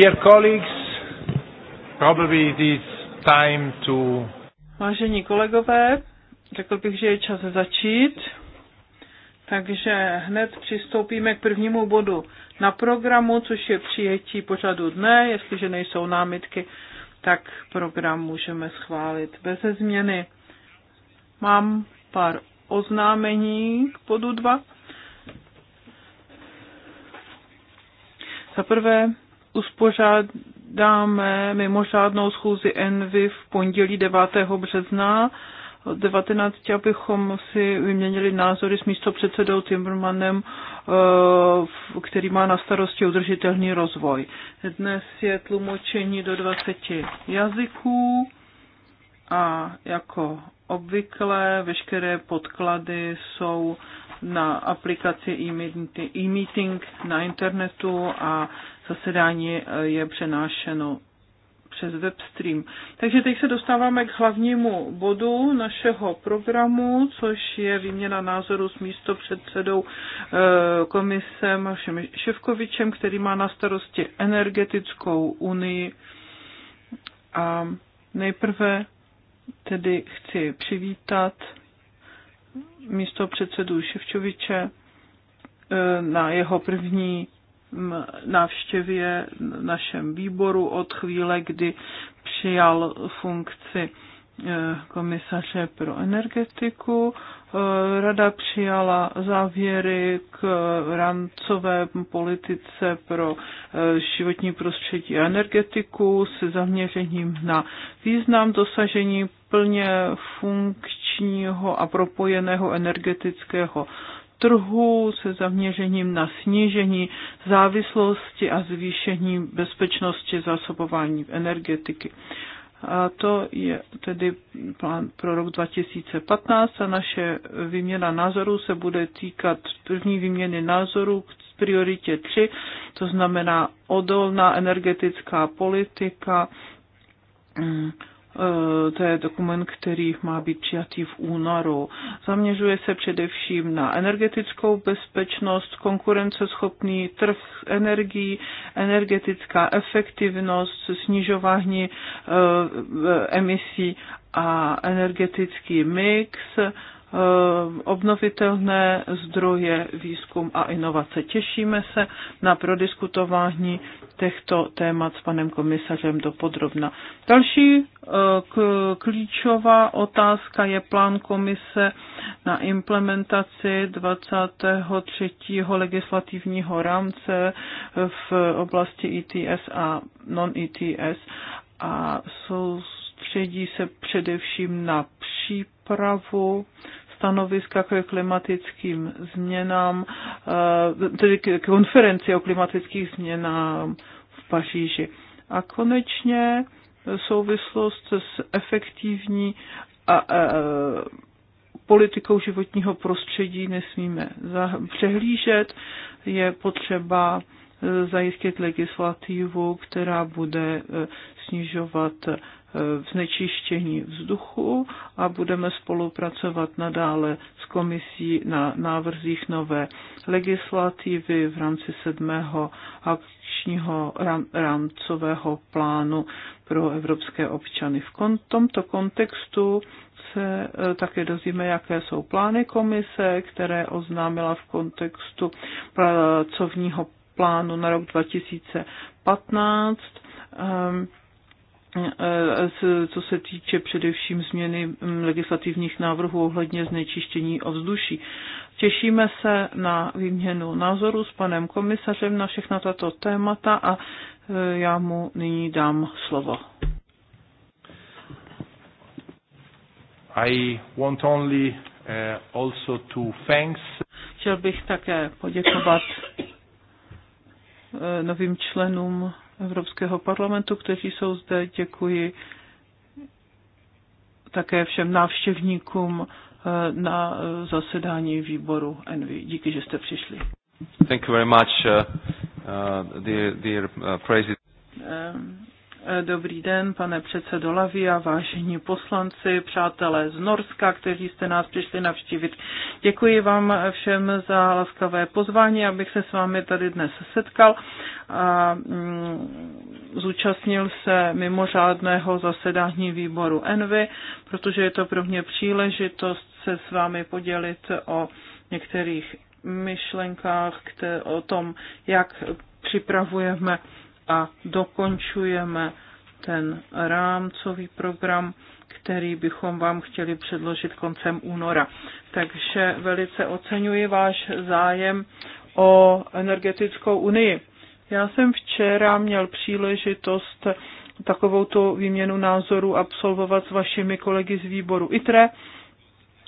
Dear colleagues, probably it is time to... Vážení kolegové, řekl bych, že je čas začít. Takže hned přistoupíme k prvnímu bodu na programu, což je přijetí pořadu dne. Jestliže nejsou námitky, tak program můžeme schválit bez změny. Mám pár oznámení k bodu 2. Za prvé, uspořádáme mimořádnou schůzi Envy v pondělí 9. března 19, abychom si vyměnili názory s předsedou Timmermanem, eh, který má na starosti udržitelný rozvoj. Dnes je tlumočení do 20 jazyků a jako obvykle veškeré podklady jsou na aplikaci e-meeting na internetu a zasedání eh, je přenášeno přes webstream. Takže teď se dostáváme k hlavnímu bodu našeho programu, což je výměna názoru s místopředsedou eh, komise Maršem Ševkovičem, který má na starosti energetickou unii. A nejprve tedy chci přivítat místo předsedu Ševčoviče eh, na jeho první návštěvě našem výboru od chvíle, kdy přijal funkci e, komisaře pro energetiku. E, rada přijala závěry k rámcové politice pro e, životní prostředí a energetiku se zaměřením na význam dosažení plně funkčního a propojeného energetického trhu se zaměřením na snížení závislosti a zvýšení bezpečnosti zásobování energetiky. A to je tedy plán pro rok 2015 a naše výměna názorů se bude týkat první výměny názorů k prioritě 3, to znamená odolná energetická politika, mm, Eh, to je dokument, který má být přijatý v únoru. Zaměřuje se především na energetickou bezpečnost, konkurenceschopný trh energií, energetická efektivnost, snižování eh, emisí a energetický mix, Eh, obnovitelné zdroje, výzkum a inovace. Těšíme se na prodiskutování těchto témat s panem komisařem do podrobna. Další eh, klíčová otázka je plán komise na implementaci 23. legislativního rámce v oblasti ETS a non-ETS a soustředí se především na přípravu stanoviska ke klimatickým změnám, eh, tedy k konferenci o klimatických změnách v Paříži. A konečně souvislost s efektivní a, a, eh, politikou životního prostředí nesmíme přehlížet. Je potřeba eh, zajistit legislativu, která bude snižovat znečištění vzduchu a budeme spolupracovat nadále s komisí na návrzích nové legislativy v rámci sedmého akčního rámcového plánu pro evropské občany. V tomto kontextu se eh, také dozvíme, jaké jsou plány komise, které oznámila v kontextu pracovního plánu na rok 2015 Eh, co se týče především změny mm, legislativních návrhů ohledně znečištění ovzduší. Těšíme se na výměnu názoru s panem komisařem na všechna tato témata a eh, já mu nyní dám slovo. I want only uh, also to thanks. Chtěl bych také poděkovat novým členům Evropského parlamentu, kteří jsou zde. Děkuji také všem návštěvníkům eh, na eh, zasedání výboru Envy. Díky, že jste přišli. Thank you very much, uh, uh, dear, dear, uh, president. Um, Dobrý den, pane předsedo Lavia, vážení poslanci, přátelé z Norska, kteří jste nás přišli navštívit. Děkuji vám všem za laskavé pozvání, abych se s vámi tady dnes setkal a mm, zúčastnil se mimořádného zasedání výboru Envy, protože je to pro mě příležitost se s vámi podělit o některých myšlenkách, o tom, jak připravujeme a dokončujeme ten rámcový program, který bychom vám chtěli předložit koncem února. Takže velice oceňuji váš zájem o energetickou unii. Já jsem včera měl příležitost takovou tu výměnu názorů absolvovat s vašimi kolegy z výboru ITRE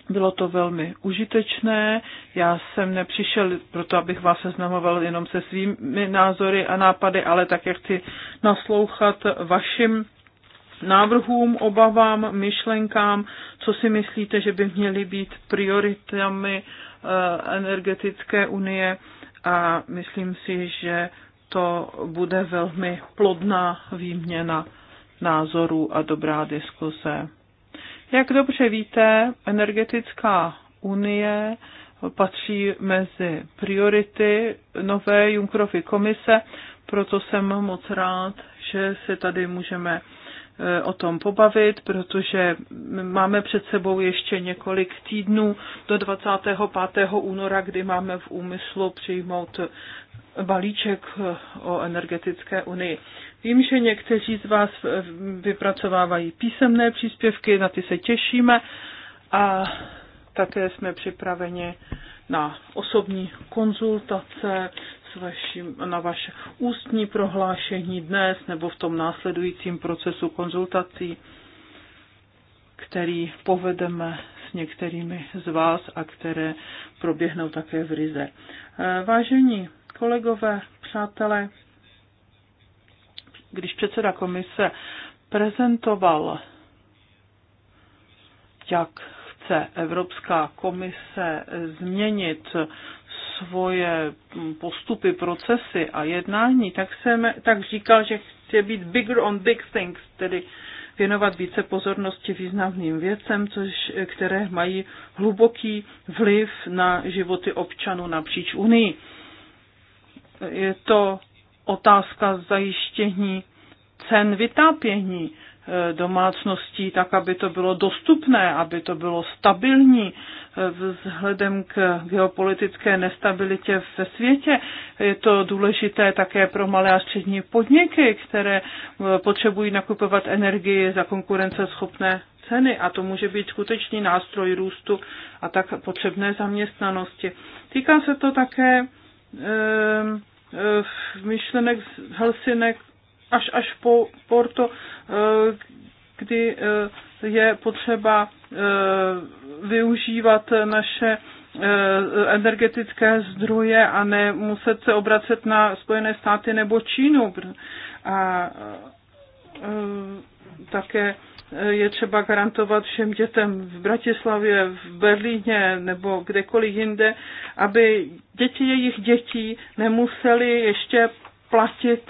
bylo to velmi užitečné. Já jsem nepřišel proto, abych vás seznamoval jenom se svými názory a nápady, ale také chci naslouchat vašim návrhům, obavám, myšlenkám, co si myslíte, že by měly být prioritami eh, energetické unie a myslím si, že to bude velmi plodná výměna názorů a dobrá diskuse. Jak dobře víte, energetická unie patří mezi priority nové Junkrovy komise, proto jsem moc rád, že se tady můžeme o tom pobavit, protože máme před sebou ještě několik týdnů do 25. února, kdy máme v úmyslu přijmout balíček o energetické unii. Vím, že někteří z vás vypracovávají písemné příspěvky, na ty se těšíme a také jsme připraveni na osobní konzultace vaši, na vaše ústní prohlášení dnes nebo v tom následujícím procesu konzultací, který povedeme s některými z vás a které proběhnou také v Rize. Vážení kolegové, přátelé, když předseda komise prezentoval, jak chce Evropská komise změnit svoje postupy, procesy a jednání, tak, jsem, tak říkal, že chce být bigger on big things, tedy věnovat více pozornosti významným věcem, což, které mají hluboký vliv na životy občanů napříč Unii. Je to otázka zajištění cen vytápění, Eh, domácností, tak aby to bylo dostupné, aby to bylo stabilní eh, vzhledem k geopolitické nestabilitě ve světě. Je to důležité také pro malé a střední podniky, které eh, potřebují nakupovat energii za konkurenceschopné ceny a to může být skutečný nástroj růstu a tak potřebné zaměstnanosti. Týká se to také e, myšlenek z Helsinek až, až po Porto, eh, kdy eh, je potřeba eh, využívat naše energetické zdroje a ne muset se obracet na Spojené státy nebo Čínu. A také je třeba garantovat všem dětem v Bratislavě, v Berlíně nebo kdekoliv jinde, aby děti jejich dětí nemuseli ještě platit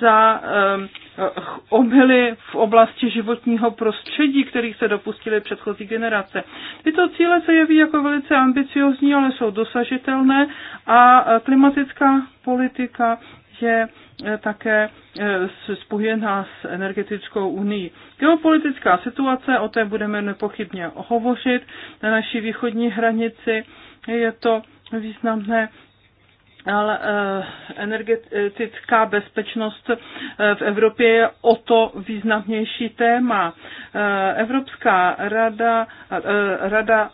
za ehm, eh, omily v oblasti životního prostředí, kterých se dopustily předchozí generace. Tyto cíle se jeví jako velice ambiciozní, ale jsou dosažitelné a eh, klimatická politika je eh, také spojená s energetickou unii. Geopolitická situace, o té budeme nepochybně hovořit na naší východní hranici, je to významné ale eh, energetická bezpečnost eh, v Evropě je o to významnější téma. Eh, Evropská rada, rada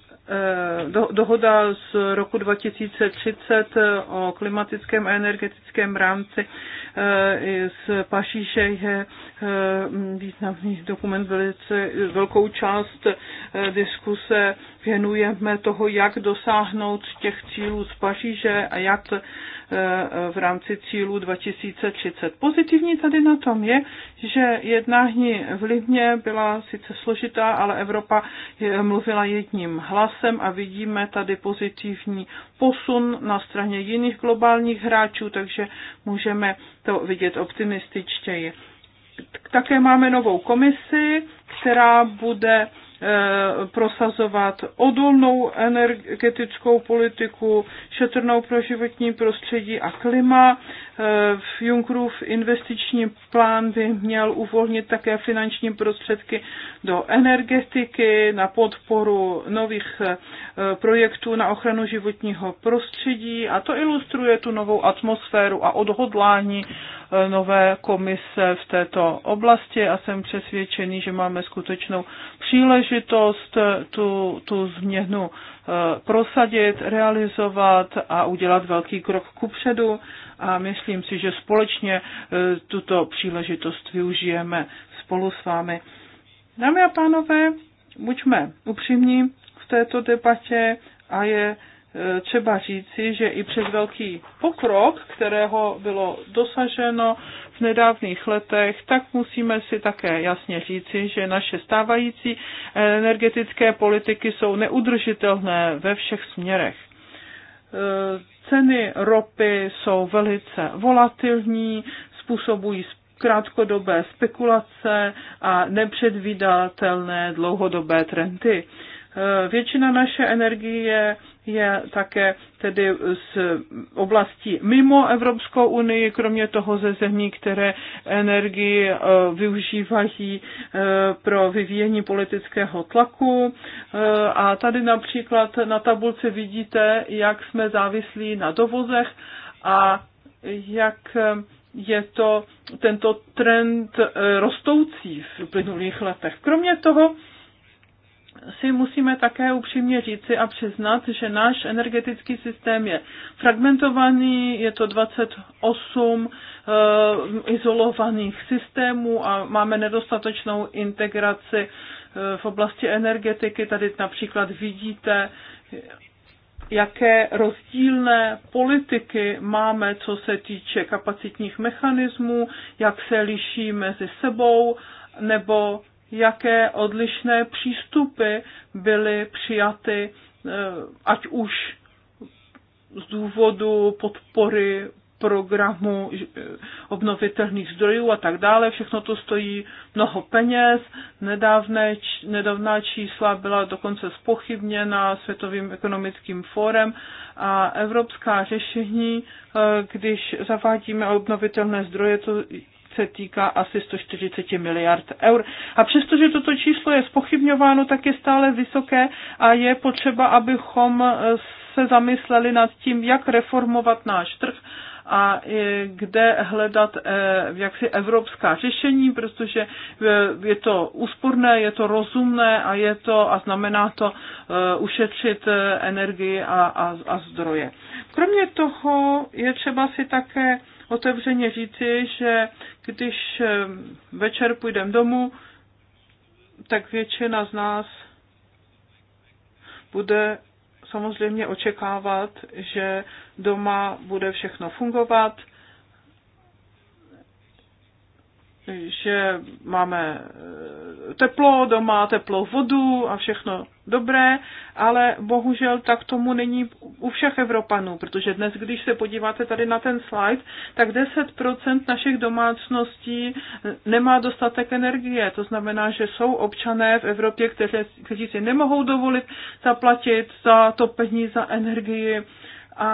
do, dohoda z roku 2030 o klimatickém a energetickém rámci z Pašíše je významný dokument, velice velkou část diskuse věnujeme toho, jak dosáhnout těch cílů z Paříže a jak eh, v rámci cílů 2030. Pozitivní tady na tom je, že jednání v Livně byla sice složitá, ale Evropa mluvila jedním hlasem a vidíme tady pozitivní posun na straně jiných globálních hráčů, takže můžeme to vidět optimističtěji. Také máme novou komisi, která bude Eh, prosazovat odolnou energetickou politiku, šetrnou pro životní prostředí a klima. Eh, v Junckerův investiční plán by měl uvolnit také finanční prostředky do energetiky na podporu nových eh, projektů na ochranu životního prostředí a to ilustruje tu novou atmosféru a odhodlání nové komise v této oblasti a jsem přesvědčený, že máme skutečnou příležitost tu, tu změnu eh, prosadit, realizovat a udělat velký krok kupředu a myslím si, že společně eh, tuto příležitost využijeme spolu s vámi. Dámy a pánové, buďme upřímní v této debatě a je E, třeba říci, že i přes velký pokrok, kterého bylo dosaženo v nedávných letech, tak musíme si také jasně říci, že naše stávající energetické politiky jsou neudržitelné ve všech směrech. E, ceny ropy jsou velice volatilní, způsobují krátkodobé spekulace a nepředvídatelné dlouhodobé trendy. E, většina naše energie je také tedy z oblastí mimo Evropskou unii, kromě toho ze zemí, které energii e, využívají e, pro vyvíjení politického tlaku. E, a tady například na tabulce vidíte, jak jsme závislí na dovozech a jak je to tento trend rostoucí v uplynulých letech. Kromě toho si musíme také upřímně říci a přiznat, že náš energetický systém je fragmentovaný, je to 28 e, eh, izolovaných systémů a máme nedostatečnou integraci e, v oblasti energetiky. Tady například vidíte, jaké rozdílné politiky máme, co se týče kapacitních mechanismů, jak se liší mezi sebou nebo jaké odlišné přístupy byly přijaty, eh, ať už z důvodu podpory programu eh, obnovitelných zdrojů a tak dále. Všechno to stojí mnoho peněz. Nedávné, nedávná čísla byla dokonce spochybněna Světovým ekonomickým fórem a evropská řešení, eh, když zavádíme obnovitelné zdroje, to se týká asi 140 miliard eur. A přestože toto číslo je spochybňováno, tak je stále vysoké a je potřeba, abychom se zamysleli nad tím, jak reformovat náš trh a kde hledat eh, jaksi evropská řešení, protože eh, je to úsporné, je to rozumné a je to a znamená to eh, ušetřit energii a, a, a zdroje. Kromě toho je třeba si také otevřeně říci, že když ehm, večer půjdeme domů, tak většina z nás bude samozřejmě očekávat, že doma bude všechno fungovat, že máme eh, teplo doma, teplou vodu a všechno dobré, ale bohužel tak tomu není u všech Evropanů, protože dnes, když se podíváte tady na ten slide, tak 10% našich domácností eh, nemá dostatek energie. To znamená, že jsou občané v Evropě, kteří, kteří si nemohou dovolit zaplatit za topení, za energii a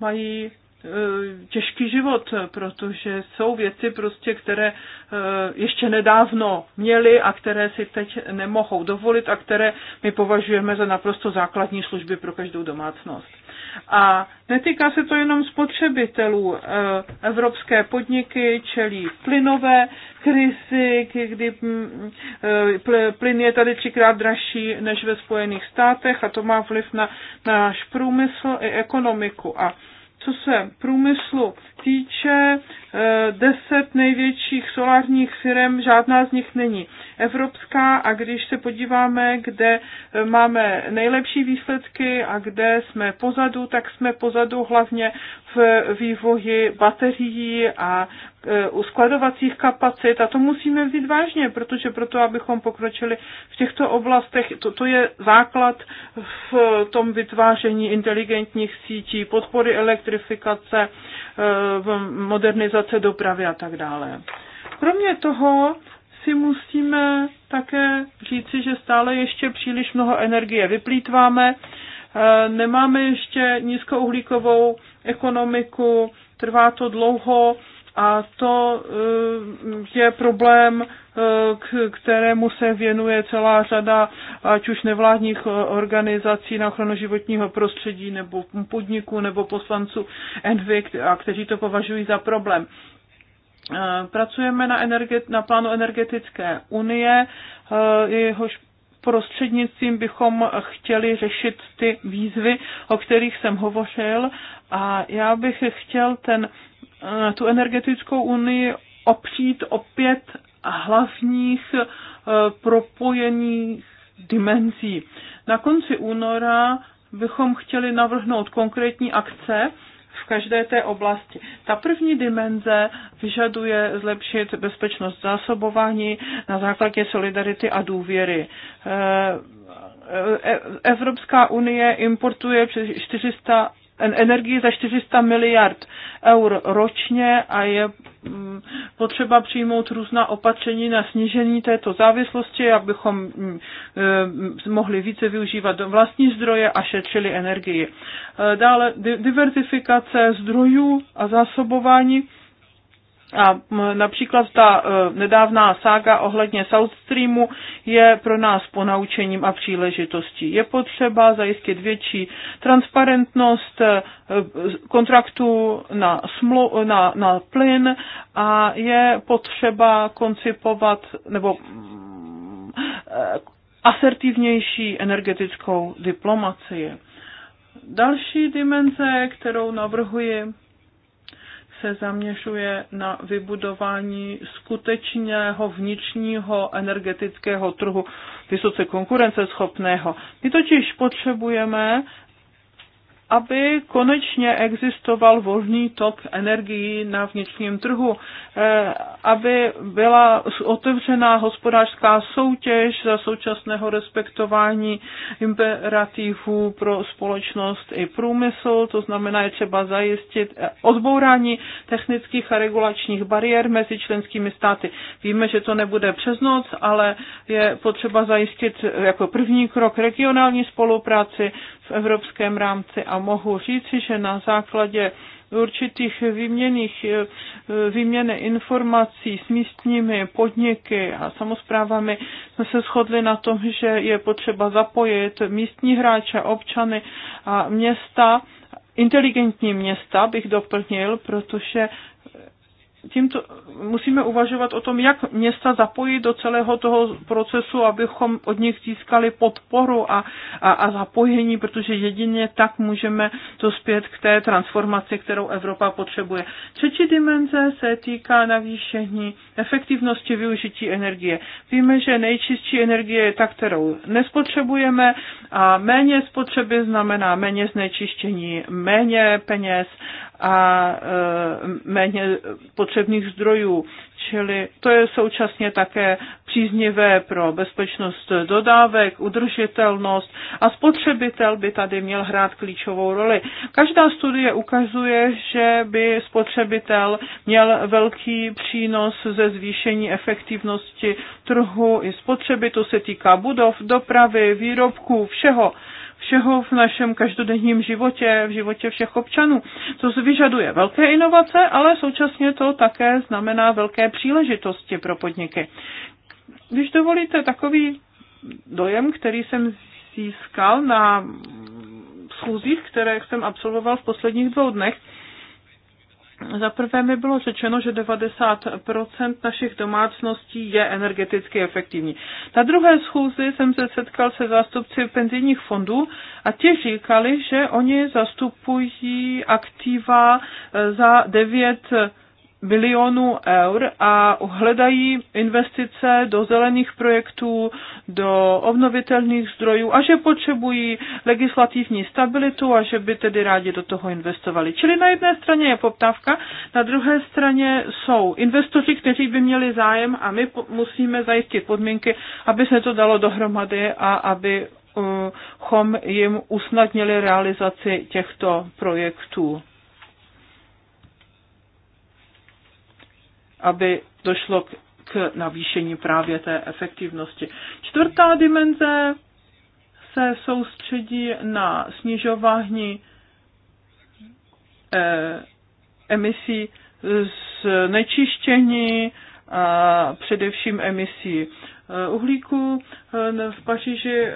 mají Eh, těžký život, protože jsou věci prostě, které eh, ještě nedávno měli a které si teď nemohou dovolit a které my považujeme za naprosto základní služby pro každou domácnost. A netýká se to jenom spotřebitelů. Eh, evropské podniky čelí plynové krizi, kdy hm, plyn je tady třikrát dražší než ve Spojených státech a to má vliv na náš průmysl i ekonomiku. A co se průmyslu týče eh, deset největších solárních firm, žádná z nich není evropská a když se podíváme, kde eh, máme nejlepší výsledky a kde jsme pozadu, tak jsme pozadu hlavně v vývoji baterií a eh, skladovacích kapacit a to musíme vzít vážně, protože proto, abychom pokročili v těchto oblastech, to je základ v tom vytváření inteligentních sítí, podpory elektrifikace, modernizace dopravy a tak dále. Kromě toho si musíme také říci, že stále ještě příliš mnoho energie vyplýtváme, e, nemáme ještě nízkouhlíkovou ekonomiku, trvá to dlouho, a to eh, je problém, eh, k kterému se věnuje celá řada ať už nevládních eh, organizací na ochranu životního prostředí nebo podniků nebo poslanců Envy, kteří to považují za problém. Pracujeme na, energet, na plánu energetické unie, jehož prostřednictvím bychom chtěli řešit ty výzvy, o kterých jsem hovořil. A já bych chtěl ten Eh, tu energetickou unii opřít o pět hlavních eh, propojených dimenzí. Na konci února bychom chtěli navrhnout konkrétní akce v každé té oblasti. Ta první dimenze vyžaduje zlepšit bezpečnost zásobování na základě solidarity a důvěry. Eh, Evropská unie importuje přes 400 energii za 400 miliard eur ročně a je mm, potřeba přijmout různá opatření na snížení této závislosti, abychom mm, eh, mohli více využívat vlastní zdroje a šetřili energii. Eh, dále diverzifikace zdrojů a zásobování a například ta e, nedávná sága ohledně South Streamu je pro nás ponaučením a příležitostí. Je potřeba zajistit větší transparentnost e, kontraktu na, smlu, na, na plyn a je potřeba koncipovat nebo e, asertivnější energetickou diplomacii. Další dimenze, kterou navrhuji, se zaměřuje na vybudování skutečného vnitřního energetického trhu, vysoce konkurenceschopného. My totiž potřebujeme aby konečně existoval volný tok energií na vnitřním trhu, eh, aby byla otevřená hospodářská soutěž za současného respektování imperativů pro společnost i průmysl, to znamená je třeba zajistit eh, odbourání technických a regulačních bariér mezi členskými státy. Víme, že to nebude přes noc, ale je potřeba zajistit jako první krok regionální spolupráci, v evropském rámci a mohu říci, že na základě určitých výměných, eh, výměny informací s místními podniky a samozprávami jsme se shodli na tom, že je potřeba zapojit místní hráče, občany a města, inteligentní města bych doplnil, protože tímto musíme uvažovat o tom, jak města zapojit do celého toho procesu, abychom od nich získali podporu a, a, a zapojení, protože jedině tak můžeme to zpět k té transformaci, kterou Evropa potřebuje. Třetí dimenze se týká navýšení efektivnosti využití energie. Víme, že nejčistší energie je ta, kterou nespotřebujeme a méně spotřeby znamená méně znečištění, méně peněz a e, méně potřeby potřebných zdrojů. Čili to je současně také příznivé pro bezpečnost dodávek, udržitelnost a spotřebitel by tady měl hrát klíčovou roli. Každá studie ukazuje, že by spotřebitel měl velký přínos ze zvýšení efektivnosti trhu i spotřeby. To se týká budov, dopravy, výrobků, všeho všeho v našem každodenním životě, v životě všech občanů. To vyžaduje velké inovace, ale současně to také znamená velké příležitosti pro podniky. Když dovolíte takový dojem, který jsem získal na schůzích, které jsem absolvoval v posledních dvou dnech, za prvé mi bylo řečeno, že 90% našich domácností je energeticky efektivní. Na druhé schůzi jsem se setkal se zástupci penzijních fondů a ti říkali, že oni zastupují aktiva eh, za 9 bilionů eur a hledají investice do zelených projektů, do obnovitelných zdrojů a že potřebují legislativní stabilitu a že by tedy rádi do toho investovali. Čili na jedné straně je poptávka, na druhé straně jsou investoři, kteří by měli zájem a my musíme zajistit podmínky, aby se to dalo dohromady a aby eh, jim usnadnili realizaci těchto projektů. aby došlo k, k navýšení právě té efektivnosti. Čtvrtá dimenze se soustředí na snižování eh, emisí z nečištění, a především emisí Eh, uhlíku. Eh, v Paříži eh,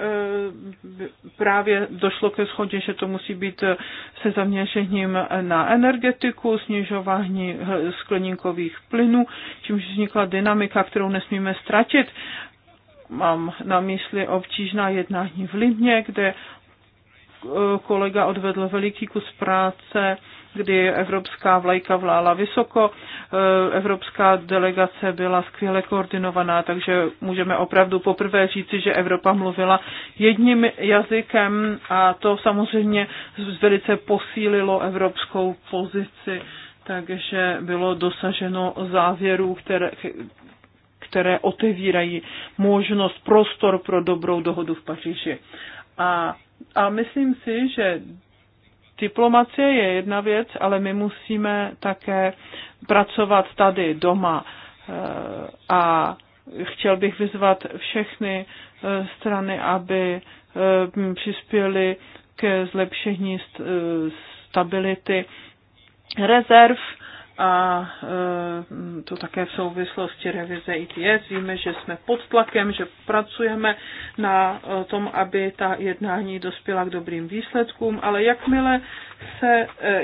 právě došlo ke shodě, že to musí být se zaměřením na energetiku, snižování skleníkových plynů, čímž vznikla dynamika, kterou nesmíme ztratit mám na mysli obtížná jednání v Limě, kde kolega odvedl veliký kus práce, kdy evropská vlajka vlála vysoko, eh, evropská delegace byla skvěle koordinovaná, takže můžeme opravdu poprvé říci, že Evropa mluvila jedním jazykem a to samozřejmě velice posílilo evropskou pozici, takže bylo dosaženo závěrů, které, které otevírají možnost, prostor pro dobrou dohodu v Paříži. A a myslím si, že diplomacie je jedna věc, ale my musíme také pracovat tady doma. Eh, a chtěl bych vyzvat všechny eh, strany, aby eh, přispěli ke zlepšení stability rezerv a e, to také v souvislosti revize ITS. Víme, že jsme pod tlakem, že pracujeme na e, tom, aby ta jednání dospěla k dobrým výsledkům, ale jakmile se e,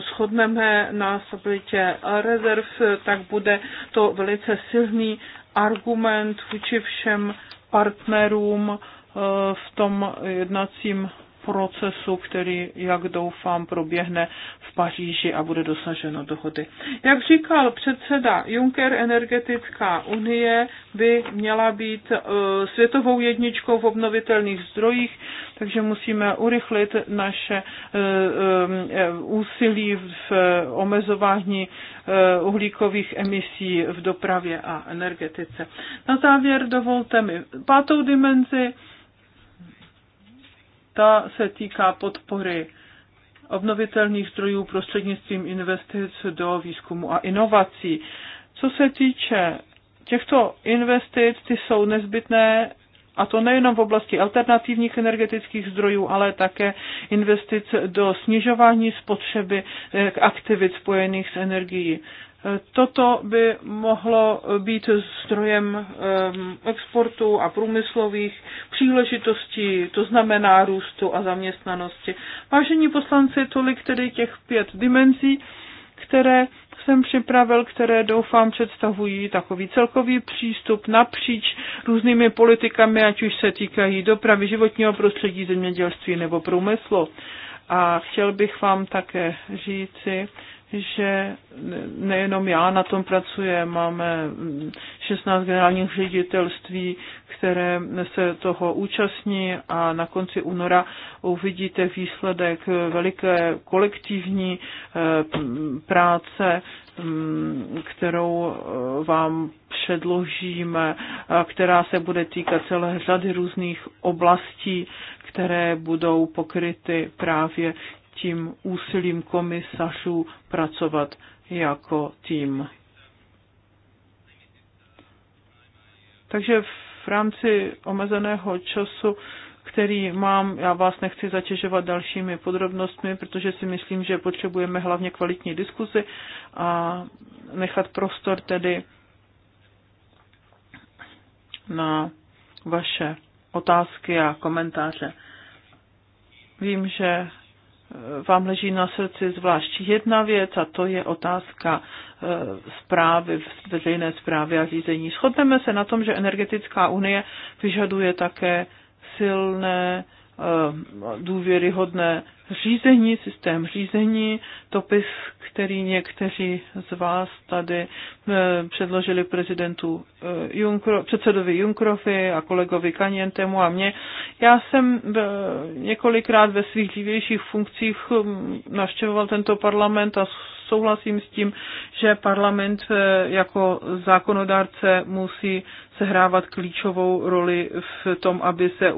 shodneme na stabilitě rezerv, tak bude to velice silný argument vůči všem partnerům v tom jednacím procesu, který, jak doufám, proběhne v Paříži a bude dosaženo dohody. Jak říkal předseda Juncker, energetická unie by měla být eh, světovou jedničkou v obnovitelných zdrojích, takže musíme urychlit naše eh, eh, úsilí v omezování uhlíkových emisí v dopravě a energetice. Na závěr dovolte mi pátou dimenzi, ta se týká podpory obnovitelných zdrojů prostřednictvím investic do výzkumu a inovací. Co se týče těchto investic, ty jsou nezbytné a to nejenom v oblasti alternativních energetických zdrojů, ale také investic do snižování spotřeby eh, aktivit spojených s energií. Toto by mohlo být zdrojem exportu a průmyslových příležitostí, to znamená růstu a zaměstnanosti. Vážení poslanci, tolik tedy těch pět dimenzí, které jsem připravil, které doufám představují takový celkový přístup napříč různými politikami, ať už se týkají dopravy, životního prostředí, zemědělství nebo průmyslu. A chtěl bych vám také říci, že nejenom já na tom pracuje, máme 16 generálních ředitelství, které se toho účastní a na konci února uvidíte výsledek veliké kolektivní eh, práce, mm, kterou eh, vám předložíme, která se bude týkat celé řady různých oblastí, které budou pokryty právě tím úsilím komisařů pracovat jako tým. Takže v rámci omezeného času, který mám, já vás nechci zatěžovat dalšími podrobnostmi, protože si myslím, že potřebujeme hlavně kvalitní diskuzi a nechat prostor tedy na vaše otázky a komentáře. Vím, že vám leží na srdci zvlášť jedna věc a to je otázka e, zprávy, veřejné zprávy a řízení. Shodneme se na tom, že energetická unie vyžaduje také silné Eh, důvěryhodné řízení, systém řízení, topis, který někteří z vás tady eh, předložili prezidentu eh, Junkro, předsedovi Junkrovi a kolegovi Kanientemu a mě. Já jsem několikrát ve svých dřívějších funkcích hm, navštěvoval tento parlament a souhlasím s tím, že parlament jako zákonodárce musí sehrávat klíčovou roli v tom, aby se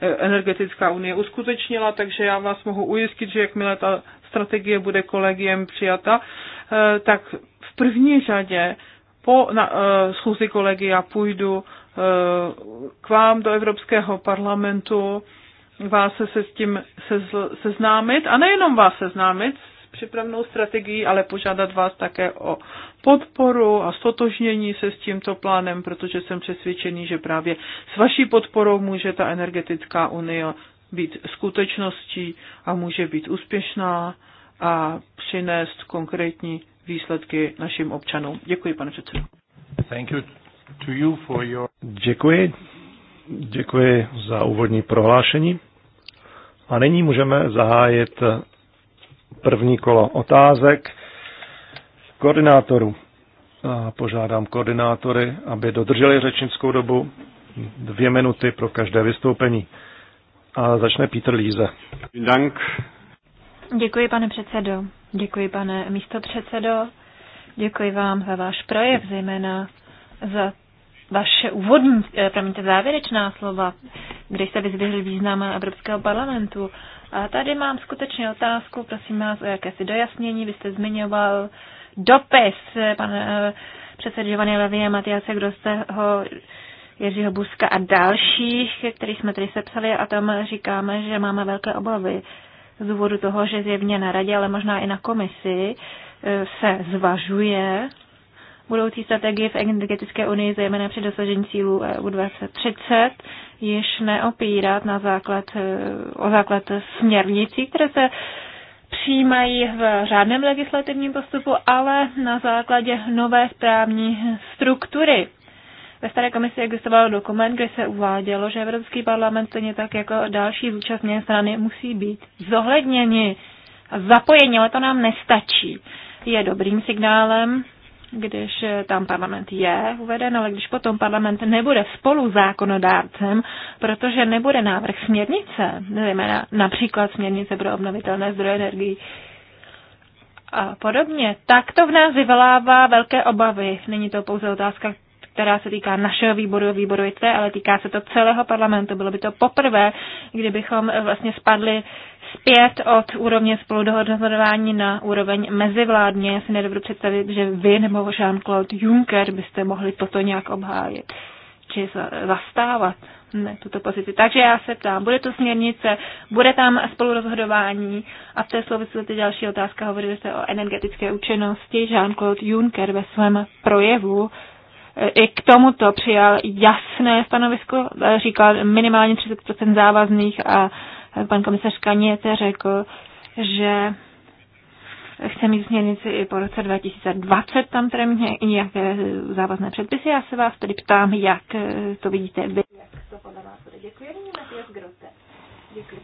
E, energetická unie uskutečnila, takže já vás mohu ujistit, že jakmile ta strategie bude kolegiem přijata, e, tak v první řadě po na, e, schůzi kolegia půjdu k vám do Evropského parlamentu vás se, se s tím seznámit a nejenom vás seznámit přípravnou strategii, ale požádat vás také o podporu a stotožnění se s tímto plánem, protože jsem přesvědčený, že právě s vaší podporou může ta energetická unie být skutečností a může být úspěšná a přinést konkrétní výsledky našim občanům. Děkuji, pane předsedo. Thank you to you for your... Děkuji. Děkuji za úvodní prohlášení. A nyní můžeme zahájit první kolo otázek koordinátorů. požádám koordinátory, aby dodrželi řečnickou dobu dvě minuty pro každé vystoupení. A začne Petr Líze. Dank. Děkuji, pane předsedo. Děkuji, pane místopředsedo. Děkuji vám za váš projev, zejména za vaše úvodní, eh, promiňte, závěrečná slova, kde jste vyzvihl význam Evropského parlamentu. A tady mám skutečně otázku, prosím vás o jakési dojasnění. Vy jste zmiňoval dopis pan eh, předsedy Jovany Levy a Matiase Grosseho, Jiřího Buska a dalších, který jsme tady sepsali a tam říkáme, že máme velké obavy z důvodu toho, že zjevně na radě, ale možná i na komisi eh, se zvažuje budoucí strategii v energetické unii, zejména při dosažení cílů EU 2030, již neopírat na základ, e, o základ směrnicí, které se přijímají v řádném legislativním postupu, ale na základě nové správní struktury. Ve staré komisi existoval dokument, kde se uvádělo, že Evropský parlament stejně tak jako další zúčastněné strany musí být zohledněni a zapojeni, ale to nám nestačí. Je dobrým signálem když tam parlament je uveden, ale když potom parlament nebude spolu zákonodárcem, protože nebude návrh směrnice, zejména například směrnice pro obnovitelné zdroje energii a podobně, tak to v nás vyvolává velké obavy. Není to pouze otázka která se týká našeho výboru, výboru IT, ale týká se to celého parlamentu. Bylo by to poprvé, kdybychom vlastně spadli zpět od úrovně spoludohodování na úroveň mezivládně. Já si nedovedu představit, že vy nebo Jean-Claude Juncker byste mohli toto nějak obhájit či zastávat ne, tuto pozici. Takže já se ptám, bude to směrnice, bude tam spolurozhodování a v té souvislosti další otázka, hovorili jste o energetické účinnosti. Jean-Claude Juncker ve svém projevu eh, i k tomuto přijal jasné stanovisko, eh, říkal minimálně 30% závazných a pan komisař Kaněte řekl, že chce mít směrnici i po roce 2020, tam tedy mít nějaké závazné předpisy. Já se vás tedy ptám, jak to vidíte vy. Jak to podle vás bude. Děkuji, Matias Grote. Děkuji.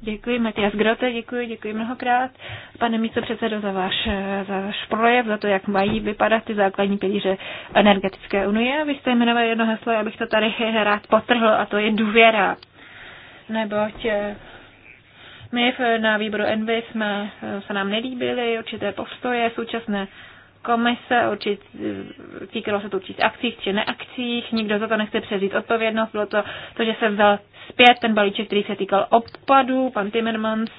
Děkuji, Matias Grote, děkuji, děkuji mnohokrát. Pane místo předsedo za váš, za váš projev, za to, jak mají vypadat ty základní pilíře energetické unie. Vy jste jmenovali jedno heslo, já bych to tady rád potrhl, a to je důvěra neboť eh, my na výboru Envy jsme, eh, se nám nelíbily určité postoje současné komise, určit, eh, týkalo se to určitě akcích či neakcích, nikdo za to nechce převzít odpovědnost, bylo to to, že se vzal zpět ten balíček, který se týkal odpadů, pan Timmermans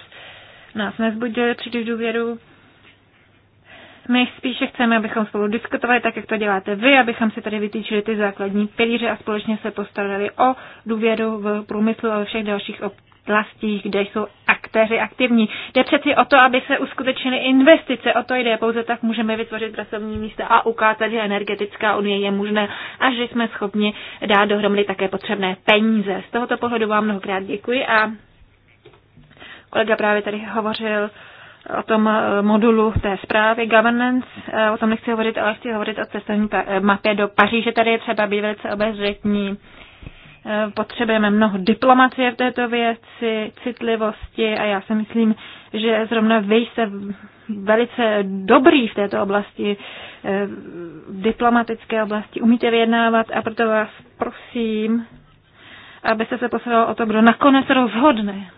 nás nezbudil příliš důvěru. My spíše chceme, abychom spolu diskutovali, tak jak to děláte vy, abychom si tady vytýčili ty základní pilíře a společně se postarali o důvěru v průmyslu a ve všech dalších oblastích, kde jsou aktéři aktivní. Jde přeci o to, aby se uskutečnily investice, o to jde. Pouze tak můžeme vytvořit pracovní místa a ukázat, že energetická unie je možná a že jsme schopni dát dohromady také potřebné peníze. Z tohoto pohledu vám mnohokrát děkuji a kolega právě tady hovořil o tom eh, modulu té zprávy governance, eh, o tom nechci hovořit, ale chci hovořit o cestovní eh, mapě do Paříže. Tady je třeba být velice obezřetní. Potřebujeme mnoho diplomacie v této věci, citlivosti a já si myslím, že zrovna vy jste velice dobrý v této oblasti, v diplomatické oblasti, umíte vyjednávat a proto vás prosím, abyste se poslal o to, kdo nakonec rozhodne.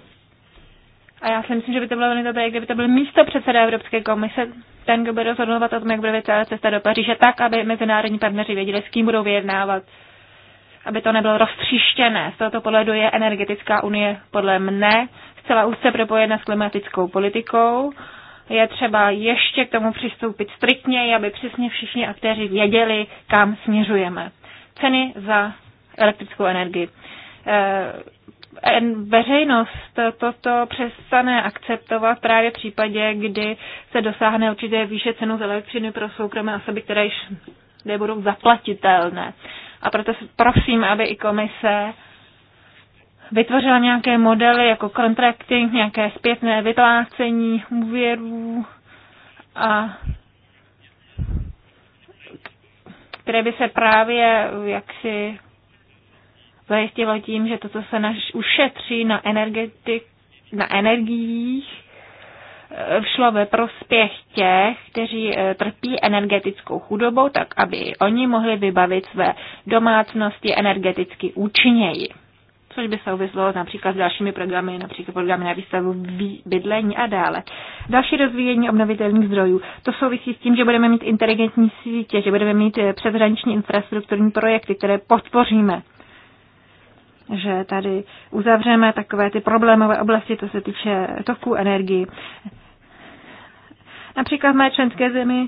A já si myslím, že by to bylo velmi dobré, kdyby to byl místo předseda Evropské komise, ten, kdo by rozhodovat o tom, jak bude vypadat cesta do Paříže, tak, aby mezinárodní partneři věděli, s kým budou vyjednávat. Aby to nebylo roztříštěné. Z tohoto pohledu je energetická unie podle mne zcela úzce propojena s klimatickou politikou. Je třeba ještě k tomu přistoupit striktněji, aby přesně všichni aktéři věděli, kam směřujeme. Ceny za elektrickou energii eh, veřejnost toto přestane akceptovat právě v případě, kdy se dosáhne určité výše cenu z elektřiny pro soukromé osoby, které již nebudou zaplatitelné. A proto prosím, aby i komise vytvořila nějaké modely jako contracting, nějaké zpětné vyplácení úvěrů a které by se právě jaksi zajistilo tím, že to, co se naš, ušetří na, energetik, na energiích, eh, šlo ve prospěch těch, kteří eh, trpí energetickou chudobou, tak aby oni mohli vybavit své domácnosti energeticky účinněji. Což by souvislo například s dalšími programy, například programy na výstavu bydlení a dále. Další rozvíjení obnovitelných zdrojů. To souvisí s tím, že budeme mít inteligentní sítě, že budeme mít eh, přeshraniční infrastrukturní projekty, které podpoříme že tady uzavřeme takové ty problémové oblasti, co se týče toku energii. Například v mé členské zemi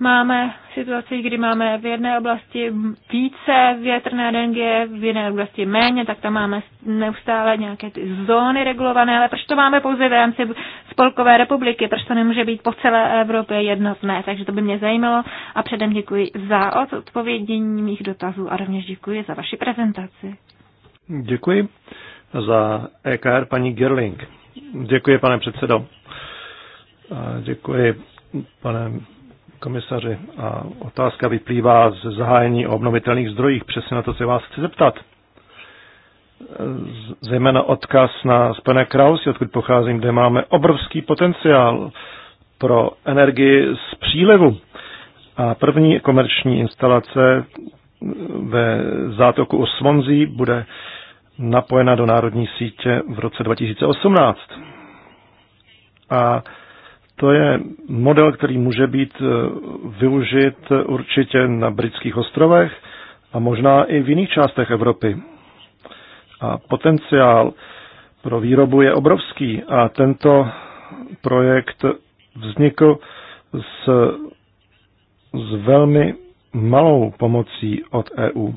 máme situaci, kdy máme v jedné oblasti více větrné energie, v jiné oblasti méně, tak tam máme neustále nějaké ty zóny regulované, ale proč to máme pouze v rámci Spolkové republiky, proč to nemůže být po celé Evropě jednotné, takže to by mě zajímalo a předem děkuji za odpovědění mých dotazů a rovněž děkuji za vaši prezentaci. Děkuji za EKR paní Gerling. Děkuji, pane předsedo. A děkuji, pane komisaři. A otázka vyplývá z zahájení o obnovitelných zdrojích. Přesně na to se vás chci zeptat. Zejména odkaz na Spojené Kraus, odkud pocházím, kde máme obrovský potenciál pro energii z přílevu. A první komerční instalace ve zátoku u Swansea bude napojena do národní sítě v roce 2018. A to je model, který může být eh, využit určitě na britských ostrovech a možná i v jiných částech Evropy. A potenciál pro výrobu je obrovský a tento projekt vznikl s, s velmi malou pomocí od EU.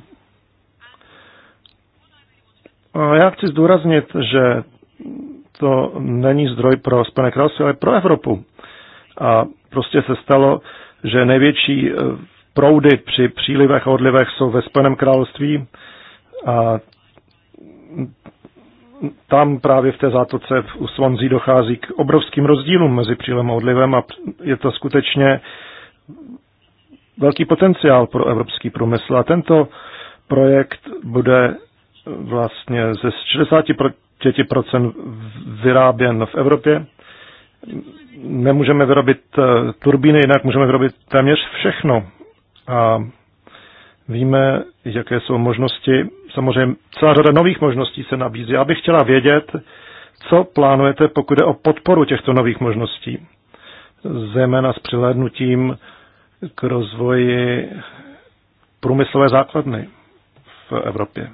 A já chci zdůraznit, že to není zdroj pro Spojené království, ale pro Evropu. A prostě se stalo, že největší eh, proudy při přílivech a odlivech jsou ve Spojeném království a tam právě v té zátoce u Svonzí dochází k obrovským rozdílům mezi přílem a odlivem a je to skutečně velký potenciál pro evropský průmysl a tento projekt bude vlastně ze 65% vyráběn v Evropě. Nemůžeme vyrobit eh, turbíny, jinak můžeme vyrobit téměř všechno. A víme, jaké jsou možnosti. Samozřejmě celá řada nových možností se nabízí. Já bych chtěla vědět, co plánujete, pokud jde o podporu těchto nových možností, zejména s přihlédnutím k rozvoji průmyslové základny v Evropě.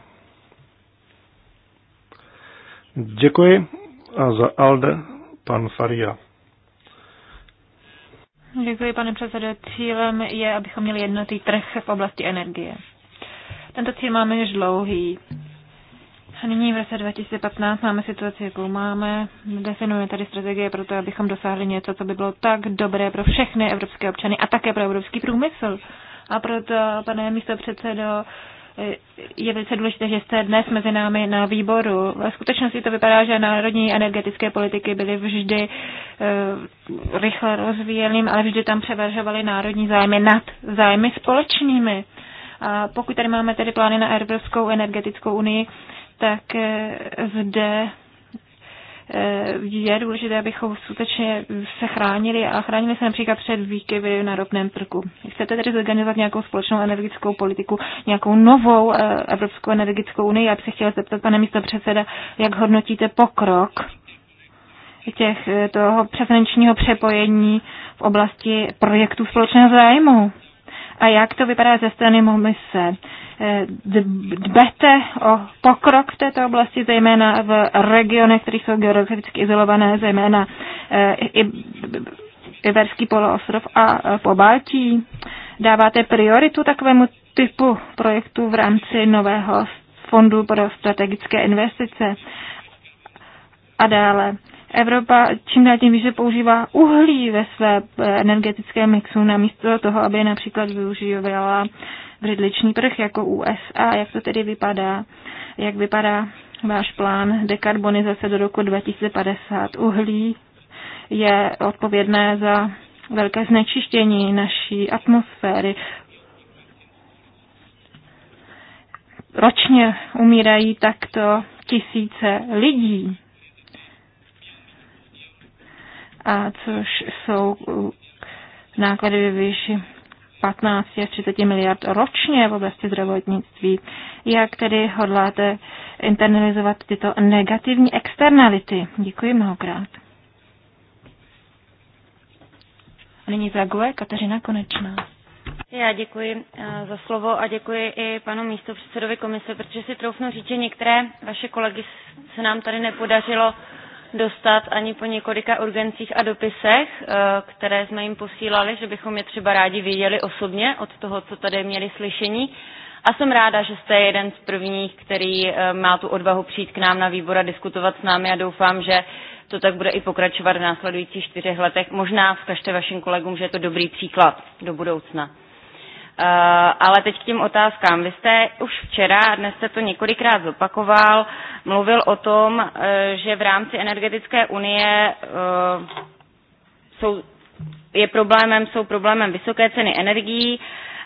Děkuji a za Alde pan Faria. Děkuji, pane předsedo. Cílem je, abychom měli jednotný trh v oblasti energie. Tento cíl máme již dlouhý. A nyní v roce 2015 máme situaci, jakou máme. Definujeme tady strategie pro to, abychom dosáhli něco, co by bylo tak dobré pro všechny evropské občany a také pro evropský průmysl. A proto, pane místo předsedo, je velice důležité, že jste dnes mezi námi na výboru. V skutečnosti to vypadá, že národní energetické politiky byly vždy e, rychle rozvíjeným, ale vždy tam převažovaly národní zájmy nad zájmy společnými. A pokud tady máme tedy plány na Evropskou energetickou unii, tak e, zde je důležité, abychom skutečně se chránili a chránili se například před výkyvy na ropném trhu. Chcete tedy zorganizovat nějakou společnou energetickou politiku, nějakou novou eh, Evropskou energetickou unii? Já bych se chtěla zeptat, pane místo předseda, jak hodnotíte pokrok těch eh, toho přeshraničního přepojení v oblasti projektů společného zájmu? a jak to vypadá ze strany Momise. Eh, dbete o pokrok v této oblasti, zejména v regionech, které jsou geograficky izolované, zejména eh, Iberský poloostrov a eh, po Baltí. Dáváte prioritu takovému typu projektu v rámci nového fondu pro strategické investice a dále. Evropa čím dál tím více používá uhlí ve své eh, energetické mixu, namísto toho, aby například využívala vřidliční prch jako USA. Jak to tedy vypadá? Jak vypadá váš plán dekarbonizace do roku 2050? Uhlí je odpovědné za velké znečištění naší atmosféry. Ročně umírají takto tisíce lidí a což jsou uh, náklady ve výši 15 až 30 miliard ročně v oblasti zdravotnictví. Jak tedy hodláte internalizovat tyto negativní externality? Děkuji mnohokrát. A nyní zaguje Kateřina Konečná. Já děkuji eh, za slovo a děkuji i panu místopředsedovi komise, protože si troufnu říct, že některé vaše kolegy se nám tady nepodařilo dostat ani po několika urgencích a dopisech, eh, které jsme jim posílali, že bychom je třeba rádi viděli osobně od toho, co tady měli slyšení. A jsem ráda, že jste jeden z prvních, který eh, má tu odvahu přijít k nám na výbor a diskutovat s námi a doufám, že to tak bude i pokračovat v následujících čtyřech letech. Možná vzkažte vašim kolegům, že je to dobrý příklad do budoucna. Eh, ale teď k tím otázkám. Vy jste už včera, a dnes jste to několikrát zopakoval, mluvil o tom, eh, že v rámci energetické unie eh, jsou, je problémem, jsou problémem vysoké ceny energií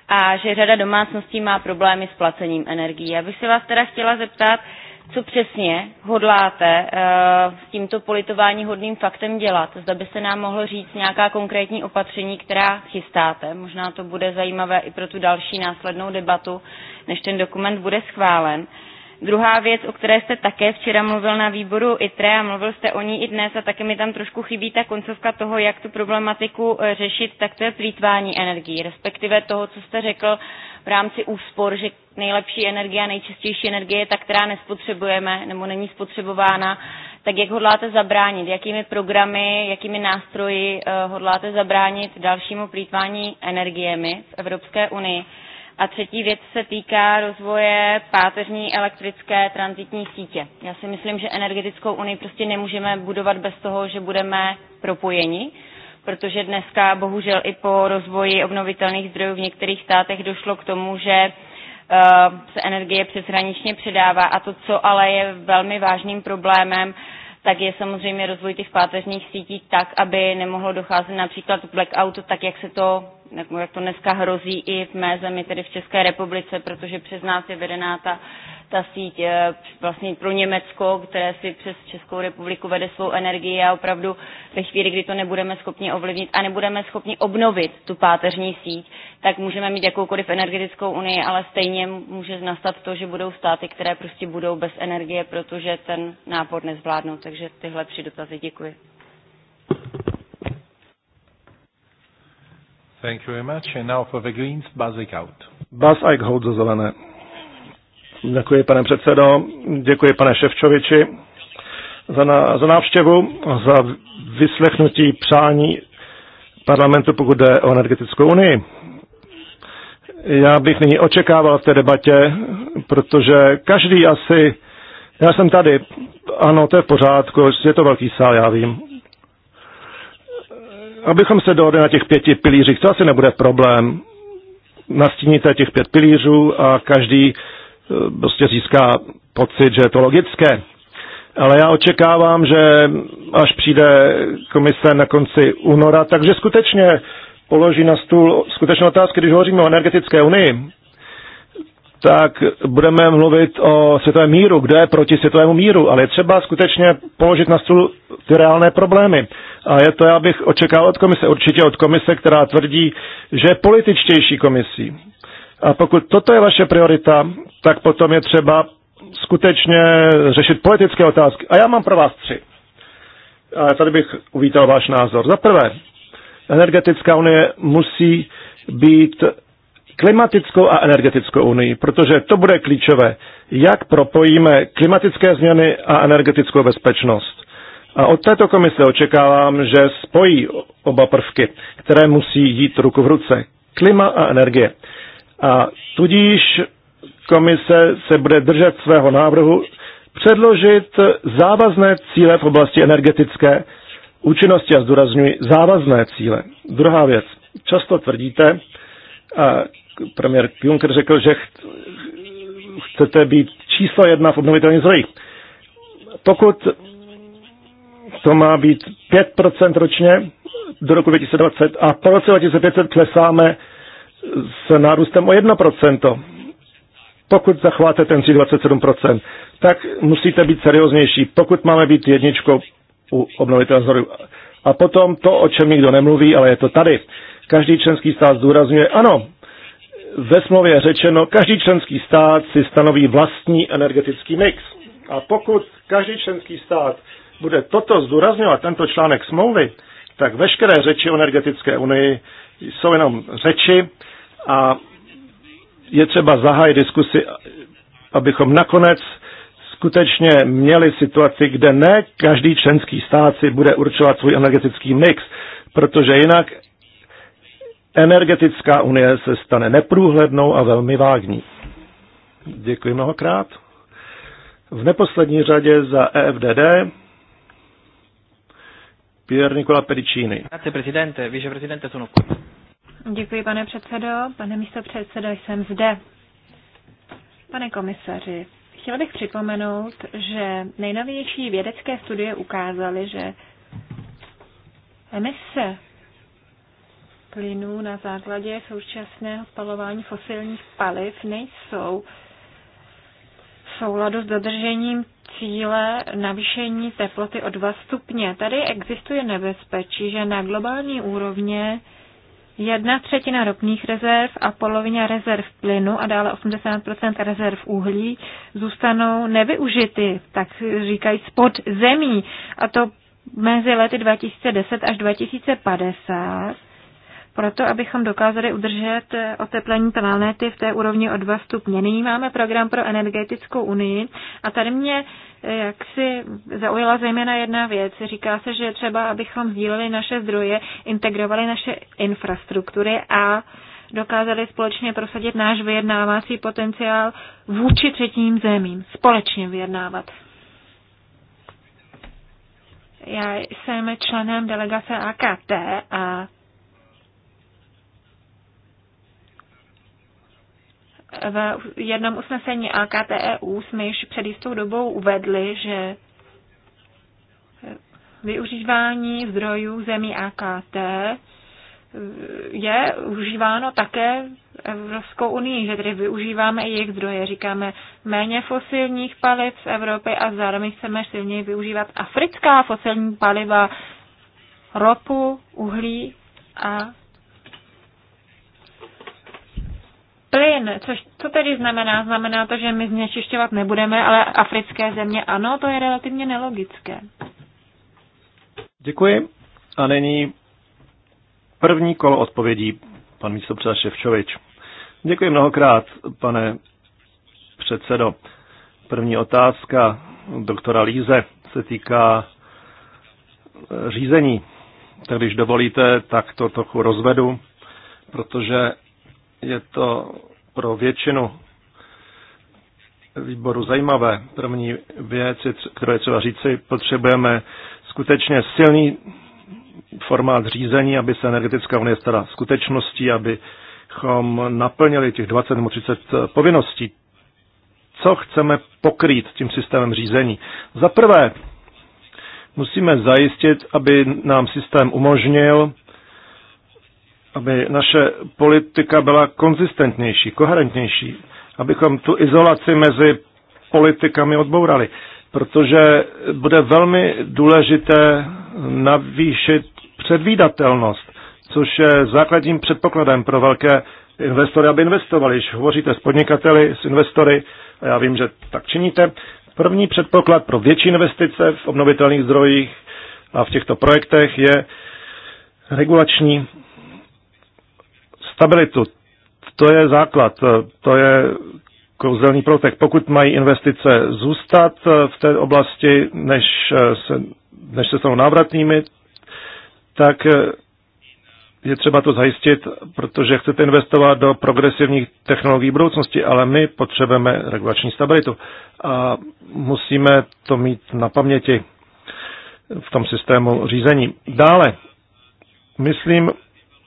a že řada domácností má problémy s placením energií. Já bych se vás teda chtěla zeptat, co přesně hodláte eh, s tímto politování hodným faktem dělat. Zda by se nám mohlo říct nějaká konkrétní opatření, která chystáte. Možná to bude zajímavé i pro tu další následnou debatu, než ten dokument bude schválen. Uh, Druhá věc, o které jste také včera mluvil na výboru ITRE a mluvil jste o ní i dnes a taky mi tam trošku chybí ta koncovka toho, jak tu problematiku e, řešit, tak to je plítvání energií, respektive toho, co jste řekl v rámci úspor, že nejlepší energie a nejčistější energie je ta, která nespotřebujeme nebo není spotřebována, tak jak hodláte zabránit, jakými programy, jakými nástroji e, hodláte zabránit dalšímu plítvání energiemi v Evropské unii a třetí věc se týká rozvoje páteřní elektrické transitní sítě. Já si myslím, že energetickou unii prostě nemůžeme budovat bez toho, že budeme propojeni, protože dneska bohužel i po rozvoji obnovitelných zdrojů v některých státech došlo k tomu, že eh, se energie přeshraničně předává a to, co ale je velmi vážným problémem, tak je samozřejmě rozvoj těch páteřních sítí tak, aby nemohlo docházet například k blackoutu, tak jak se to jak to dneska hrozí i v mé zemi, tedy v České republice, protože přes nás je vedená ta ta síť eh, vlastně pro Německo, které si přes Českou republiku vede svou energii a opravdu ve chvíli, kdy to nebudeme schopni ovlivnit a nebudeme schopni obnovit tu páteřní síť, tak můžeme mít jakoukoliv energetickou unii, ale stejně může nastat to, že budou státy, které prostě budou bez energie, protože ten nápor nezvládnou. Takže tyhle tři dotazy děkuji. Thank you very much. And now for the Greens, Buzz Eichhout. Buzz Eichhout zelené. Děkuji, pane předsedo. Děkuji, pane Ševčoviči, za, na, za návštěvu, za vyslechnutí přání parlamentu, pokud jde o energetickou unii. Já bych nyní očekával v té debatě, protože každý asi, já jsem tady, ano, to je v pořádku, je to velký sál, já vím. Abychom se dohodli na těch pěti pilířích, to asi nebude problém. Nastíníte těch pět pilířů a každý Eh, prostě získá pocit, že je to logické. Ale já očekávám, že až přijde komise na konci února, takže skutečně položí na stůl skutečnou otázku, když hovoříme o energetické unii, tak budeme mluvit o světovém míru, kde je proti světovému míru, ale je třeba skutečně položit na stůl ty reálné problémy. A je to, já bych očekával od komise, určitě od komise, která tvrdí, že je političtější komisí. A pokud toto je vaše priorita, tak potom je třeba skutečně řešit politické otázky. A já mám pro vás tři. A tady bych uvítal váš názor. Za prvé, energetická unie musí být klimatickou a energetickou unii, protože to bude klíčové, jak propojíme klimatické změny a energetickou bezpečnost. A od této komise očekávám, že spojí oba prvky, které musí jít ruku v ruce. Klima a energie. A tudíž komise se bude držet svého návrhu předložit závazné cíle v oblasti energetické účinnosti a zdůrazňuji závazné cíle. Druhá věc. Často tvrdíte, a premiér Juncker řekl, že chcete být číslo jedna v obnovitelných zdrojích. Pokud to má být 5% ročně do roku 2020 a po roce 2050 klesáme s nárůstem o 1%. Pokud zachováte ten 27%, tak musíte být serióznější, pokud máme být jedničkou u obnovitelných zdrojů. A potom to, o čem nikdo nemluví, ale je to tady. Každý členský stát zdůrazňuje, ano, ve smlouvě je řečeno, každý členský stát si stanoví vlastní energetický mix. A pokud každý členský stát bude toto zdůrazňovat, tento článek smlouvy, tak veškeré řeči o energetické unii jsou jenom řeči a je třeba zahájit diskusi, abychom nakonec skutečně měli situaci, kde ne každý členský stát si bude určovat svůj energetický mix, protože jinak energetická unie se stane neprůhlednou a velmi vágní. Děkuji mnohokrát. V neposlední řadě za EFDD Pier Nicola Pericini. Grazie Presidente, Viceprezidente sono qui. Děkuji, pane předsedo. Pane místo předsedo, jsem zde. Pane komisaři, chtěla bych připomenout, že nejnovější vědecké studie ukázaly, že emise plynů na základě současného spalování fosilních paliv nejsou v souladu s dodržením cíle navýšení teploty o 2 stupně. Tady existuje nebezpečí, že na globální úrovně jedna třetina ropných rezerv a polovina rezerv plynu a dále 80 rezerv uhlí zůstanou nevyužity, tak říkají spod zemí. A to mezi lety 2010 až 2050 proto, abychom dokázali udržet eh, oteplení planety v té úrovni o 2 stupně. Nyní máme program pro energetickou unii a tady mě eh, jak si zaujala zejména jedna věc. Říká se, že třeba, abychom sdíleli naše zdroje, integrovali naše infrastruktury a dokázali společně prosadit náš vyjednávací potenciál vůči třetím zemím. Společně vyjednávat. Já jsem členem delegace AKT a v jednom usnesení AKTEU jsme již před jistou dobou uvedli, že využívání zdrojů zemí AKT eh, je užíváno také Evropskou unii, že tedy využíváme i jejich zdroje. Říkáme méně fosilních paliv z Evropy a zároveň chceme silněji využívat africká fosilní paliva, ropu, uhlí a plyn. Což, co tedy znamená? Znamená to, že my znečišťovat nebudeme, ale africké země ano, to je relativně nelogické. Děkuji. A nyní první kolo odpovědí pan místopředseda Ševčovič. Děkuji mnohokrát, pane předsedo. První otázka doktora Líze se týká eh, řízení. Tak když dovolíte, tak to trochu rozvedu, protože je to pro většinu výboru zajímavé. První věc, kterou je třeba říci, potřebujeme skutečně silný formát řízení, aby se energetická unie stala skutečností, abychom naplnili těch 20 nebo 30 eh, povinností. Co chceme pokrýt tím systémem řízení? Za prvé, musíme zajistit, aby nám systém umožnil aby naše politika byla konzistentnější, koherentnější, abychom tu izolaci mezi politikami odbourali, protože bude velmi důležité navýšit předvídatelnost, což je základním předpokladem pro velké investory, aby investovali. Když hovoříte s podnikateli, s investory, a já vím, že tak činíte, první předpoklad pro větší investice v obnovitelných zdrojích a v těchto projektech je regulační stabilitu. To je základ, to je kouzelný protek. Pokud mají investice zůstat v té oblasti, než se, než se stanou návratnými, tak je třeba to zajistit, protože chcete investovat do progresivních technologií budoucnosti, ale my potřebujeme regulační stabilitu a musíme to mít na paměti v tom systému řízení. Dále, myslím,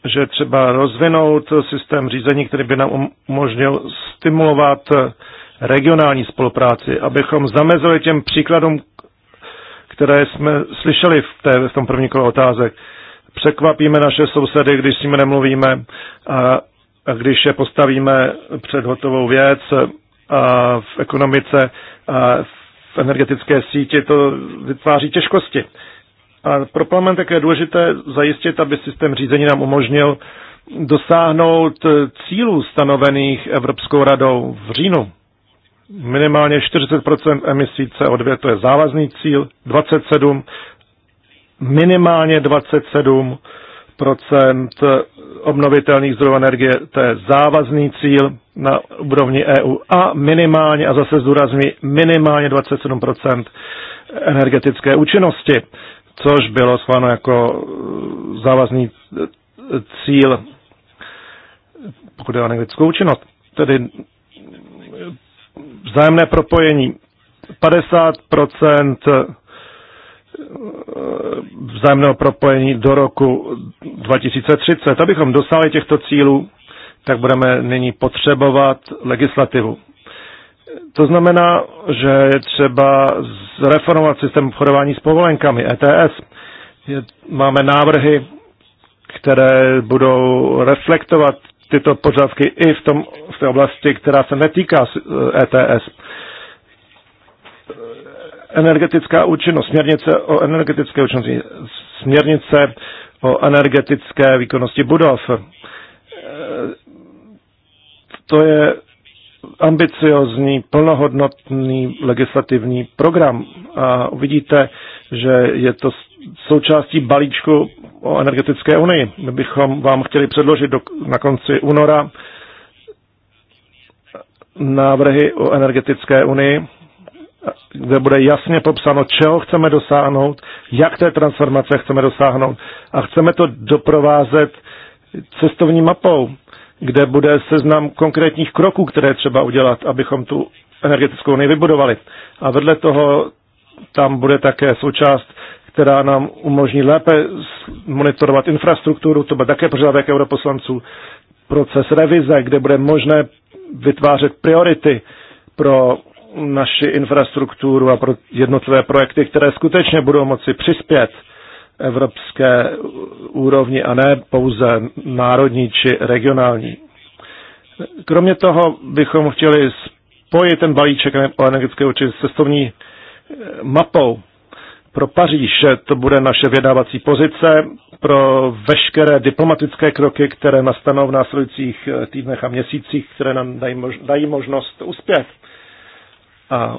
že třeba rozvinout systém řízení, který by nám umožnil stimulovat regionální spolupráci, abychom zamezili těm příkladům, které jsme slyšeli v, té, v tom první kole otázek. Překvapíme naše sousedy, když s nimi nemluvíme a, a když je postavíme před hotovou věc a v ekonomice a v energetické síti, to vytváří těžkosti. A pro parlament také je důležité zajistit, aby systém řízení nám umožnil dosáhnout eh, cílů stanovených Evropskou radou v říjnu. Minimálně 40 emisí CO2, to je závazný cíl, 27, minimálně 27 obnovitelných zdrojů energie, to je závazný cíl na úrovni EU a minimálně, a zase zdůrazňuji, minimálně 27 energetické účinnosti což bylo schváleno jako eh, závazný eh, cíl, pokud je o anglickou činnost. Tedy eh, vzájemné propojení 50% vzájemného propojení do roku 2030. Abychom dosáhli těchto cílů, tak budeme nyní potřebovat legislativu. To znamená, že je třeba zreformovat systém obchodování s povolenkami, ETS. Je, máme návrhy, které budou reflektovat tyto požadavky i v, tom, v té oblasti, která se netýká ETS. E Energetická účinnost, směrnice o energetické účinnosti, směrnice o energetické výkonnosti budov. E, to je ambiciozní, plnohodnotný legislativní program. A uvidíte, že je to součástí balíčku o energetické unii. My bychom vám chtěli předložit do, na konci února návrhy o energetické unii, kde bude jasně popsáno, čeho chceme dosáhnout, jak té transformace chceme dosáhnout. A chceme to doprovázet cestovní mapou kde bude seznam konkrétních kroků, které třeba udělat, abychom tu energetickou unii vybudovali. A vedle toho tam bude také součást, která nám umožní lépe monitorovat infrastrukturu, to bude také požadavek europoslanců, proces revize, kde bude možné vytvářet priority pro naši infrastrukturu a pro jednotlivé projekty, které skutečně budou moci přispět evropské úrovni a ne pouze národní či regionální. Kromě toho bychom chtěli spojit ten balíček energetické určitě s cestovní eh, mapou pro Paříž. To bude naše vědávací pozice pro veškeré diplomatické kroky, které nastanou v následujících eh, týdnech a měsících, které nám dají, mož- dají možnost uspět. A,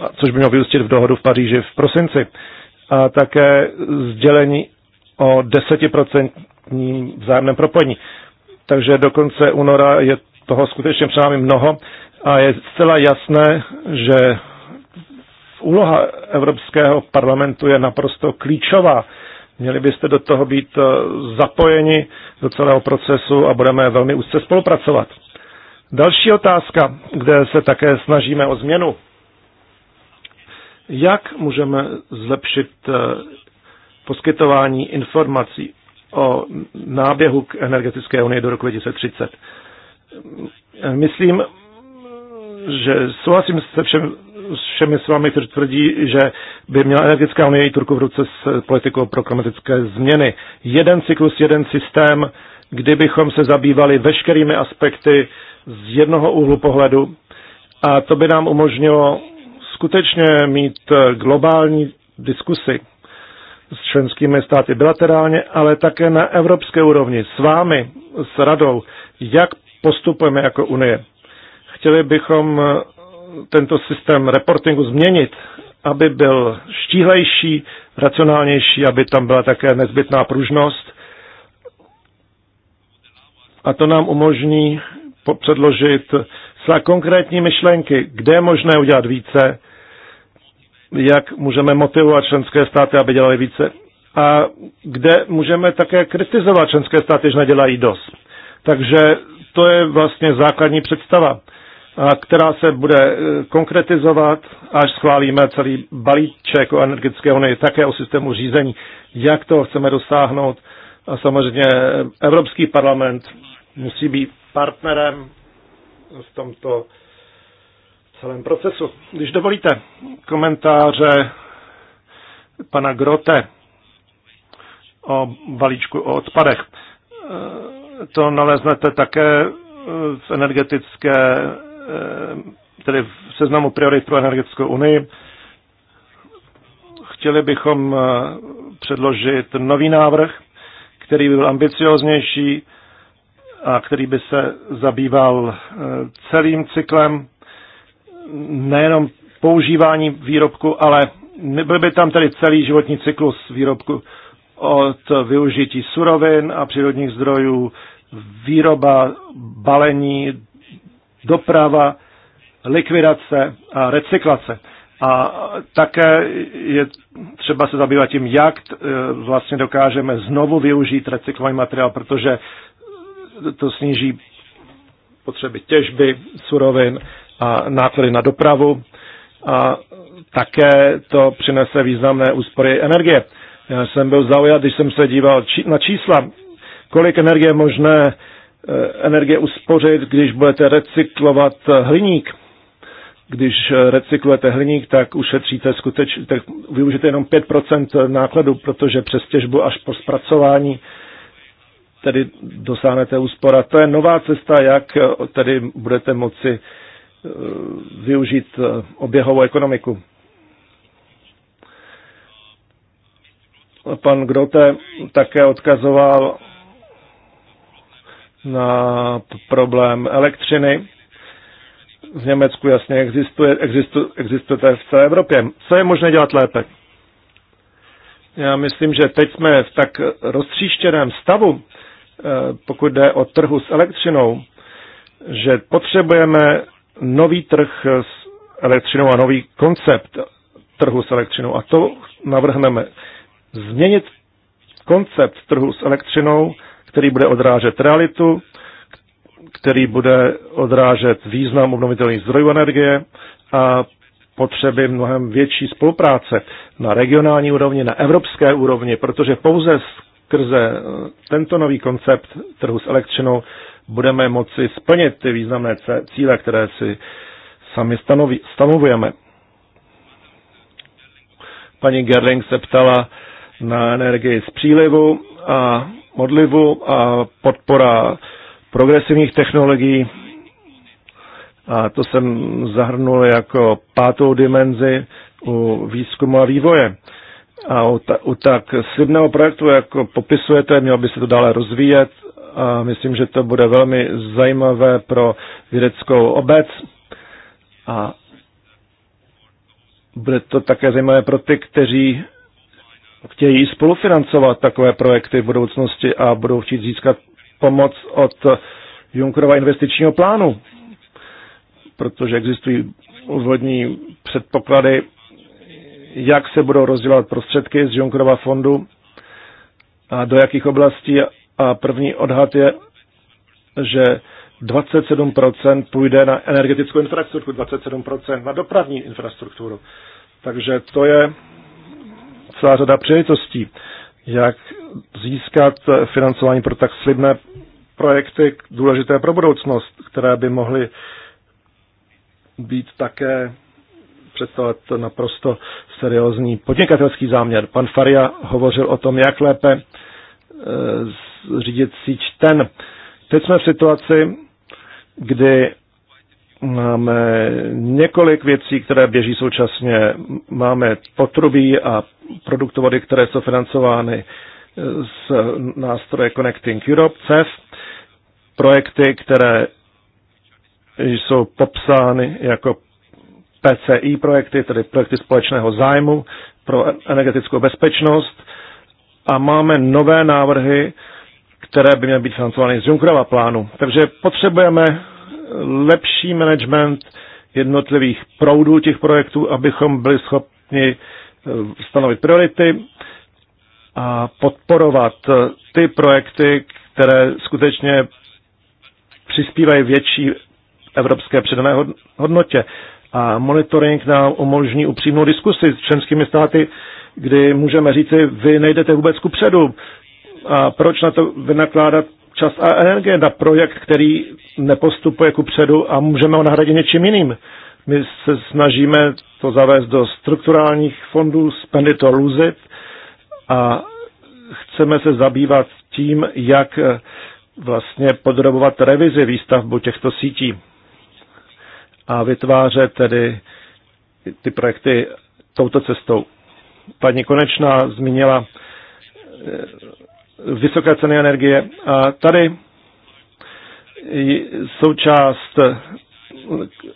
a což by mělo vyústit v dohodu v Paříži v prosinci a také sdělení o desetiprocentním vzájemném propojení. Takže do konce února je toho skutečně před námi mnoho a je zcela jasné, že úloha Evropského parlamentu je naprosto klíčová. Měli byste do toho být eh, zapojeni do celého procesu a budeme velmi úzce spolupracovat. Další otázka, kde se také snažíme o změnu jak můžeme zlepšit eh, poskytování informací o náběhu k energetické unii do roku 2030. Eh, myslím, že souhlasím se všem, všemi s vámi, kteří tvrdí, že by měla energetická unie jít ruku v ruce s politikou pro klimatické změny. Jeden cyklus, jeden systém, kdybychom se zabývali veškerými aspekty z jednoho úhlu pohledu a to by nám umožnilo skutečně mít eh, globální diskusy s členskými státy bilaterálně, ale také na evropské úrovni s vámi, s radou, jak postupujeme jako Unie. Chtěli bychom eh, tento systém reportingu změnit, aby byl štíhlejší, racionálnější, aby tam byla také nezbytná pružnost. A to nám umožní předložit za konkrétní myšlenky, kde je možné udělat více, jak můžeme motivovat členské státy, aby dělali více a kde můžeme také kritizovat členské státy, že nedělají dost. Takže to je vlastně základní představa, která se bude e, konkretizovat, až schválíme celý balíček o energetické unii, také o systému řízení, jak to chceme dosáhnout. A samozřejmě e, Evropský parlament musí být partnerem v tomto celém procesu. Když dovolíte komentáře pana Grote o balíčku o odpadech, eh, to naleznete také eh, v energetické, eh, tedy v seznamu priorit pro energetickou unii. Chtěli bychom předložit nový návrh, který by byl ambicioznější, a který by se zabýval eh, celým cyklem, nejenom používání výrobku, ale byl by tam tedy celý životní cyklus výrobku od využití surovin a přírodních zdrojů, výroba, balení, doprava, likvidace a recyklace. A také je třeba se zabývat tím, jak eh, vlastně dokážeme znovu využít recyklovaný materiál, protože to sníží potřeby těžby surovin a náklady na dopravu a také to přinese významné úspory energie. Já jsem byl zaujat, když jsem se díval či- na čísla, kolik energie je možné eh, energie uspořit, když budete recyklovat hliník. Když eh, recyklujete hliník, tak ušetříte skutečně, tak využijete jenom 5% nákladu, protože přes těžbu až po zpracování tedy dosáhnete úspora. To je nová cesta, jak eh, tedy budete moci eh, využít eh, oběhovou ekonomiku. Pan Grote také odkazoval na problém elektřiny. V Německu jasně existuje, existuje, existuje v celé Evropě. Co je možné dělat lépe? Já myslím, že teď jsme v tak roztříštěném stavu, Eh, pokud jde o trhu s elektřinou, že potřebujeme nový trh s elektřinou a nový koncept trhu s elektřinou. A to navrhneme. Změnit koncept trhu s elektřinou, který bude odrážet realitu, který bude odrážet význam obnovitelných zdrojů energie a potřeby mnohem větší spolupráce na regionální úrovni, na evropské úrovni, protože pouze skrze eh, tento nový koncept trhu s elektřinou budeme moci splnit ty významné cíle, které si sami stanoví, stanovujeme. Paní Gerling se ptala na energii z přílivu a modlivu a podpora progresivních technologií. A to jsem zahrnul jako pátou dimenzi u výzkumu a vývoje. A u, ta, u tak slibného projektu, jak popisujete, mělo by se to dále rozvíjet a myslím, že to bude velmi zajímavé pro vědeckou obec a bude to také zajímavé pro ty, kteří chtějí spolufinancovat takové projekty v budoucnosti a budou chtít získat pomoc od Junkerova investičního plánu, protože existují úvodní předpoklady jak se budou rozdělovat prostředky z Junckerova fondu a do jakých oblastí. A první odhad je, že 27% půjde na energetickou infrastrukturu, 27% na dopravní infrastrukturu. Takže to je celá řada příležitostí, jak získat financování pro tak slibné projekty důležité pro budoucnost, které by mohly být také představovat naprosto seriózní podnikatelský záměr. Pan Faria hovořil o tom, jak lépe e, řídit síť ten. Teď jsme v situaci, kdy máme několik věcí, které běží současně. Máme potrubí a produktovody, které jsou financovány e, z nástroje Connecting Europe, CEF, projekty, které jsou popsány jako PCI projekty, tedy projekty společného zájmu pro energetickou bezpečnost a máme nové návrhy, které by měly být financovány z Junckerova plánu. Takže potřebujeme lepší management jednotlivých proudů těch projektů, abychom byli schopni eh, stanovit priority a podporovat eh, ty projekty, které skutečně přispívají větší evropské přidané hodnotě. A monitoring nám umožní upřímnou diskusi s členskými státy, kdy můžeme říci, vy nejdete vůbec ku předu. A proč na to vynakládat čas a energie na projekt, který nepostupuje ku předu a můžeme ho nahradit něčím jiným. My se snažíme to zavést do strukturálních fondů, spend it or lose it, a chceme se zabývat tím, jak vlastně podrobovat revizi výstavbu těchto sítí a vytvářet tedy ty projekty touto cestou. Paní Konečná zmínila eh, vysoké ceny energie a tady součást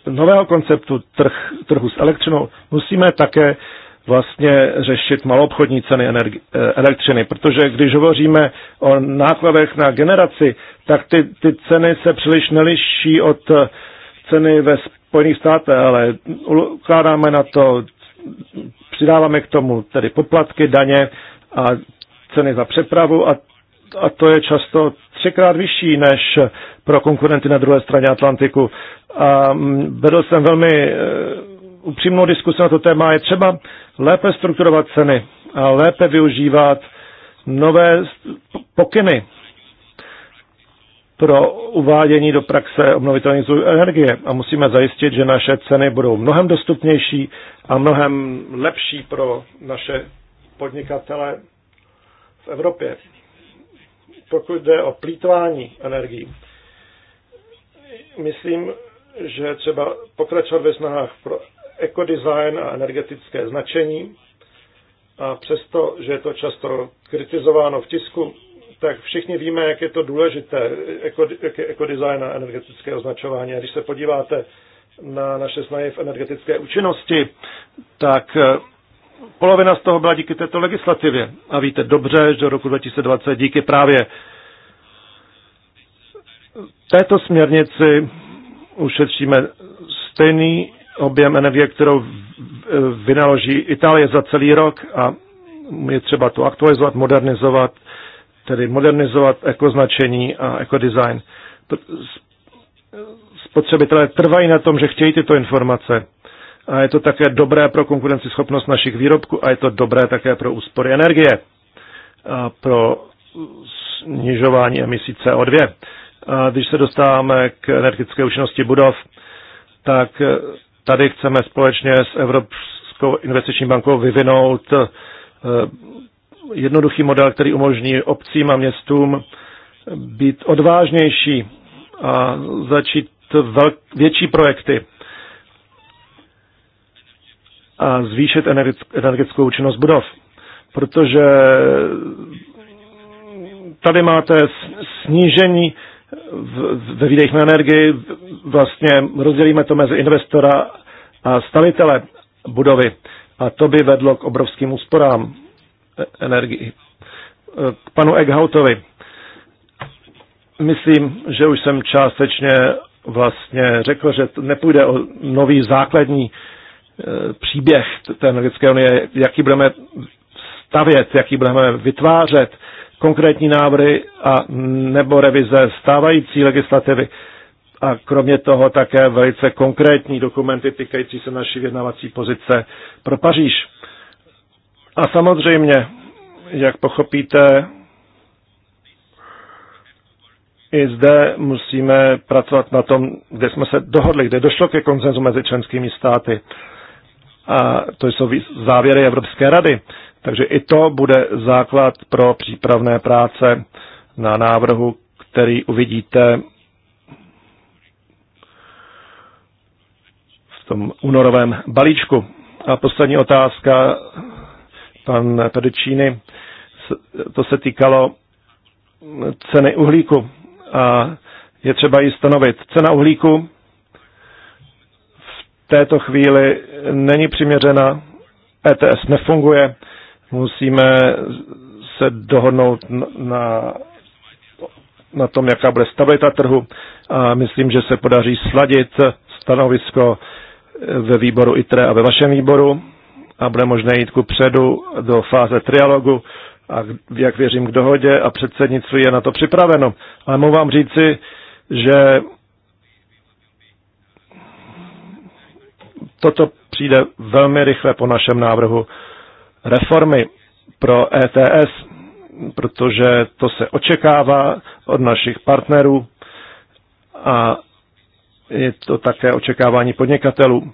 nového konceptu trh, trhu s elektřinou musíme také vlastně řešit maloobchodní ceny energi- eh, elektřiny, protože když hovoříme o nákladech na generaci, tak ty, ty ceny se příliš neliší od ceny ve Spojených státe, ale ukládáme na to, přidáváme k tomu tedy poplatky, daně a ceny za přepravu a, a to je často třikrát vyšší než pro konkurenty na druhé straně Atlantiku. A mm, vedl jsem velmi eh, upřímnou diskusi na to téma. Je třeba lépe strukturovat ceny a lépe využívat nové pokyny pro uvádění do praxe obnovitelných zdrojů energie a musíme zajistit, že naše ceny budou mnohem dostupnější a mnohem lepší pro naše podnikatele v Evropě. Pokud jde o plítvání energií, myslím, že třeba pokračovat ve snahách pro ekodesign a energetické značení a přesto, že je to často kritizováno v tisku, tak všichni víme, jak je to důležité, ekodesign a energetické označování. A když se podíváte na naše snahy v energetické účinnosti, tak eh, polovina z toho byla díky této legislativě. A víte dobře, že do roku 2020 díky právě této směrnici ušetříme stejný objem energie, kterou vynaloží Itálie za celý rok a je třeba to aktualizovat, modernizovat tedy modernizovat ekoznačení a ekodesign. Spotřebitelé trvají na tom, že chtějí tyto informace. A je to také dobré pro konkurenceschopnost našich výrobků a je to dobré také pro úspory energie a pro snižování emisí CO2. A když se dostáváme k energetické účinnosti budov, tak tady chceme společně s Evropskou investiční bankou vyvinout eh, jednoduchý model, který umožní obcím a městům být odvážnější a začít velk, větší projekty a zvýšit energetickou účinnost budov. Protože tady máte snížení ve výdejch na energii, vlastně rozdělíme to mezi investora a stavitele budovy. A to by vedlo k obrovským úsporám energii. K e, panu Eckhoutovi. Myslím, že už jsem částečně vlastně řekl, že nepůjde o nový základní e, příběh té energetické unie, jaký budeme stavět, jaký budeme vytvářet, konkrétní návrhy a nebo revize stávající legislativy a kromě toho také velice konkrétní dokumenty týkající se naší vědnavací pozice pro Paříž. A samozřejmě, jak pochopíte, i zde musíme pracovat na tom, kde jsme se dohodli, kde došlo ke koncenzu mezi členskými státy. A to jsou závěry Evropské rady. Takže i to bude základ pro přípravné práce na návrhu, který uvidíte v tom únorovém balíčku. A poslední otázka pan Pedicini, to se týkalo ceny uhlíku. A je třeba ji stanovit. Cena uhlíku v této chvíli není přiměřena, ETS nefunguje, musíme se dohodnout na, na tom, jaká bude stabilita trhu a myslím, že se podaří sladit stanovisko ve výboru ITRE a ve vašem výboru a bude možné jít ku předu do fáze trialogu a jak věřím k dohodě a předsednictví je na to připraveno. Ale mohu vám říci, že toto přijde velmi rychle po našem návrhu reformy pro ETS, protože to se očekává od našich partnerů a je to také očekávání podnikatelů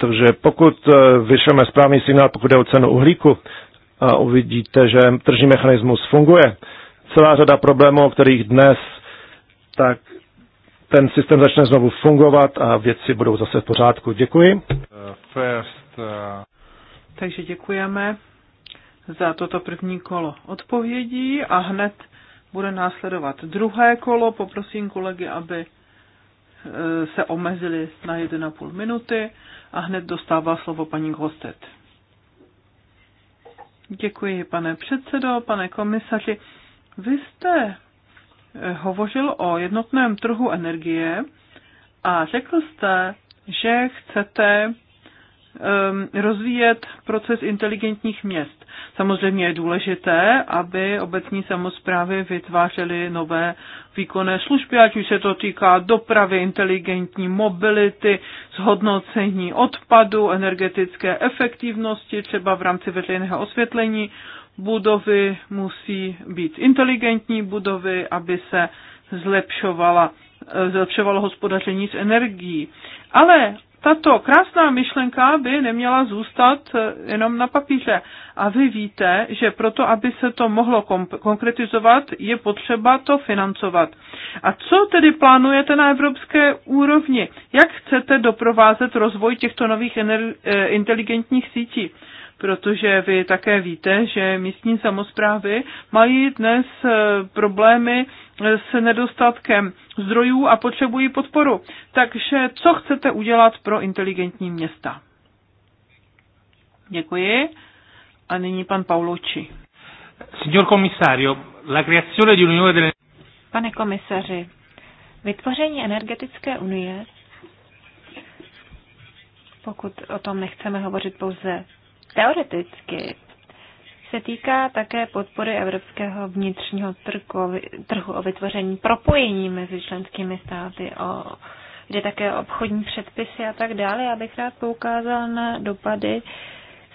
protože pokud e, vyšleme správný signál, pokud jde o cenu uhlíku, a uvidíte, že tržní mechanismus funguje, celá řada problémů, o kterých dnes, tak ten systém začne znovu fungovat a věci budou zase v pořádku. Děkuji. First, uh... Takže děkujeme za toto první kolo odpovědí a hned bude následovat druhé kolo. Poprosím kolegy, aby e, se omezili na 1,5 minuty a hned dostává slovo paní Hostet. Děkuji, pane předsedo, pane komisaři. Vy jste eh, hovořil o jednotném trhu energie a řekl jste, že chcete um, rozvíjet proces inteligentních měst. Samozřejmě je důležité, aby obecní samozprávy vytvářely nové výkonné služby, ať už se to týká dopravy, inteligentní mobility, zhodnocení odpadu, energetické efektivnosti, třeba v rámci veřejného osvětlení. Budovy musí být inteligentní budovy, aby se zlepšovala zlepšovalo hospodaření s energií. Ale tato krásná myšlenka by neměla zůstat eh, jenom na papíře. A vy víte, že proto, aby se to mohlo konkretizovat, je potřeba to financovat. A co tedy plánujete na evropské úrovni? Jak chcete doprovázet rozvoj těchto nových eh, inteligentních sítí? protože vy také víte, že místní samozprávy mají dnes eh, problémy eh, s nedostatkem zdrojů a potřebují podporu. Takže co chcete udělat pro inteligentní města? Děkuji. A nyní pan Paulucci. Signor commissario, la creazione di unione delle... Pane komisaři, vytvoření energetické unie, pokud o tom nechceme hovořit pouze teoreticky se týká také podpory evropského vnitřního trhu, trhu o vytvoření propojení mezi členskými státy, o, kde také obchodní předpisy a tak dále. Já bych rád poukázal na dopady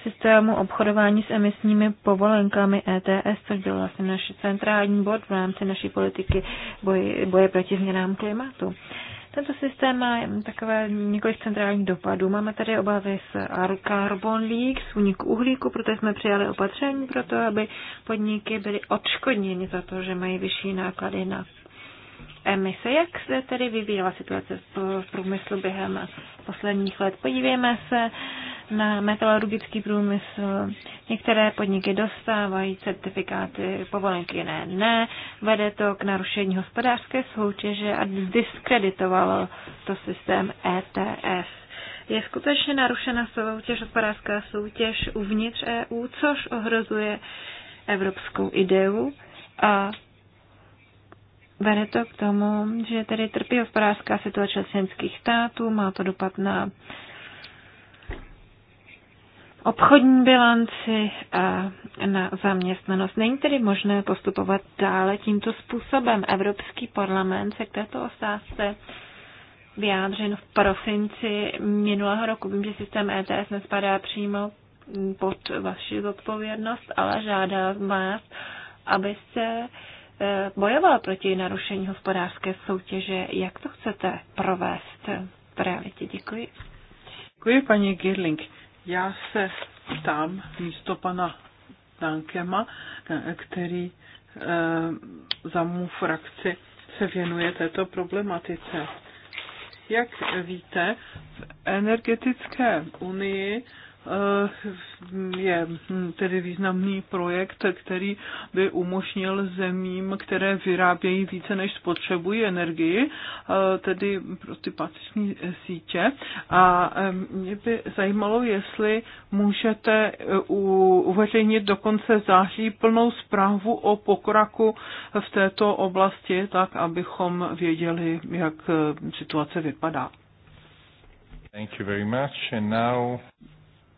systému obchodování s emisními povolenkami ETS, což byl vlastně náš centrální bod v rámci naší politiky boje, boje proti změnám klimatu. Tento systém má takové několik centrálních dopadů. Máme tady obavy z carbon leaks, z uhlíku, proto jsme přijali opatření pro to, aby podniky byly odškodněny za to, že mají vyšší náklady na emise. Jak se tedy vyvíjela situace v průmyslu během posledních let? Podívejme se na metalurgický průmysl. Některé podniky dostávají certifikáty, povolenky jiné ne, ne. Vede to k narušení hospodářské soutěže a diskreditovalo to systém ETS je skutečně narušena soutěž, hospodářská soutěž uvnitř EU, což ohrozuje evropskou ideu a vede to k tomu, že tedy trpí hospodářská situace členských států, má to dopad na obchodní bilanci a na zaměstnanost. Není tedy možné postupovat dále tímto způsobem. Evropský parlament se k této otázce vyjádřen v prosinci minulého roku. Vím, že systém ETS nespadá přímo pod vaši zodpovědnost, ale žádá vás, abyste bojovala proti narušení hospodářské soutěže. Jak to chcete provést v realitě? Děkuji. Děkuji, paní Girling. Já se tam místo pana Dankema, který eh, za mou frakci se věnuje této problematice. Jak víte, v energetické unii Eh, je hm, tedy významný projekt, který by umožnil zemím, které vyrábějí více než spotřebují energii, eh, tedy pro ty sítě. A mě by zajímalo, jestli můžete eh, uveřejnit do konce září plnou zprávu o pokraku v této oblasti, tak abychom věděli, jak situace vypadá. Thank you very much. And now...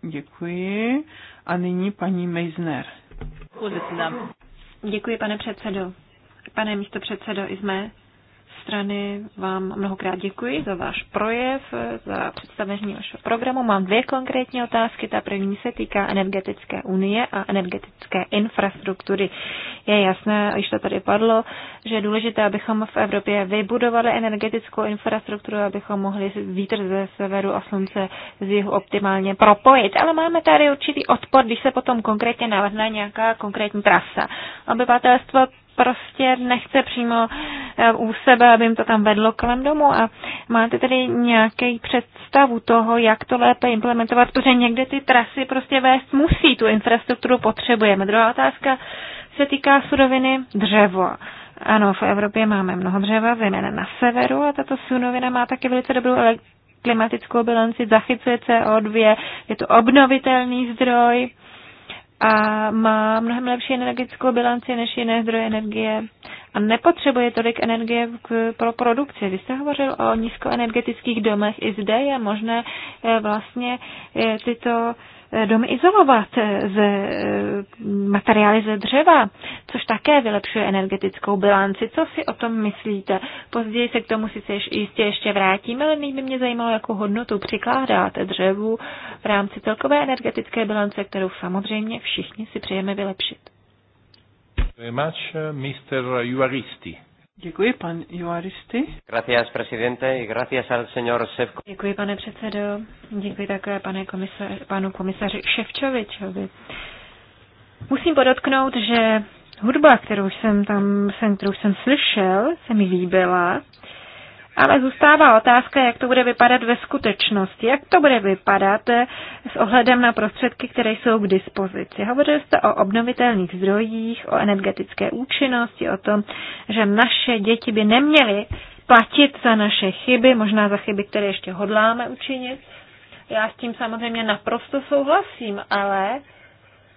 Děkuji. A nyní paní Meisner. Děkuji, pane předsedo. Pane místo předsedo, jsme strany vám mnohokrát děkuji za váš projev, za představení vašeho programu. Mám dvě konkrétní otázky. Ta první se týká energetické unie a energetické infrastruktury. Je jasné, již to tady padlo, že je důležité, abychom v Evropě vybudovali energetickou infrastrukturu, abychom mohli vítr ze severu a slunce z jihu optimálně propojit. Ale máme tady určitý odpor, když se potom konkrétně navrhne nějaká konkrétní trasa. Obyvatelstvo prostě nechce přímo eh, u sebe, aby jim to tam vedlo kolem domu. A máte tedy nějaký představu toho, jak to lépe implementovat, protože někde ty trasy prostě vést musí, tu infrastrukturu potřebujeme. Druhá otázka se týká suroviny dřevo. Ano, v Evropě máme mnoho dřeva, zejména na severu, a tato surovina má také velice dobrou klimatickou bilanci, zachycuje CO2, je to obnovitelný zdroj a má mnohem lepší energetickou bilanci než jiné zdroje energie a nepotřebuje tolik energie k, pro produkci. Vy jste hovořil o nízkoenergetických domech. I zde je možné eh, vlastně eh, tyto domy izolovat e, z e, materiály ze dřeva, což také vylepšuje energetickou bilanci. Co si o tom myslíte? Později se k tomu sice jistě ještě vrátíme, ale by mě zajímalo, jakou hodnotu přikládáte dřevu v rámci celkové energetické bilance, kterou samozřejmě všichni si přejeme vylepšit. Very much, uh, Mr. Juaristi. Děkuji, pan Juaristi. Gracias, presidente, y gracias al señor Sefko. Děkuji, pane předsedo. Děkuji také pane komisař, panu komisaři Ševčovičovi. Musím podotknout, že hudba, kterou jsem tam, jsem, kterou jsem slyšel, se mi líbila. Ale zůstává otázka, jak to bude vypadat ve skutečnosti, jak to bude vypadat eh, s ohledem na prostředky, které jsou k dispozici. Hovořili jste o obnovitelných zdrojích, o energetické účinnosti, o tom, že naše děti by neměly platit za naše chyby, možná za chyby, které ještě hodláme učinit. Já s tím samozřejmě naprosto souhlasím, ale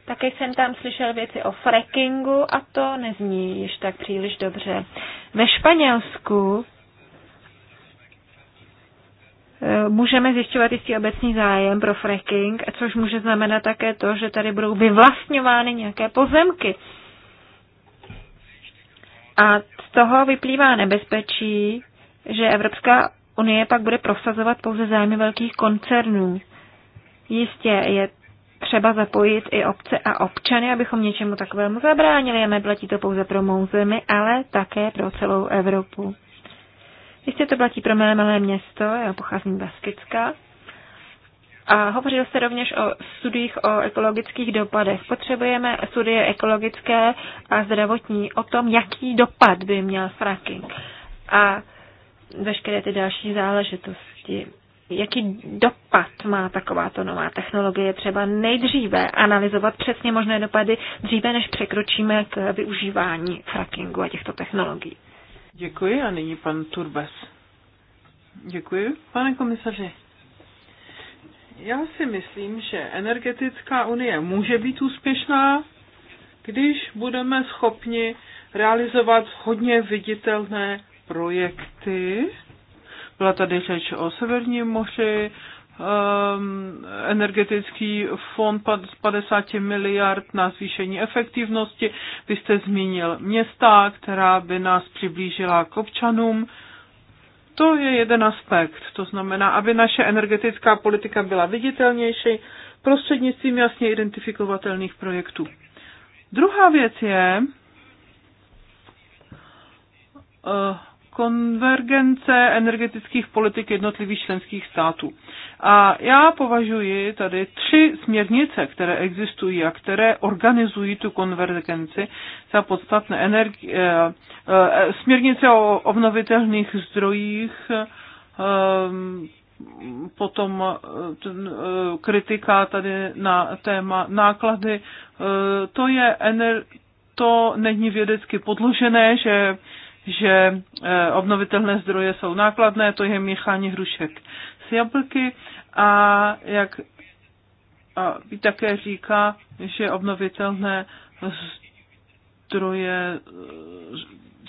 také jsem tam slyšel věci o frackingu a to nezní již tak příliš dobře. Ve Španělsku můžeme zjišťovat jistý obecný zájem pro fracking, což může znamenat také to, že tady budou vyvlastňovány nějaké pozemky. A z toho vyplývá nebezpečí, že Evropská unie pak bude prosazovat pouze zájmy velkých koncernů. Jistě je třeba zapojit i obce a občany, abychom něčemu takovému zabránili. A neplatí to pouze pro mou zemi, ale také pro celou Evropu. Jistě to platí pro mé malé město, já pocházím z Baskicka. A hovořil jste rovněž o studiích o ekologických dopadech. Potřebujeme studie ekologické a zdravotní o tom, jaký dopad by měl fracking a veškeré ty další záležitosti. Jaký dopad má takováto nová technologie? Třeba nejdříve analyzovat přesně možné dopady dříve, než překročíme k využívání frackingu a těchto technologií. Děkuji a nyní pan Turbas. Děkuji, pane komisaři. Já si myslím, že energetická unie může být úspěšná, když budeme schopni realizovat hodně viditelné projekty. Byla tady řeč o Severním moři, Ehm, energetický fond 50 miliard na zvýšení efektivnosti. Vy jste zmínil města, která by nás přiblížila k občanům. To je jeden aspekt, to znamená, aby naše energetická politika byla viditelnější prostřednictvím jasně identifikovatelných projektů. Druhá věc je, eh, konvergence energetických politik jednotlivých členských států. A já považuji tady tři směrnice, které existují a které organizují tu konvergenci za podstatné energi- eh, eh, směrnice o obnovitelných zdrojích, ehm, potom eh, kritika tady na téma náklady, to je ener- to není vědecky podložené, že že eh, obnovitelné zdroje jsou nákladné, to je míchání hrušek s jablky a jak a také říká, že obnovitelné zdroje eh,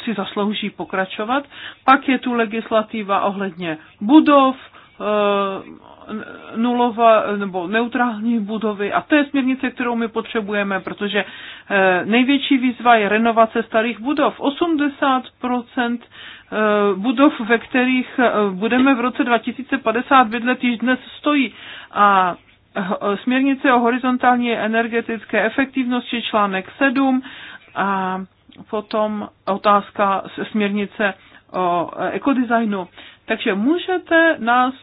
si zaslouží pokračovat. Pak je tu legislativa ohledně budov, Eh, nulové nebo neutrální budovy. A to je směrnice, kterou my potřebujeme, protože eh, největší výzva je renovace starých budov. 80 eh, budov, ve kterých budeme v roce 2050 bydlet, již dnes stojí. A směrnice o horizontální energetické efektivnosti článek 7 a potom otázka směrnice o e, ekodesignu. Takže můžete nás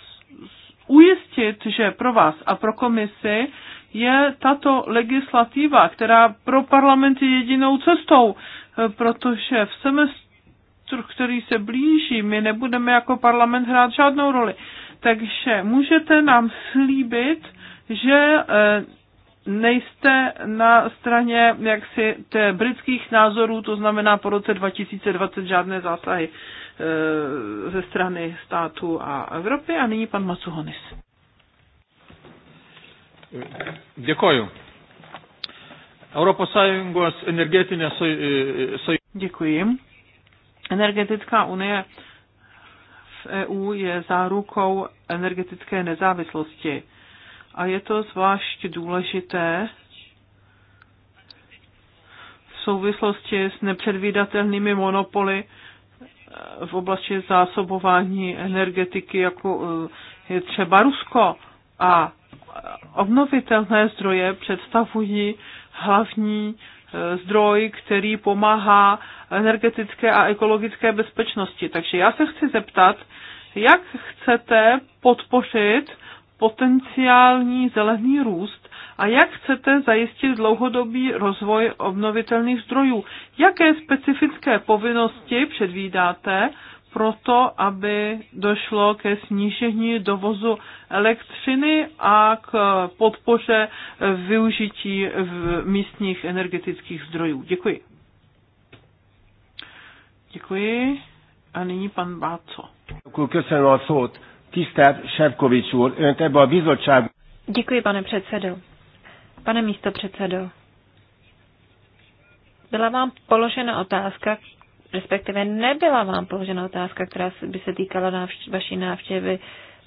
ujistit, že pro vás a pro komisi je tato legislativa, která pro parlament je jedinou cestou, e, protože v semestru, který se blíží, my nebudeme jako parlament hrát žádnou roli. Takže můžete nám slíbit, že e, nejste na straně jaksi té britských názorů, to znamená po roce 2020 žádné zásahy e, ze strany Státu a Evropy. A nyní pan Macuhonis. Děkuji. Europos energetinė e, Děkuji. Energetická unie v EU je zárukou energetické nezávislosti. A je to zvlášť důležité v souvislosti s nepředvídatelnými monopoly eh, v oblasti zásobování energetiky, jako eh, je třeba Rusko. A obnovitelné zdroje představují hlavní eh, zdroj, který pomáhá energetické a ekologické bezpečnosti. Takže já se chci zeptat, jak chcete podpořit potenciální zelený růst a jak chcete zajistit dlouhodobý rozvoj obnovitelných zdrojů? Jaké specifické povinnosti předvídáte pro to, aby došlo ke snížení dovozu elektřiny a k podpoře využití v místních energetických zdrojů. Děkuji. Děkuji. A nyní pan Báco. Děkuji, Tisztelt Ševkovič úr, önt ebbe a bizottság... Děkuji, pane předsedo. Pane místo předsedo, byla vám položena otázka, respektive nebyla vám položena otázka, která by se týkala návštěv, vaší návštěvy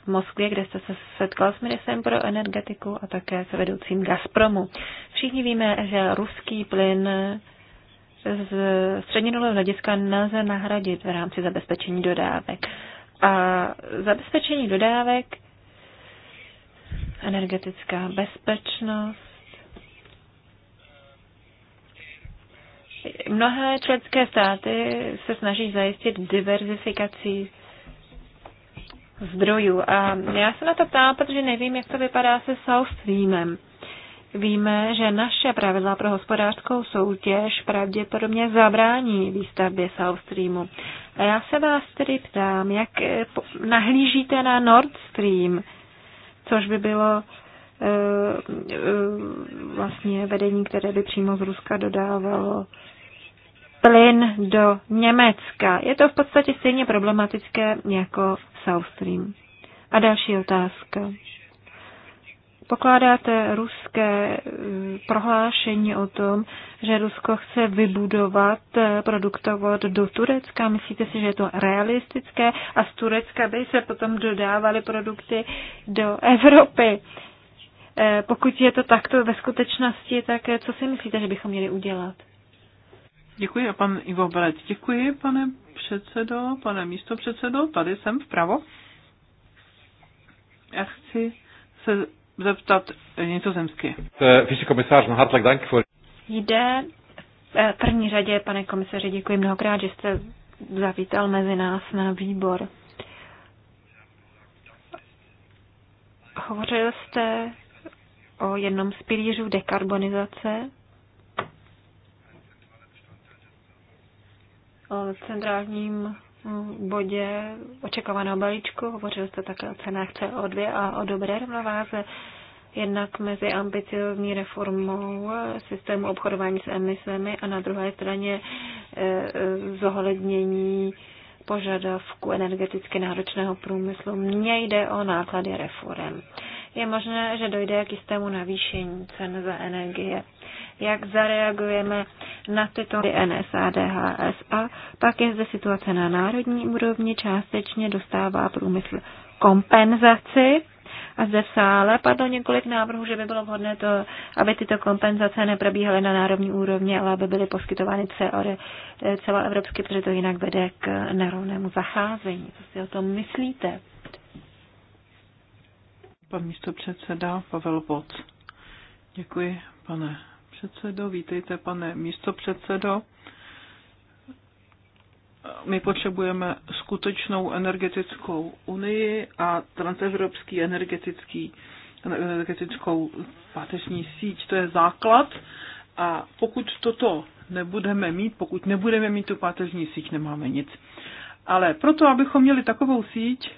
v Moskvě, kde jste se setkal s ministrem pro energetiku a také s vedoucím Gazpromu. Všichni víme, že ruský plyn z střednědobého hlediska nelze nahradit v rámci zabezpečení dodávek. A zabezpečení dodávek, energetická bezpečnost, Mnohé členské státy se snaží zajistit diverzifikací zdrojů. A já se na to ptám, protože nevím, jak to vypadá se South Streamem víme, že naše pravidla pro hospodářskou soutěž pravděpodobně zabrání výstavbě South Streamu. A já se vás tedy ptám, jak eh, nahlížíte na Nord Stream, což by bylo eh, eh, vlastně vedení, které by přímo z Ruska dodávalo plyn do Německa. Je to v podstatě stejně problematické jako South Stream. A další otázka pokládáte ruské mm, prohlášení o tom, že Rusko chce vybudovat eh, produktovod do Turecka? Myslíte si, že je to realistické a z Turecka by se potom dodávaly produkty do Evropy? Eh, pokud je to takto ve skutečnosti, tak eh, co si myslíte, že bychom měli udělat? Děkuji a pan Ivo Belec. Děkuji, pane předsedo, pane místo předsedo, tady jsem vpravo. Já chci se zeptat nizozemsky. Vicekomisář, hartelijk dank Jde v první řadě, pane komisaři, děkuji mnohokrát, že jste zavítal mezi nás na výbor. Hovořil jste o jednom z pilířů dekarbonizace, o centrálním bodě očekovaného balíčku. Hovořil jste také o cenách CO2 a o dobré rovnováze jednak mezi ambiciozní reformou systému obchodování s emisemi a na druhé straně e, e, zohlednění požadavku energeticky náročného průmyslu. Mně jde o náklady reform. Je možné, že dojde k jistému navýšení cen za energie jak zareagujeme na tyto a DHS a pak je zde situace na národní úrovni, částečně dostává průmysl kompenzaci. A zde v sále padlo několik návrhů, že by bylo vhodné to, aby tyto kompenzace neprobíhaly na národní úrovni, ale aby byly poskytovány celoevropsky, protože to jinak vede k nerovnému zacházení. Co si o tom myslíte? Pan místo předseda Pavel Poc. Děkuji, pane předsedo, vítejte pane místopředsedo. My potřebujeme skutečnou energetickou unii a transevropský energetický energetickou páteřní síť. To je základ a pokud toto nebudeme mít, pokud nebudeme mít tu páteřní síť, nemáme nic. Ale proto, abychom měli takovou síť,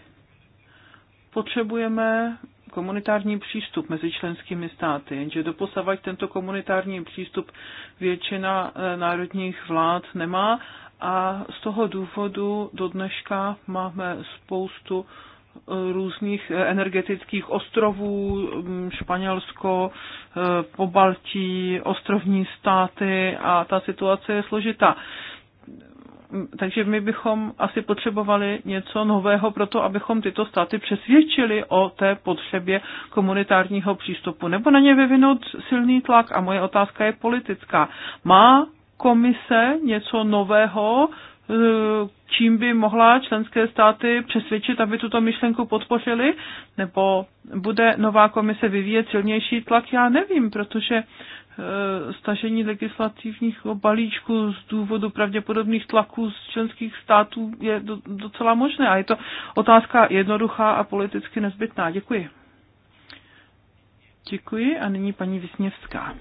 potřebujeme komunitární přístup mezi členskými státy, jenže doposavať tento komunitární přístup většina eh, národních vlád nemá a z toho důvodu do dneška máme spoustu eh, různých eh, energetických ostrovů, mm, Španělsko, Pobaltí, ostrovní státy a ta situace je složitá takže my bychom asi potřebovali něco nového pro to, abychom tyto státy přesvědčili o té potřebě komunitárního přístupu, nebo na ně vyvinout silný tlak. A moje otázka je politická. Má komise něco nového, e, čím by mohla členské státy přesvědčit, aby tuto myšlenku podpořili, nebo bude nová komise vyvíjet silnější tlak, já nevím, protože E, stažení legislativních balíčků z důvodu pravděpodobných tlaků z členských států je docela možné. A je to otázka jednoduchá a politicky nezbytná. Děkuji. Děkuji a nyní paní Vysněvská.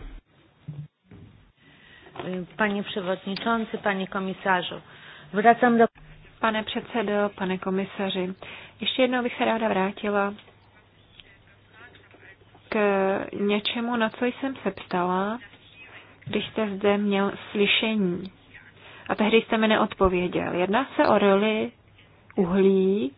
Pane przewodniczący, paní komisářu, vracám do... Pane předsedo, pane komisaři, ještě jednou bych se ráda vrátila k něčemu, na co jsem se ptala, když jste zde měl slyšení. A tehdy jste mi neodpověděl. Jedná se o roli uhlí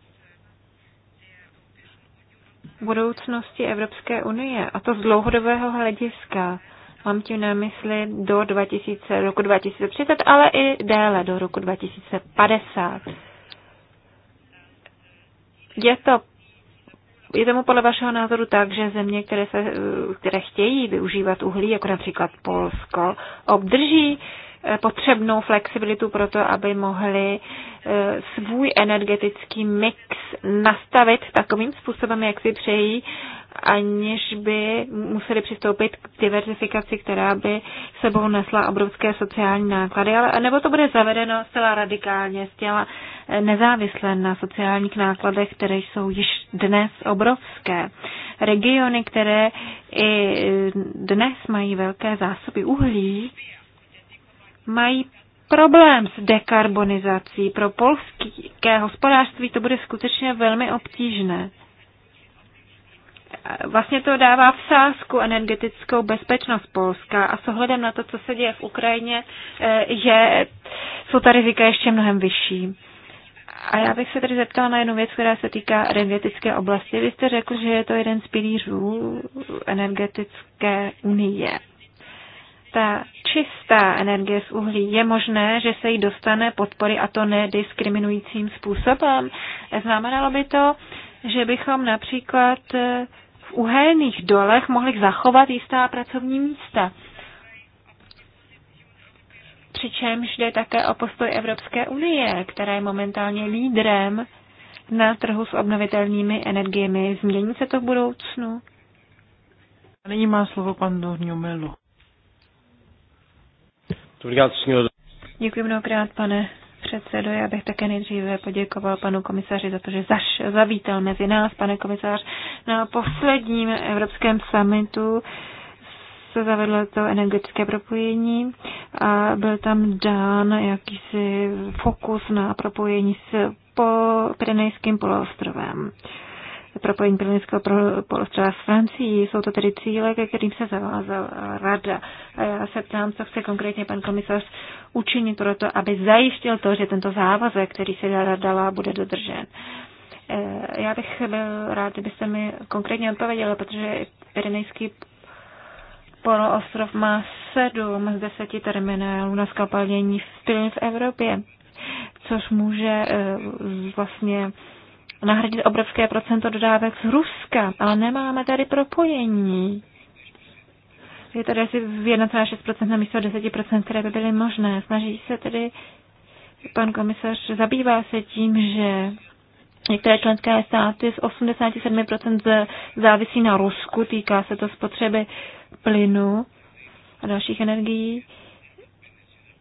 budoucnosti Evropské unie, a to z dlouhodobého hlediska. Mám tím na mysli do 2000, roku 2030, ale i déle do roku 2050. Je to je tomu podle vašeho názoru tak, že země, které, se, které chtějí využívat uhlí, jako například Polsko, obdrží eh, potřebnou flexibilitu pro to, aby mohli eh, svůj energetický mix nastavit takovým způsobem, jak si přejí, aniž by museli přistoupit k diverzifikaci, která by sebou nesla obrovské sociální náklady, ale nebo to bude zavedeno zcela radikálně, zcela eh, nezávisle na sociálních nákladech, které jsou již dnes obrovské. Regiony, které i eh, dnes mají velké zásoby uhlí, mají problém s dekarbonizací. Pro polské hospodářství to bude skutečně velmi obtížné. Vlastně to dává v sázku energetickou bezpečnost Polska a s ohledem na to, co se děje v Ukrajině, je, eh, jsou ta rizika ještě mnohem vyšší. A já bych se tady zeptala na jednu věc, která se týká energetické oblasti. Vy jste řekl, že je to jeden z pilířů energetické unie. Ta čistá energie z uhlí, je možné, že se jí dostane podpory a to nediskriminujícím způsobem. Znamenalo by to, že bychom například eh, uhelných dolech mohli zachovat jistá pracovní místa. Přičemž jde také o postoj Evropské unie, která je momentálně lídrem na trhu s obnovitelnými energiemi. Změní se to v budoucnu? A nyní má slovo pan Dorňomelu. Děkuji mnohokrát, pane předsedo, já bych také nejdříve poděkoval panu komisaři za to, že zaš, zavítal mezi nás, pane komisař, na posledním Evropském summitu se zavedlo to energetické propojení a byl tam dán jakýsi fokus na propojení s po Pirenejským poloostrovem propojení Pirenejského poloostrova s Francií. Jsou to tedy cíle, ke kterým se zavázala rada. A já se ptám, co chce konkrétně pan komisař učinit pro to, aby zajistil to, že tento závazek, který se rada dala, bude dodržen. E, já bych byl rád, kdybyste mi konkrétně odpověděla, protože Pirinejský poloostrov má sedm z deseti terminálů na skapalnění v pilně v Evropě, což může e, vlastně nahradit obrovské procento dodávek z Ruska, ale nemáme tady propojení je tady asi 1,6% na místo 10%, které by byly možné. Snaží se tedy pan komisař, zabývá se tím, že Některé členské státy z 87% závisí na Rusku, týká se to spotřeby plynu a dalších energií.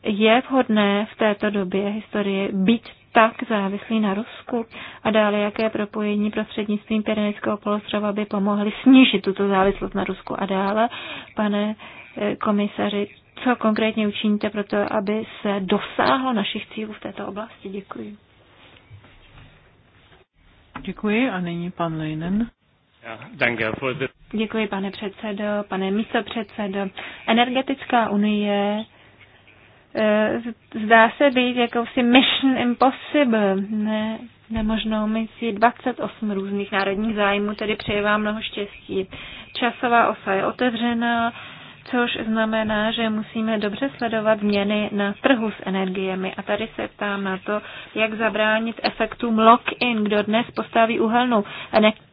Je vhodné v této době historie být tak závislí na Rusku a dále jaké propojení prostřednictvím Pyrenejského polostrova by pomohly snížit tuto závislost na Rusku a dále, pane eh, komisaři, co konkrétně učiníte pro to, aby se dosáhlo našich cílů v této oblasti? Děkuji. Děkuji a nyní pan Leinen. Děkuji, pane předsedo, pane místopředsedo. Energetická unie Eh, zdá se být jakousi mission impossible, ne, nemožnou misi 28 různých národních zájmů, tedy přeje vám mnoho štěstí. Časová osa je otevřená, což znamená, že musíme dobře sledovat změny na trhu s energiemi. A tady se ptám na to, jak zabránit efektům lock-in, kdo dnes postaví uhelnou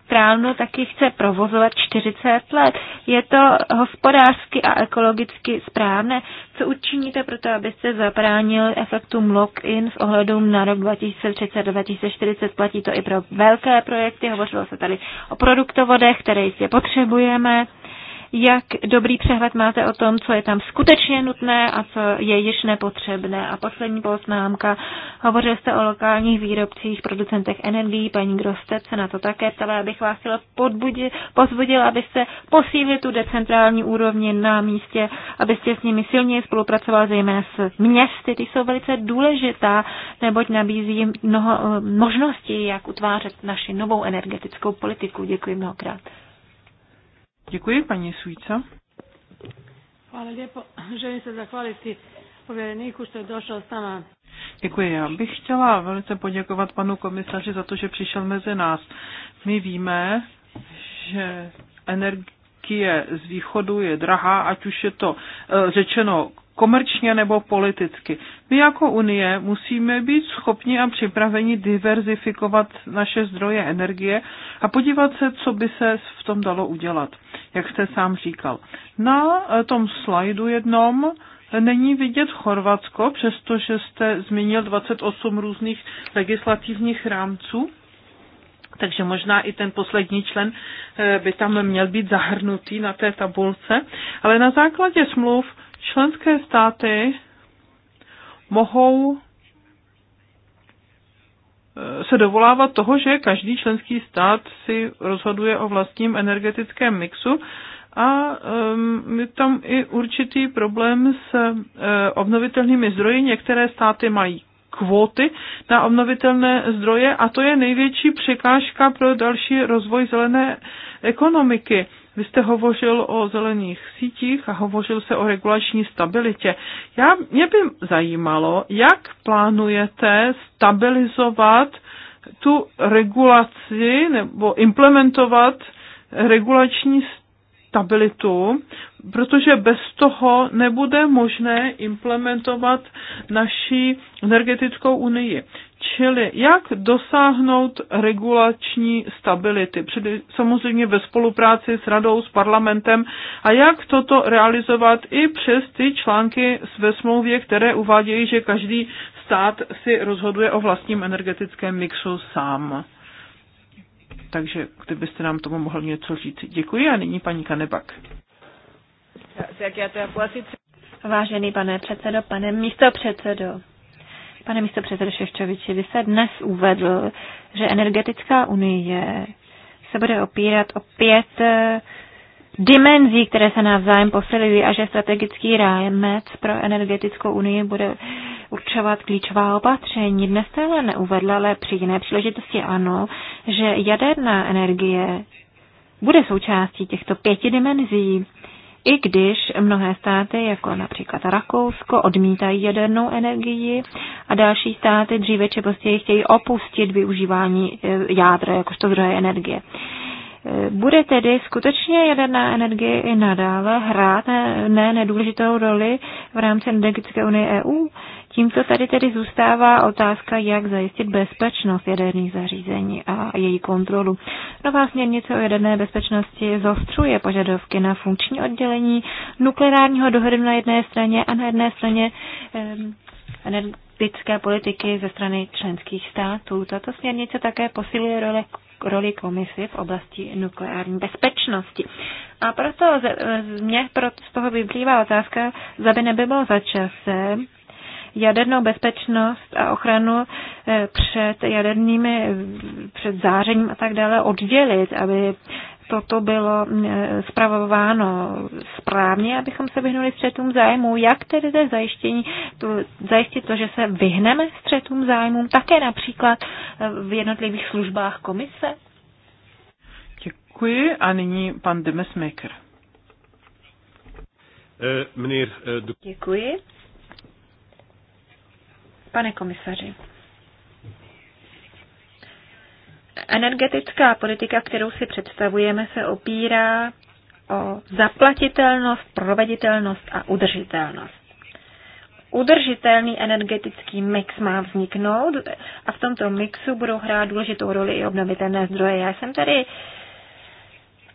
elektrárnu taky chce provozovat 40 let. Je to hospodářsky a ekologicky správné. Co učiníte pro to, abyste zabránil efektům lock-in s ohledem na rok 2030-2040? Platí to i pro velké projekty. Hovořilo se tady o produktovodech, které jistě potřebujeme jak dobrý přehled máte o tom, co je tam skutečně nutné a co je již nepotřebné. A poslední poznámka, hovořil jste o lokálních výrobcích, producentech energií, paní Grostec se na to také ptala, abych bych vás chtěla pozbudila, abyste posílili tu decentrální úrovni na místě, abyste s nimi silněji spolupracoval, zejména s městy, ty jsou velice důležitá, neboť nabízí mnoho eh, možností, jak utvářet naši novou energetickou politiku. Děkuji mnohokrát. Děkuji, paní Sujica. Hvala lijepo. Želim se zahvaliti povjereniku što je došao s nama. Děkuji. Já bych chtěla velice poděkovat panu komisaři za to, že přišel mezi nás. My víme, že energie z východu je drahá, ať už je to eh, řečeno komerčně nebo politicky. My jako Unie musíme být schopni a připraveni diverzifikovat naše zdroje energie a podívat se, co by se v tom dalo udělat, jak jste sám říkal. Na tom slajdu jednom není vidět Chorvatsko, přestože jste zmínil 28 různých legislativních rámců. Takže možná i ten poslední člen eh, by tam měl být zahrnutý na té tabulce. Ale na základě smluv Členské státy mohou eh, se dovolávat toho, že každý členský stát si rozhoduje o vlastním energetickém mixu a ehm, je tam i určitý problém s eh, obnovitelnými zdroji. Některé státy mají kvóty na obnovitelné zdroje a to je největší překážka pro další rozvoj zelené ekonomiky. Vy jste hovořil o zelených sítích a hovořil se o regulační stabilitě. Já, mě by zajímalo, jak plánujete stabilizovat tu regulaci nebo implementovat regulační stabilitu, protože bez toho nebude možné implementovat naši energetickou unii. Čili jak dosáhnout regulační stability, Předy, samozřejmě ve spolupráci s radou, s parlamentem a jak toto realizovat i přes ty články ve smlouvě, které uvádějí, že každý stát si rozhoduje o vlastním energetickém mixu sám. Takže kdybyste nám tomu mohl něco říct. Děkuji a nyní paní Kanebak. Vážený pane předsedo, pane místo předsedo, Pane místo předsedo Šeščoviči, vy se dnes uvedl, že energetická unie se bude opírat o pět eh, dimenzí, které se navzájem posilují a že strategický rámec pro energetickou unii bude určovat klíčová opatření. Dnes jste ale neuvedla, ale při jiné příležitosti ano, že jaderná energie bude součástí těchto pěti dimenzí i když mnohé státy, jako například Rakousko, odmítají jadernou energii a další státy dříve či později chtějí opustit využívání eh, jádra jakožto zdroje energie. Eh, bude tedy skutečně jaderná energie i nadále hrát ne, ne nedůležitou roli v rámci energetické unie EU? Tímto tady tedy zůstává otázka, jak zajistit bezpečnost jaderných zařízení a její kontrolu. Nová směrnice o jaderné bezpečnosti zostřuje požadavky na funkční oddělení nukleárního dohledu na jedné straně a na jedné straně energetické politiky ze strany členských států. Tato směrnice také posiluje role roli komisy v oblasti nukleární bezpečnosti. A proto z, mě proto z toho vyplývá otázka, zda by nebylo za čase jadernou bezpečnost a ochranu eh, před jadernými, před zářením a tak dále oddělit, aby toto bylo spravováno eh, správně, abychom se vyhnuli střetům zájmů. Jak tedy jde zajištění, to, zajistit to, že se vyhneme střetům zájmům, také například eh, v jednotlivých službách komise? Děkuji a nyní pan Demesmaker. Děkuji. Pane komisaři, energetická politika, kterou si představujeme, se opírá o zaplatitelnost, proveditelnost a udržitelnost. Udržitelný energetický mix má vzniknout a v tomto mixu budou hrát důležitou roli i obnovitelné zdroje. Já jsem tady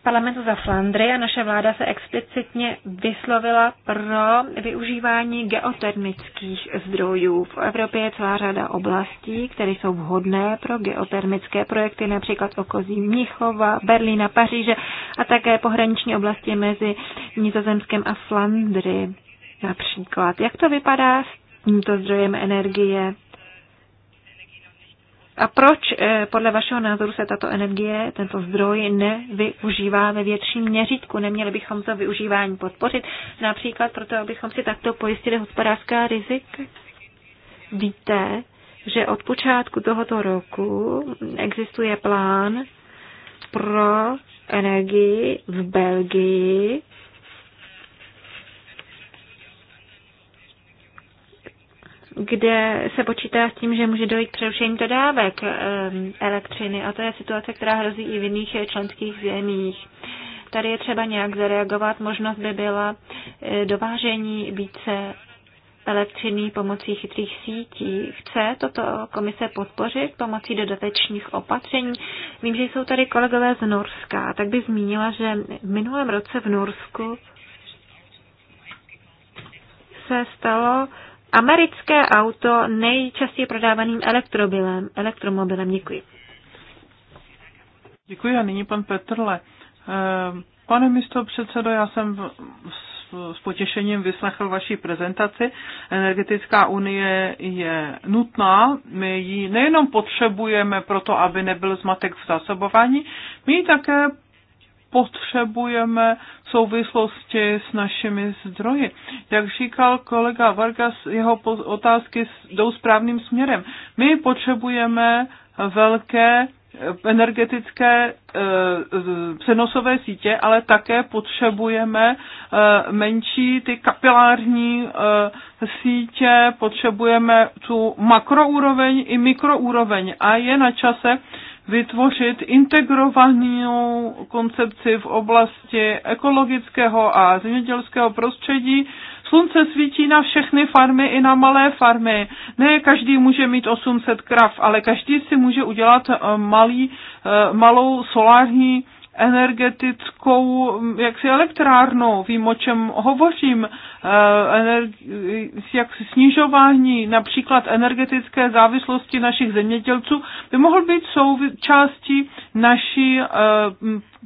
parlamentu za Flandry a naše vláda se explicitně vyslovila pro využívání geotermických zdrojů. V Evropě je celá řada oblastí, které jsou vhodné pro geotermické projekty, například okozí Mnichova, Berlína, Paříže a také pohraniční oblasti mezi Nizozemskem a Flandry například. Jak to vypadá s tímto zdrojem energie? A proč eh, podle vašeho názoru se tato energie, tento zdroj nevyužívá ve větším měřítku? Neměli bychom to využívání podpořit, například proto, abychom si takto pojistili hospodářská rizika? Víte, že od počátku tohoto roku existuje plán pro energii v Belgii kde se počítá s tím, že může dojít k přerušení dodávek eh, elektřiny. A to je situace, která hrozí i v jiných eh, členských zemích. Tady je třeba nějak zareagovat. Možnost by byla eh, dovážení více elektřiny pomocí chytrých sítí. Chce toto komise podpořit pomocí dodatečných opatření? Vím, že jsou tady kolegové z Norska, tak bych zmínila, že v minulém roce v Norsku se stalo americké auto nejčastěji prodávaným elektromobilem. elektromobilem. Děkuji. Děkuji a nyní pan Petrle. Eh, pane místo předsedo, já jsem s potěšením vyslechl vaší prezentaci. Energetická unie je nutná, my ji nejenom potřebujeme proto, aby nebyl zmatek v zásobování, my ji také potřebujeme v souvislosti s našimi zdroji. Jak říkal kolega Vargas, jeho otázky jdou správným směrem. My potřebujeme velké eh, energetické eh, přenosové sítě, ale také potřebujeme eh, menší ty kapilární sítě, potřebujeme tu makroúroveň i mikroúroveň a je na čase, vytvořit integrovanou koncepci v oblasti ekologického a zemědělského prostředí. Slunce svítí na všechny farmy i na malé farmy. Ne každý může mít 800 krav, ale každý si může udělat eh, malý, eh, malou solární energetickou jaksi elektrárnou, vím, o čem hovořím, eh, jak snižování například energetické závislosti našich zemědělců by mohl být součástí naší eh,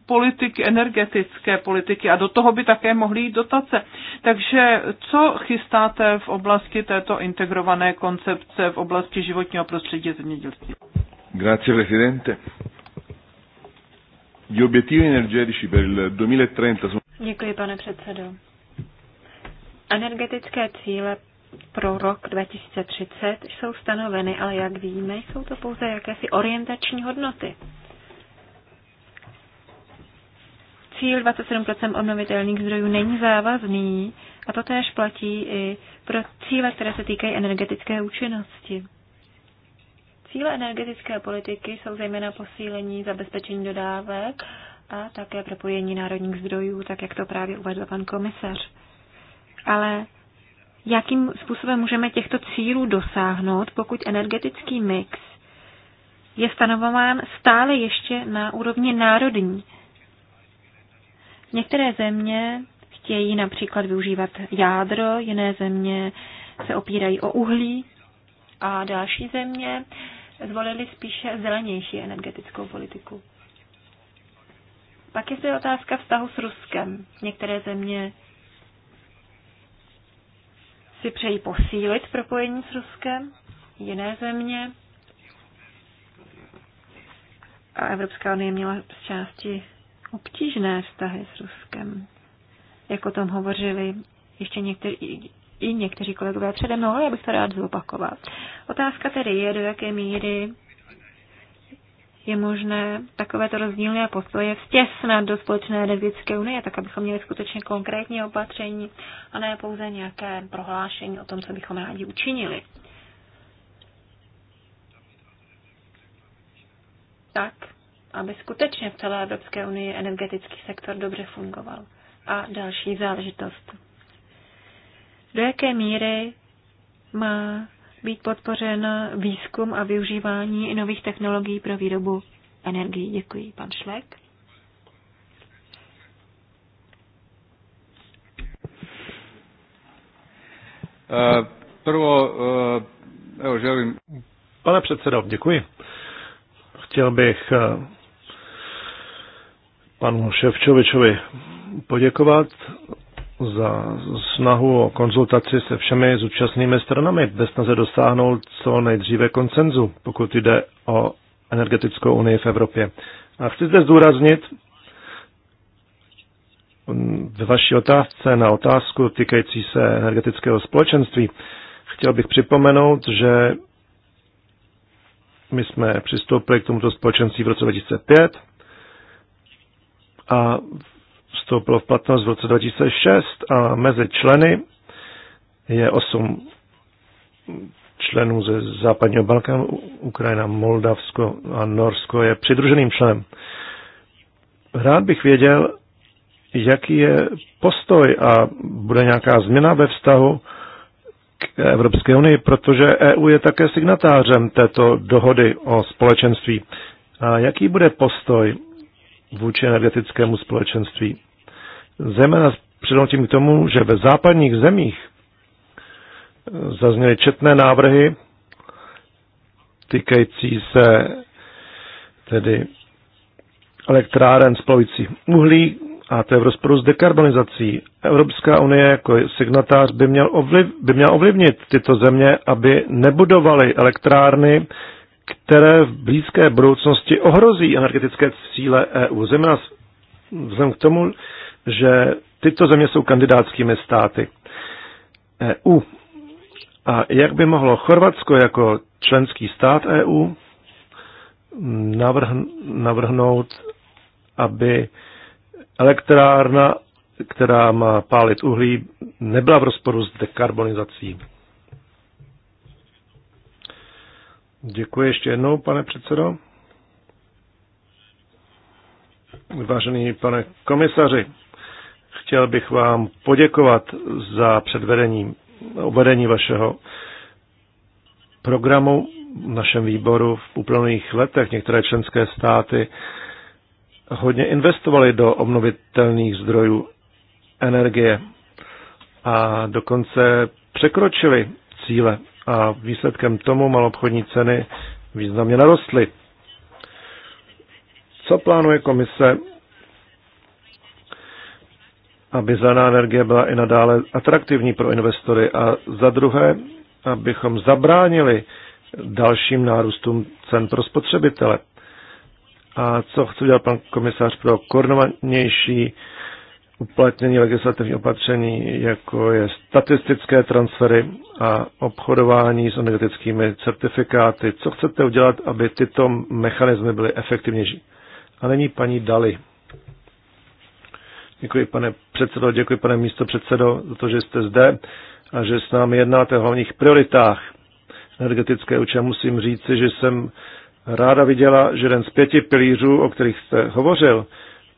politiky, energetické politiky a do toho by také mohly jít dotace. Takže co chystáte v oblasti této integrované koncepce v oblasti životního prostředí zemědělství? Grazie, presidente. Gli obiettivi energetici per il 2030 sono... Děkuji, pane předsedo. Energetické cíle pro rok 2030 jsou stanoveny, ale jak víme, jsou to pouze jakési orientační hodnoty. Cíl 27% obnovitelných zdrojů není závazný a to též platí i pro cíle, které se týkají energetické účinnosti. Cíle energetické politiky jsou zejména posílení zabezpečení dodávek a také propojení národních zdrojů, tak jak to právě uvedl pan komisař. Ale jakým způsobem můžeme těchto cílů dosáhnout, pokud energetický mix je stanovován stále ještě na úrovni národní? Některé země chtějí například využívat jádro, jiné země se opírají o uhlí a další země zvolili spíše zelenější energetickou politiku. Pak je zde otázka vztahu s Ruskem. Některé země si přejí posílit propojení s Ruskem, jiné země a Evropská unie měla z části obtížné vztahy s Ruskem, jak o tom hovořili ještě někteří i někteří kolegové přede mnou, ale já bych to rád zopakoval. Otázka tedy je, do jaké míry je možné takovéto rozdílné postoje vtěsnat do společné energetické unie, tak abychom měli skutečně konkrétní opatření a ne pouze nějaké prohlášení o tom, co bychom rádi učinili. Tak, aby skutečně v celé Evropské unii energetický sektor dobře fungoval. A další záležitost do jaké míry má být podpořen výzkum a využívání nových technologií pro výrobu energii. Děkuji, pan Šlek. Eh, prvo, eh, Pane předsedo, děkuji. Chtěl bych eh, panu Ševčovičovi poděkovat za snahu o konzultaci se všemi zúčastnými stranami ve snaze dosáhnout co nejdříve koncenzu, pokud jde o energetickou unii v Evropě. A chci zde zdůraznit ve vaší otázce na otázku týkající se energetického společenství. Chtěl bych připomenout, že my jsme přistoupili k tomuto společenství v roce 2005 a vstoupilo v platnost v roce 2006 a mezi členy je osm členů ze západního Balkánu, Ukrajina, Moldavsko a Norsko je přidruženým členem. Rád bych věděl, jaký je postoj a bude nějaká změna ve vztahu k Evropské unii, protože EU je také signatářem této dohody o společenství. A jaký bude postoj vůči energetickému společenství. Zejména přednotím k tomu, že ve západních zemích eh, zazněly četné návrhy týkající se tedy elektráren spalující uhlí a to je v rozporu s dekarbonizací. Evropská unie jako signatář by měl, ovliv, by měl ovlivnit tyto země, aby nebudovaly elektrárny které v blízké budoucnosti ohrozí energetické cíle EU. Zejména vzhledem k tomu, že tyto země jsou kandidátskými státy EU. A jak by mohlo Chorvatsko jako členský stát EU navrhnout, aby elektrárna, která má pálit uhlí, nebyla v rozporu s dekarbonizací Děkuji ještě jednou, pane předsedo. Vážený pane komisaři, chtěl bych vám poděkovat za předvedení, uvedení vašeho programu v našem výboru v uplynulých letech. Některé členské státy hodně investovaly do obnovitelných zdrojů energie a dokonce překročili cíle a výsledkem tomu malobchodní ceny významně narostly. Co plánuje komise, aby zelená energie byla i nadále atraktivní pro investory a za druhé, abychom zabránili dalším nárůstům cen pro spotřebitele. A co chce udělat pan komisář pro koordinovanější uplatnění legislativních opatření, jako je statistické transfery a obchodování s energetickými certifikáty. Co chcete udělat, aby tyto mechanismy byly efektivnější? A není paní Dali. Děkuji, pane předsedo, děkuji, pane místo předsedo, za to, že jste zde a že s námi jednáte o hlavních prioritách energetické účel. Musím říci, že jsem ráda viděla, že jeden z pěti pilířů, o kterých jste hovořil,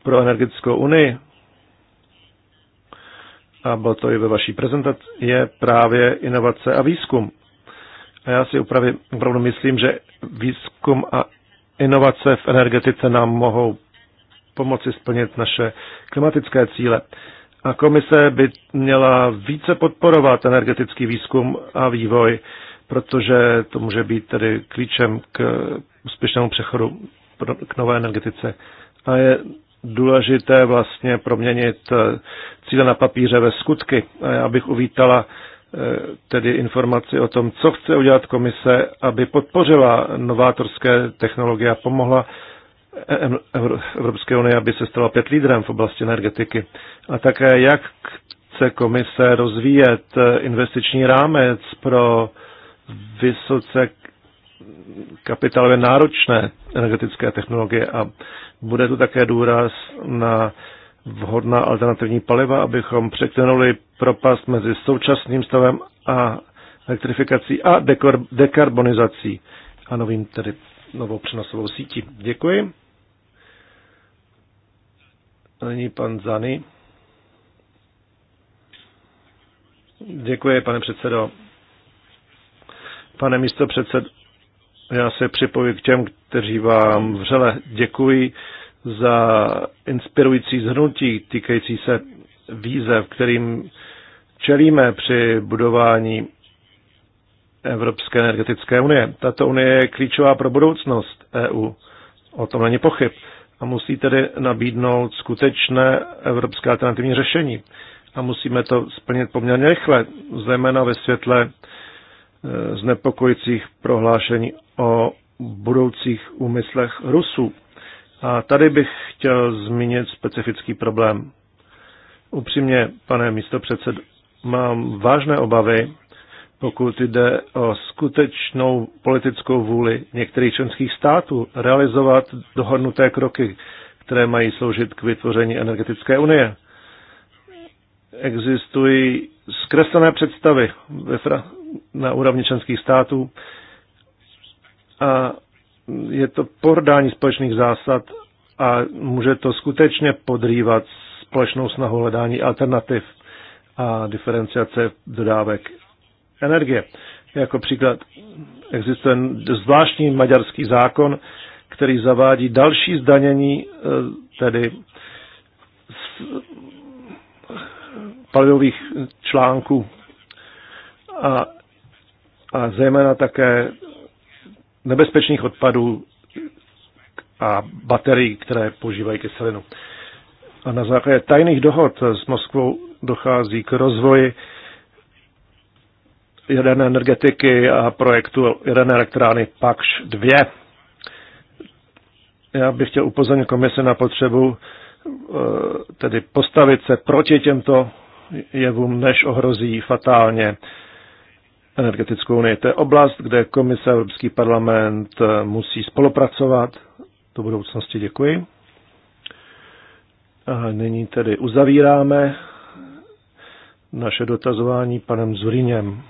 pro energetickou unii, a bylo to i ve vaší prezentaci, je právě inovace a výzkum. A já si opravdu, opravdu myslím, že výzkum a inovace v energetice nám mohou pomoci splnit naše klimatické cíle. A komise by měla více podporovat energetický výzkum a vývoj, protože to může být tedy klíčem k úspěšnému přechodu k nové energetice. A je důležité vlastně proměnit eh, cíle na papíře ve skutky. Abych já bych uvítala eh, tedy informaci o tom, co chce udělat komise, aby podpořila novátorské technologie a pomohla Evropské unii, aby se stala pět lídrem v oblasti energetiky. A také, jak chce komise rozvíjet eh, investiční rámec pro vysoce kapitálově náročné energetické technologie a bude tu také důraz na vhodná alternativní paliva, abychom překlenuli propast mezi současným stavem a elektrifikací a dekor- dekarbonizací a novým tedy novou přenosovou sítí. Děkuji. A nyní pan Zany. Děkuji, pane předsedo. Pane místo předsedo, já se připojím k těm, kteří vám vřele děkuji za inspirující zhrnutí týkající se výzev, kterým čelíme při budování Evropské energetické unie. Tato unie je klíčová pro budoucnost EU. O tom není pochyb. A musí tedy nabídnout skutečné evropské alternativní řešení. A musíme to splnit poměrně rychle, zejména ve světle eh, znepokojících prohlášení o budoucích úmyslech Rusů. A tady bych chtěl zmínit specifický problém. Upřímně, pane místopředsedo, mám vážné obavy, pokud jde o skutečnou politickou vůli některých členských států realizovat dohodnuté kroky, které mají sloužit k vytvoření energetické unie. Existují zkreslené představy na úrovni členských států, a je to pohrdání společných zásad a může to skutečně podrývat společnou snahu hledání alternativ a diferenciace dodávek energie. Jako příklad existuje zvláštní maďarský zákon, který zavádí další zdanění, e, tedy palivových článků a, a zejména také nebezpečných odpadů a baterií, které používají kyselinu. A na základě tajných dohod s Moskvou dochází k rozvoji jaderné energetiky a projektu jaderné elektrárny PAKŠ 2. Já bych chtěl upozornit komise na potřebu eh, tedy postavit se proti těmto jevům, než ohrozí fatálně energetickou unii. To je oblast, kde komise a Evropský parlament eh, musí spolupracovat. Do budoucnosti děkuji. A nyní tedy uzavíráme naše dotazování panem Zuriněm.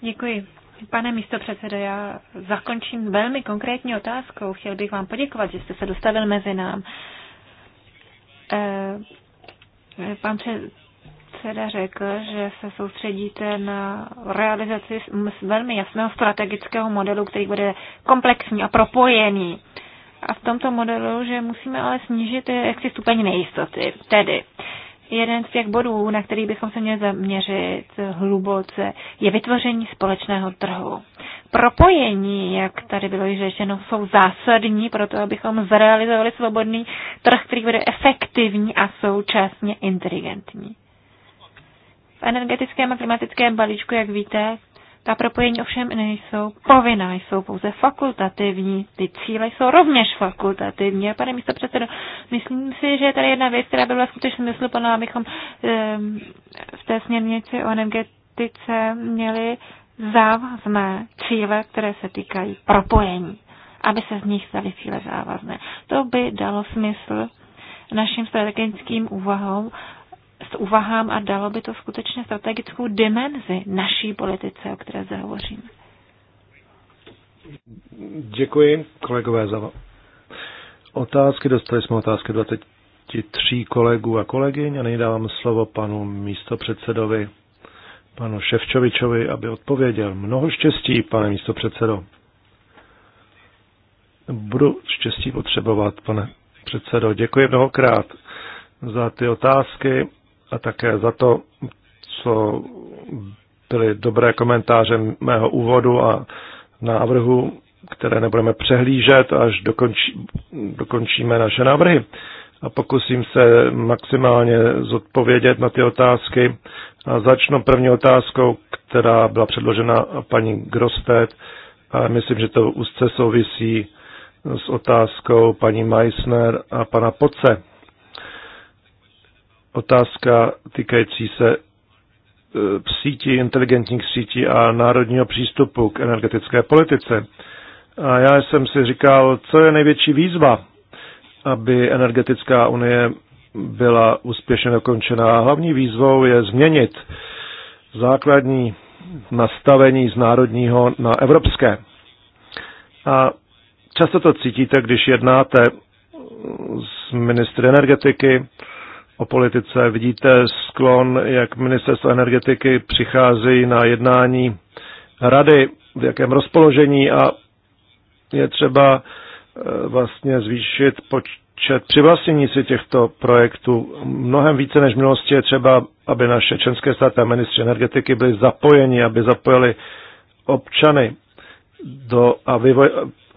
Děkuji. Pane předsedo, já zakončím velmi konkrétní otázkou. Chtěl bych vám poděkovat, že jste se dostavil mezi nám. E, pan před, předseda řekl, že se soustředíte na realizaci velmi jasného strategického modelu, který bude komplexní a propojený. A v tomto modelu, že musíme ale snížit eh, jaksi stupeň nejistoty. Tedy jeden z těch bodů, na který bychom se měli zaměřit eh, hluboce, je vytvoření společného trhu. Propojení, jak tady bylo již řečeno, jsou zásadní pro to, abychom zrealizovali svobodný trh, který bude efektivní a současně inteligentní energetickém a klimatickém balíčku, jak víte, ta propojení ovšem nejsou povinná, jsou pouze fakultativní. Ty cíle jsou rovněž fakultativní. A pane místo předsedo, myslím si, že je tady jedna věc, která by byla skutečně smysluplná, abychom um, v té směrnici o energetice měli závazné cíle, které se týkají propojení, aby se z nich staly cíle závazné. To by dalo smysl našim strategickým úvahám možnost uvahám a dalo by to skutečně strategickou dimenzi naší politice, o které zde hovoříme. Děkuji kolegové za otázky. Dostali jsme otázky 23 kolegů a kolegyň a nyní dávám slovo panu místopředsedovi, panu Ševčovičovi, aby odpověděl. Mnoho štěstí, pane místopředsedo. Budu štěstí potřebovat, pane předsedo. Děkuji mnohokrát za ty otázky a také za to, co byly dobré komentáře mého úvodu a návrhu, které nebudeme přehlížet, až dokončí, dokončíme naše návrhy. A pokusím se maximálně zodpovědět na ty otázky. A začnu první otázkou, která byla předložena paní Grostet. A myslím, že to úzce souvisí s otázkou paní Meissner a pana Poce otázka týkající se e, sítí, inteligentních sítí a národního přístupu k energetické politice. A já jsem si říkal, co je největší výzva, aby energetická unie byla úspěšně dokončena. Hlavní výzvou je změnit základní nastavení z národního na evropské. A často to cítíte, když jednáte s ministry energetiky, o politice. Vidíte sklon, jak ministerstvo energetiky přicházejí na jednání rady, v jakém rozpoložení a je třeba eh, vlastně zvýšit počet přivlastnění si těchto projektů. Mnohem více než v minulosti je třeba, aby naše členské státy a ministři energetiky byli zapojeni, aby zapojili občany do, a vyvoj,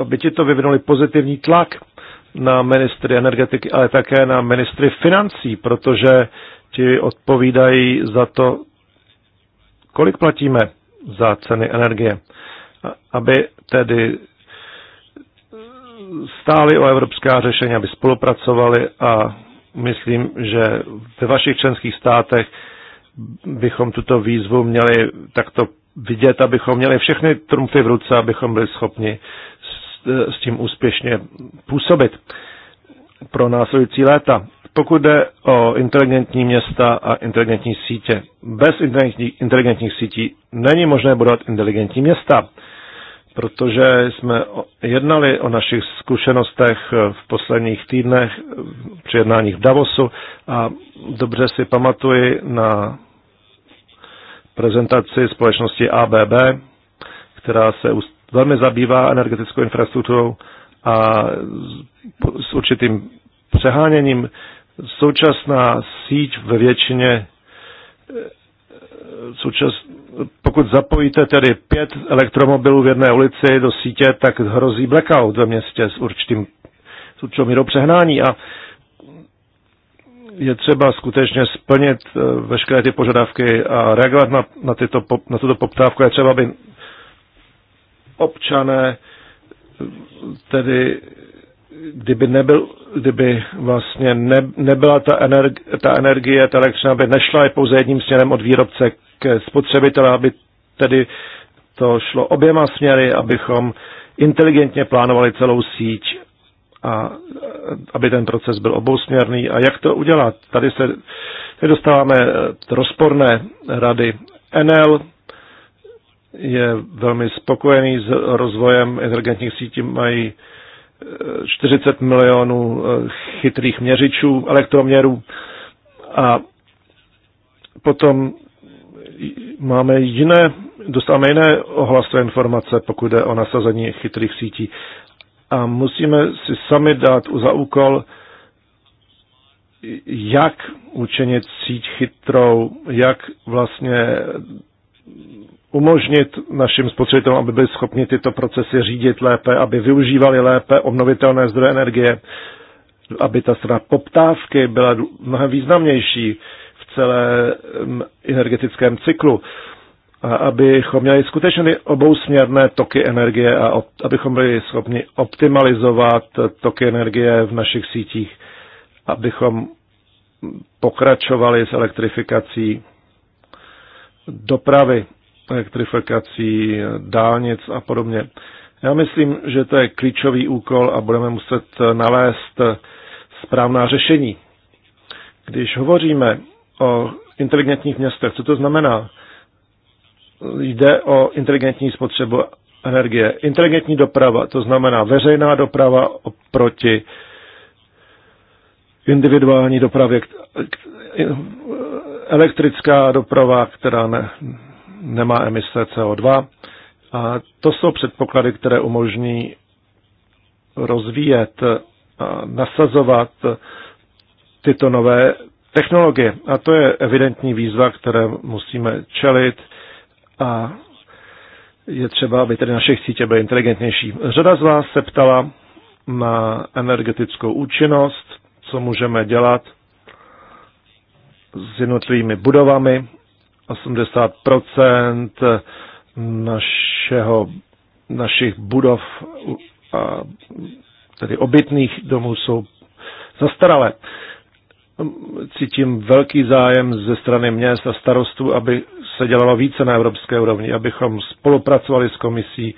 aby ti to vyvinuli pozitivní tlak na ministry energetiky, ale také na ministry financí, protože ti odpovídají za to, kolik platíme za ceny energie, aby tedy stáli o evropská řešení, aby spolupracovali a myslím, že ve vašich členských státech bychom tuto výzvu měli takto vidět, abychom měli všechny trumfy v ruce, abychom byli schopni E, s tím úspěšně působit pro následující léta. Pokud jde o inteligentní města a inteligentní sítě, bez inteligentních, inteligentních sítí není možné budovat inteligentní města, protože jsme jednali o našich zkušenostech v posledních týdnech při jednáních v Davosu a dobře si pamatuji na prezentaci společnosti ABB, která se velmi zabývá energetickou infrastrukturou a s určitým přeháněním současná síť ve většině eh, součas, pokud zapojíte tedy pět elektromobilů v jedné ulici do sítě, tak hrozí blackout ve městě s určitým s určitou mírou přehnání a je třeba skutečně splnit eh, veškeré ty požadavky a reagovat na, na, tyto, na tuto poptávku. Je třeba, aby občané, tedy kdyby, nebyl, kdyby vlastně ne, nebyla ta, energ, ta energie, ta elektřina by nešla je pouze jedním směrem od výrobce k spotřebitele, aby tedy to šlo oběma směry, abychom inteligentně plánovali celou síť a aby ten proces byl obousměrný. A jak to udělat? Tady se tady dostáváme eh, rozporné rady. Enel je velmi spokojený s rozvojem inteligentních sítí, mají 40 e, milionů e, chytrých měřičů, elektroměrů a potom máme jiné, dostáváme jiné ohlasové informace, pokud jde o nasazení chytrých sítí. A musíme si sami dát za úkol, jak učinit síť chytrou, jak vlastně umožnit našim spotřebitelům, aby byli schopni tyto procesy řídit lépe, aby využívali lépe obnovitelné zdroje energie, aby ta strana poptávky byla mnohem významnější v celém energetickém cyklu. A abychom měli skutečně obousměrné toky energie a abychom byli schopni optimalizovat toky energie v našich sítích, abychom pokračovali s elektrifikací dopravy elektrifikací dálnic a podobně. Já myslím, že to je klíčový úkol a budeme muset nalézt správná řešení. Když hovoříme o inteligentních městech, co to znamená? Jde o inteligentní spotřebu energie. Inteligentní doprava, to znamená veřejná doprava oproti individuální dopravě, elektrická doprava, která ne, nemá emise CO2. A to jsou předpoklady, které umožní rozvíjet a nasazovat tyto nové technologie. A to je evidentní výzva, které musíme čelit a je třeba, aby tedy naše sítě byly inteligentnější. Řada z vás se ptala na energetickou účinnost, co můžeme dělat s jednotlivými budovami 80 našeho, našich budov, a, tedy obytných domů, jsou zastaralé. Cítím velký zájem ze strany měst a starostů, aby se dělalo více na evropské úrovni, abychom spolupracovali s komisí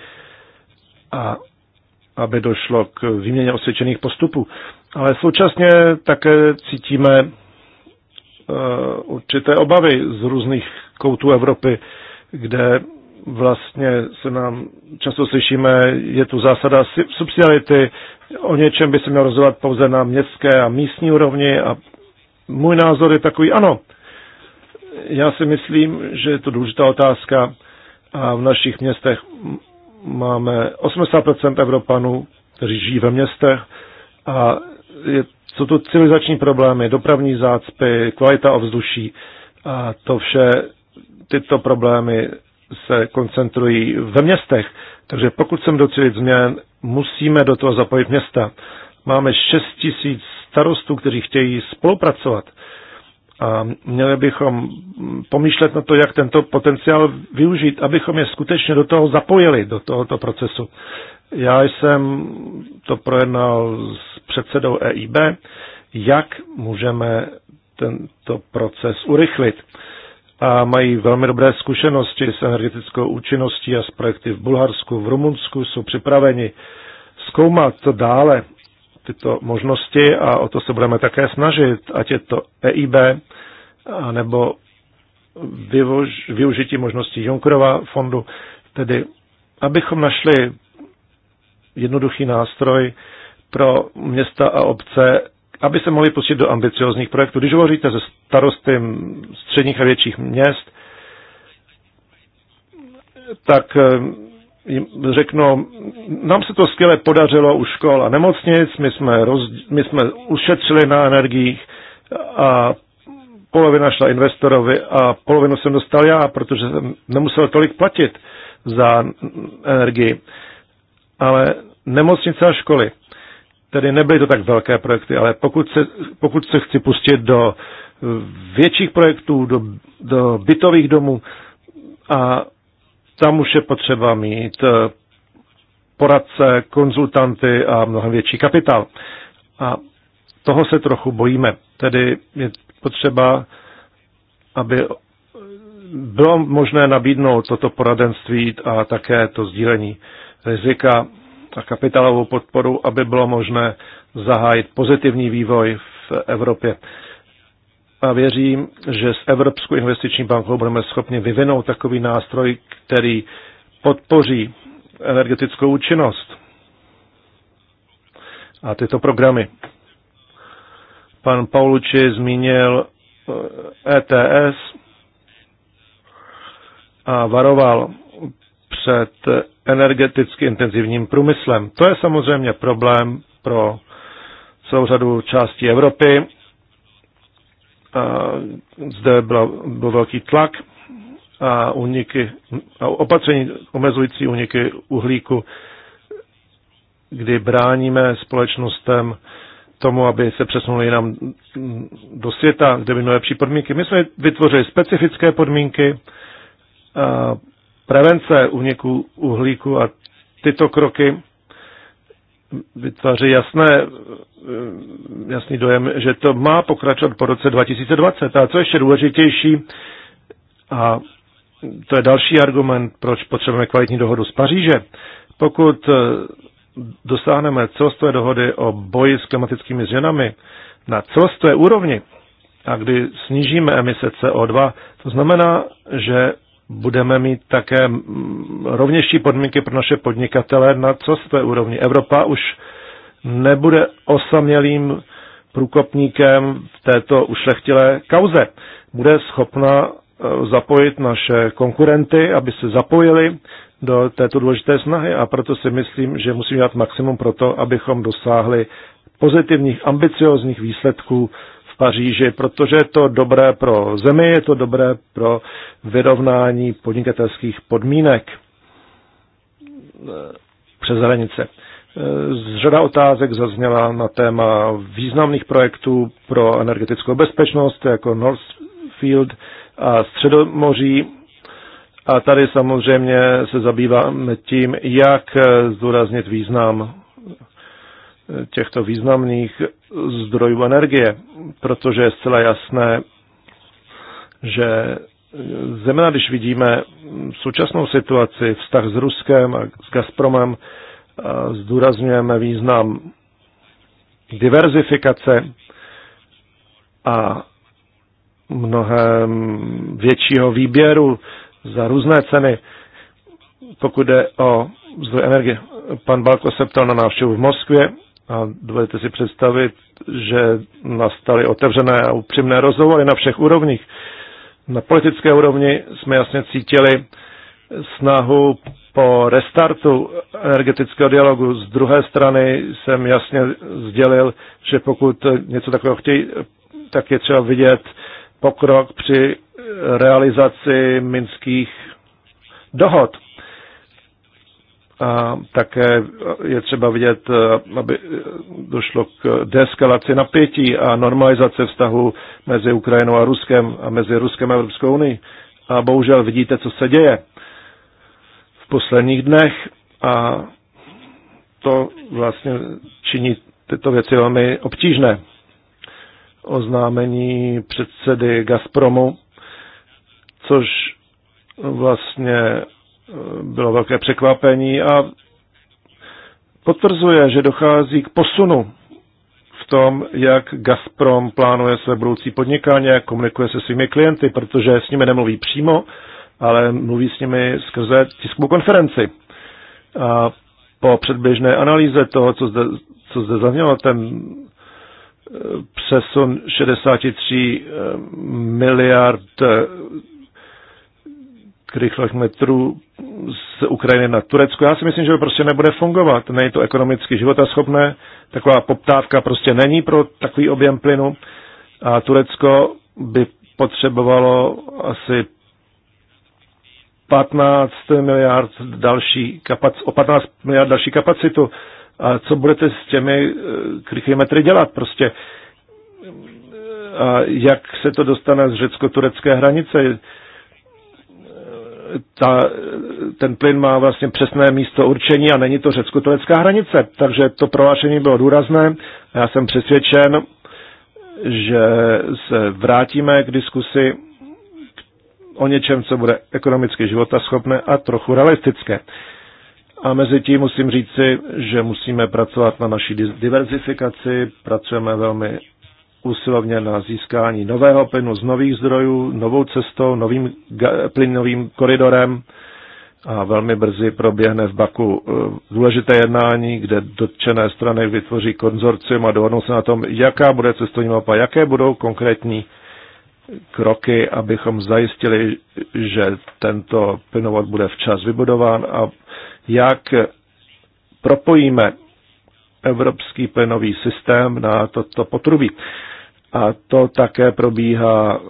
a aby došlo k výměně osvědčených postupů. Ale současně také cítíme Eh, určité obavy z různých koutů Evropy, kde vlastně se nám často slyšíme, je tu zásada subsidiarity, o něčem by se měl rozhodovat pouze na městské a místní úrovni a můj názor je takový, ano, já si myslím, že je to důležitá otázka a v našich městech máme 80% Evropanů, kteří žijí ve městech a je, jsou tu civilizační problémy, dopravní zácpy, kvalita ovzduší a to vše, tyto problémy se koncentrují ve městech. Takže pokud chceme docílit změn, musíme do toho zapojit města. Máme 6 tisíc starostů, kteří chtějí spolupracovat a měli bychom pomýšlet na to, jak tento potenciál využít, abychom je skutečně do toho zapojili, do tohoto procesu. Já jsem to projednal s předsedou EIB, jak můžeme tento proces urychlit. A mají velmi dobré zkušenosti s energetickou účinností a s projekty v Bulharsku, v Rumunsku jsou připraveni zkoumat to dále tyto možnosti a o to se budeme také snažit, ať je to EIB, nebo vyvož, využití možností Junckerova fondu, tedy abychom našli jednoduchý nástroj pro města a obce, aby se mohli pustit do ambiciozních projektů. Když hovoříte se starosty středních a větších měst, tak řeknou, nám se to skvěle podařilo u škol a nemocnic, my jsme, roz, my jsme ušetřili na energiích a polovina šla investorovi a polovinu jsem dostal já, protože jsem nemusel tolik platit za energii. Ale nemocnice a školy, tedy nebyly to tak velké projekty, ale pokud se, pokud se chci pustit do větších projektů, do, do bytových domů a tam už je potřeba mít eh, poradce, konzultanty a mnohem větší kapitál. A toho se trochu bojíme. Tedy je potřeba, aby bylo možné nabídnout toto poradenství a také to sdílení rizika a kapitálovou podporu, aby bylo možné zahájit pozitivní vývoj v Evropě a věřím, že s Evropskou investiční bankou budeme schopni vyvinout takový nástroj, který podpoří energetickou účinnost a tyto programy. Pan Pauluči zmínil ETS eh, e a varoval před energeticky intenzivním průmyslem. To je samozřejmě problém pro celou řadu částí Evropy a zde byla, byl velký tlak a, uniky, a opatření omezující uniky uhlíku, kdy bráníme společnostem tomu, aby se přesunuli jinam do světa, kde by měly lepší podmínky. My jsme vytvořili specifické podmínky, prevence uniku uhlíku a tyto kroky vytváří jasné, eh, jasný dojem, že to má pokračovat po roce 2020. A co ještě důležitější, a to je další argument, proč potřebujeme kvalitní dohodu z Paříže, pokud eh, dosáhneme celostové dohody o boji s klimatickými změnami na celostové úrovni, a kdy snížíme emise CO2, to znamená, že budeme mít také mm, rovnější podmínky pro naše podnikatele na celostové úrovni. Evropa už nebude osamělým průkopníkem v této ušlechtilé kauze. Bude schopna e, zapojit naše konkurenty, aby se zapojili do této důležité snahy a proto si myslím, že musíme dělat maximum pro to, abychom dosáhli pozitivních, ambiciozních výsledků Paříži, protože je to dobré pro zemi, je to dobré pro vyrovnání podnikatelských podmínek eh, přes hranice. Eh, řada otázek zazněla na téma významných projektů pro energetickou bezpečnost, jako Northfield a Středomoří. A tady samozřejmě se zabýváme tím, jak eh, zdůraznit význam těchto významných zdrojů energie, protože je zcela jasné, že zejména když vidíme současnou situaci, vztah s Ruskem a s Gazpromem, zdůrazňujeme význam diverzifikace a mnohem většího výběru za různé ceny, pokud jde o zdroj energie. Pan Balko se ptal na návštěvu v Moskvě a dovedete si představit, že nastaly otevřené a upřímné rozhovory na všech úrovních. Na politické úrovni jsme jasně cítili snahu po restartu energetického dialogu. Z druhé strany jsem jasně sdělil, že pokud něco takového chtějí, tak je třeba vidět pokrok při realizaci minských dohod. A také je třeba vidět, eh, aby eh, došlo k deeskalaci napětí a normalizace vztahu mezi Ukrajinou a Ruskem a mezi Ruskem a Evropskou unii. A bohužel vidíte, co se děje v posledních dnech a to vlastně činí tyto věci velmi obtížné. Oznámení předsedy Gazpromu, což vlastně bylo velké překvapení a potvrzuje, že dochází k posunu v tom, jak Gazprom plánuje své budoucí podnikání a komunikuje se svými klienty, protože s nimi nemluví přímo, ale mluví s nimi skrze tiskovou konferenci. A po předběžné analýze toho, co zde, co zde zaznělo, ten e, přesun 63 e, miliard e, metrů z Ukrajiny na Turecko. Já si myslím, že to prostě nebude fungovat. Není to ekonomicky životaschopné, taková poptávka prostě není pro takový objem plynu a Turecko by potřebovalo asi 15 miliard další kapac- o 15 miliard další kapacitu. A co budete s těmi eh, metry dělat prostě? Eh, a jak se to dostane z řecko-turecké hranice? ta, ten plyn má vlastně přesné místo určení a není to řecko-turecká hranice. Takže to prohlášení bylo důrazné a já jsem přesvědčen, že se vrátíme k diskusi o něčem, co bude ekonomicky životaschopné a trochu realistické. A mezi tím musím říci, že musíme pracovat na naší diverzifikaci, pracujeme velmi usilovně na získání nového plynu z nových zdrojů, novou cestou, novým plynovým koridorem a velmi brzy proběhne v Baku eh, důležité jednání, kde dotčené strany vytvoří konzorcium a dohodnou se na tom, jaká bude cestovní mapa, jaké budou konkrétní kroky, abychom zajistili, že tento plynovod bude včas vybudován a jak propojíme evropský plynový systém na toto to potrubí. A to také probíhá eh,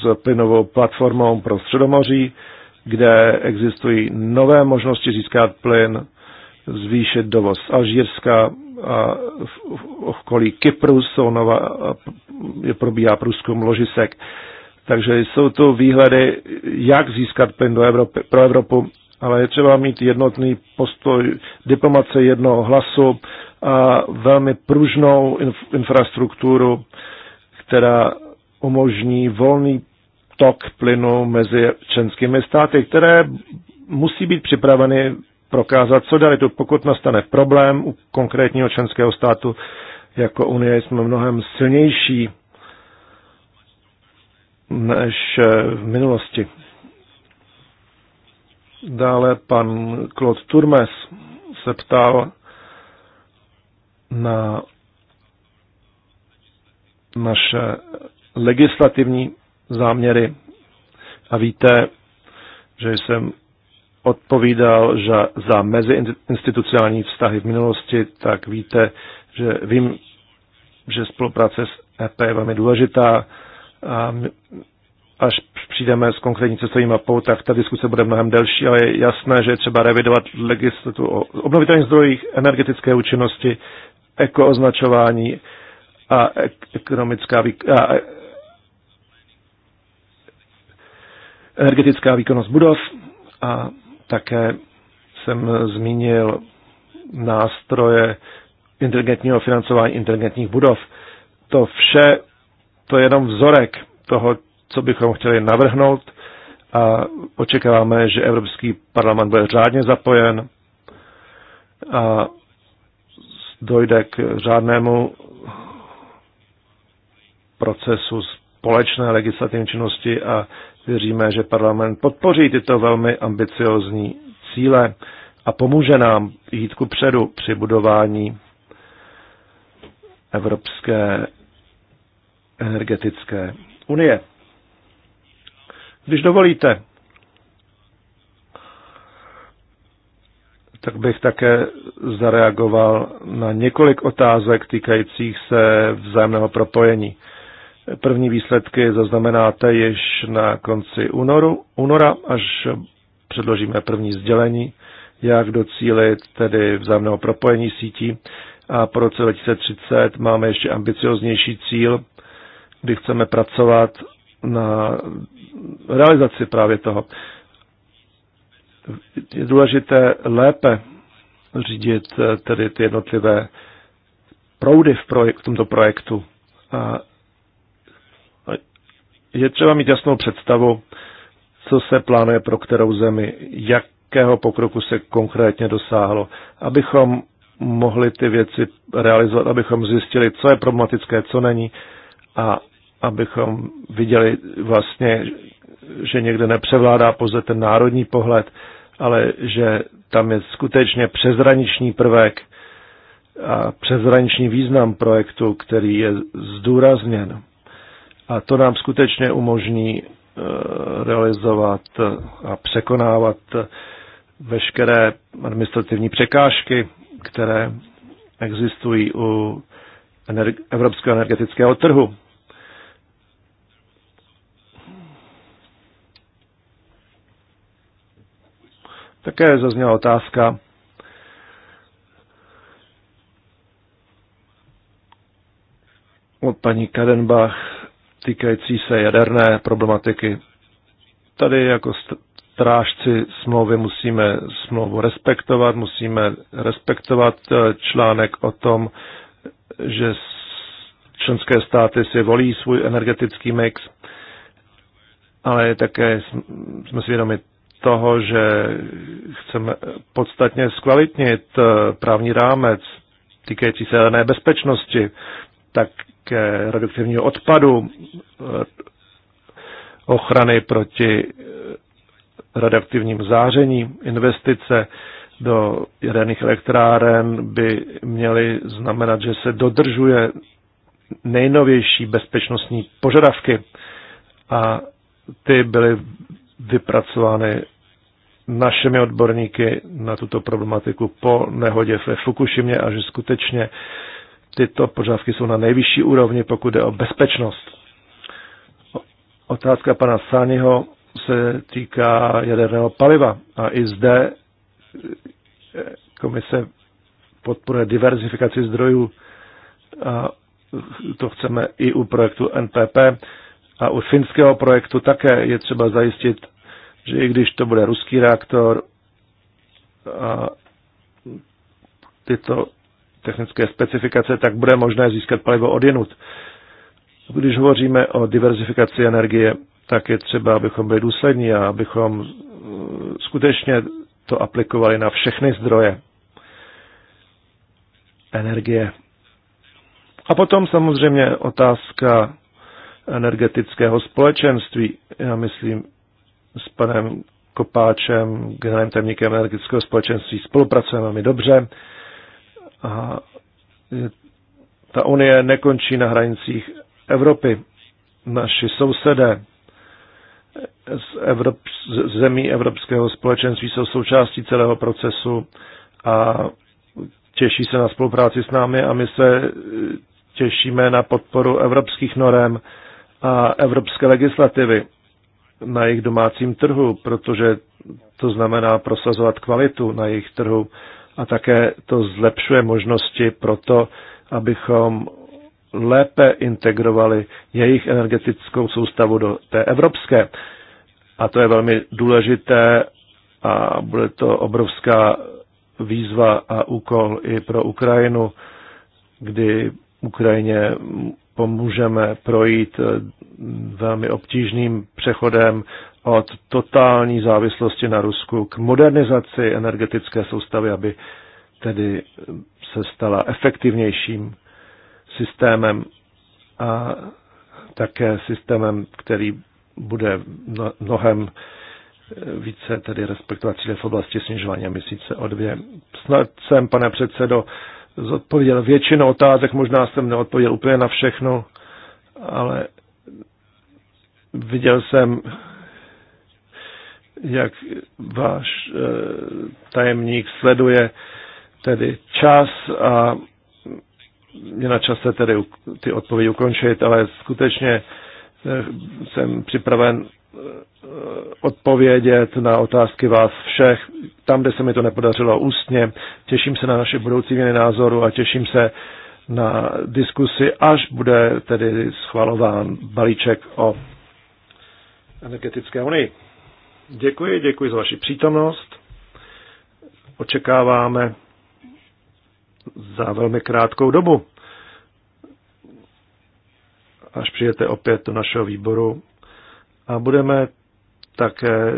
s plynovou platformou pro Středomoří, kde existují nové možnosti získat plyn, zvýšit dovoz Alžírska a v okolí Kypru jsou nová, je probíhá průzkum ložisek. Takže jsou tu výhledy, jak získat plyn do Evropy, pro Evropu ale je třeba mít jednotný postoj diplomace jednoho hlasu a velmi pružnou infrastrukturu, která umožní volný tok plynu mezi členskými státy, které musí být připraveny prokázat solidaritu, pokud nastane problém u konkrétního členského státu. Jako Unie jsme mnohem silnější než eh, v minulosti. Dále pan Claude Turmes se ptal na naše legislativní záměry. A víte, že jsem odpovídal že za meziinstitucionální vztahy v minulosti, tak víte, že vím, že spolupráce s EP je velmi důležitá a až přijdeme s konkrétní cestovní mapou, tak ta diskuse bude mnohem delší, ale je jasné, že je třeba revidovat legislativu o obnovitelných zdrojích, energetické účinnosti, ekooznačování a ekonomická a e-, energetická výkonnost budov a také jsem zmínil nástroje inteligentního financování inteligentních budov. To vše, to je jenom vzorek toho, co bychom chtěli navrhnout a očekáváme, že Evropský parlament bude řádně zapojen a dojde k řádnému procesu společné legislativní činnosti a věříme, že parlament podpoří tyto velmi ambiciozní cíle a pomůže nám jít ku předu při budování Evropské energetické unie. Když dovolíte, tak bych také zareagoval na několik otázek týkajících se vzájemného propojení. První výsledky zaznamenáte již na konci únoru, února, až předložíme první sdělení, jak docílit tedy vzájemného propojení sítí. A po roce 2030 máme ještě ambicioznější cíl, kdy chceme pracovat na realizaci právě toho. Je důležité lépe řídit eh, tedy ty jednotlivé proudy v, projek- v tomto projektu. A je třeba mít jasnou představu, co se plánuje pro kterou zemi, jakého pokroku se konkrétně dosáhlo, abychom mohli ty věci realizovat, abychom zjistili, co je problematické, co není a abychom viděli vlastně, že někde nepřevládá pouze ten národní pohled, ale že tam je skutečně přezraniční prvek a přezraniční význam projektu, který je zdůrazněn. A to nám skutečně umožní eh, realizovat a překonávat veškeré administrativní překážky, které existují u evropského energetického trhu. Také zazněla otázka, od paní Kadenbach týkající se jaderné problematiky. Tady jako strážci smlouvy musíme smlouvu respektovat, musíme respektovat eh, článek o tom, že členské státy si volí svůj energetický mix, ale také jsme si vědomi toho, že chceme podstatně zkvalitnit eh, právní rámec týkající se jaderné bezpečnosti, tak radioaktivního odpadu, eh, ochrany proti eh, radioaktivním záření, investice do jaderných elektráren by měly znamenat, že se dodržuje nejnovější bezpečnostní požadavky a ty byly vypracovány našimi odborníky na tuto problematiku po nehodě ve Fukušimě a že skutečně tyto požadavky jsou na nejvyšší úrovni, pokud jde o bezpečnost. Otázka pana Sániho se týká jaderného paliva a i zde eh, komise podporuje diverzifikaci zdrojů a to chceme i u projektu NPP a u finského projektu také je třeba zajistit že i když to bude ruský reaktor, a tyto technické specifikace, tak bude možné získat palivo odjenut. Když hovoříme o diverzifikaci energie, tak je třeba, abychom byli důslední a abychom eh, skutečně to aplikovali na všechny zdroje energie. A potom samozřejmě otázka energetického společenství. Já myslím, s panem Kopáčem, generálním tajemníkem energetického společenství, spolupracujeme velmi dobře. A ta unie nekončí na hranicích Evropy. Naši sousedé z, Evrop, z zemí Evropského společenství jsou součástí celého procesu a těší se na spolupráci s námi a my se těšíme na podporu evropských norem a evropské legislativy na jejich domácím trhu, protože to znamená prosazovat kvalitu na jejich trhu a také to zlepšuje možnosti pro to, abychom lépe integrovali jejich energetickou soustavu do té evropské. A to je velmi důležité a bude to obrovská výzva a úkol i pro Ukrajinu, kdy Ukrajině pomůžeme projít eh, velmi obtížným přechodem od totální závislosti na Rusku k modernizaci energetické soustavy, aby tedy se stala efektivnějším systémem a také systémem, který bude mnohem eh, více tedy respektovat cíle v oblasti snižování emisí CO2. Snad jsem, pane předsedo, zodpověděl většinu otázek, možná jsem neodpověděl úplně na všechno, ale viděl jsem, jak váš eh, tajemník sleduje tedy čas a je na čase tedy ty odpovědi ukončit, ale skutečně eh, jsem připraven Eh, odpovědět na otázky vás všech, tam, kde se mi to nepodařilo ústně. Těším se na naše budoucí měny názoru a těším se na diskusi, až bude tedy schvalován balíček o energetické unii. Děkuji, děkuji za vaši přítomnost. Očekáváme za velmi krátkou dobu, až přijete opět do našeho výboru a budeme také,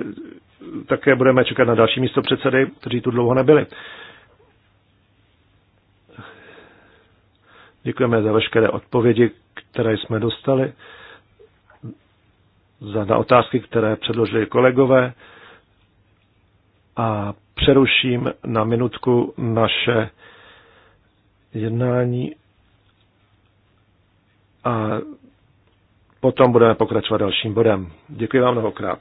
také budeme čekat na další místo předsedy, kteří tu dlouho nebyli. Děkujeme za veškeré odpovědi, které jsme dostali, za na otázky, které předložili kolegové a přeruším na minutku naše jednání a Potom budeme pokračovat dalším bodem. Děkuji vám mnohokrát.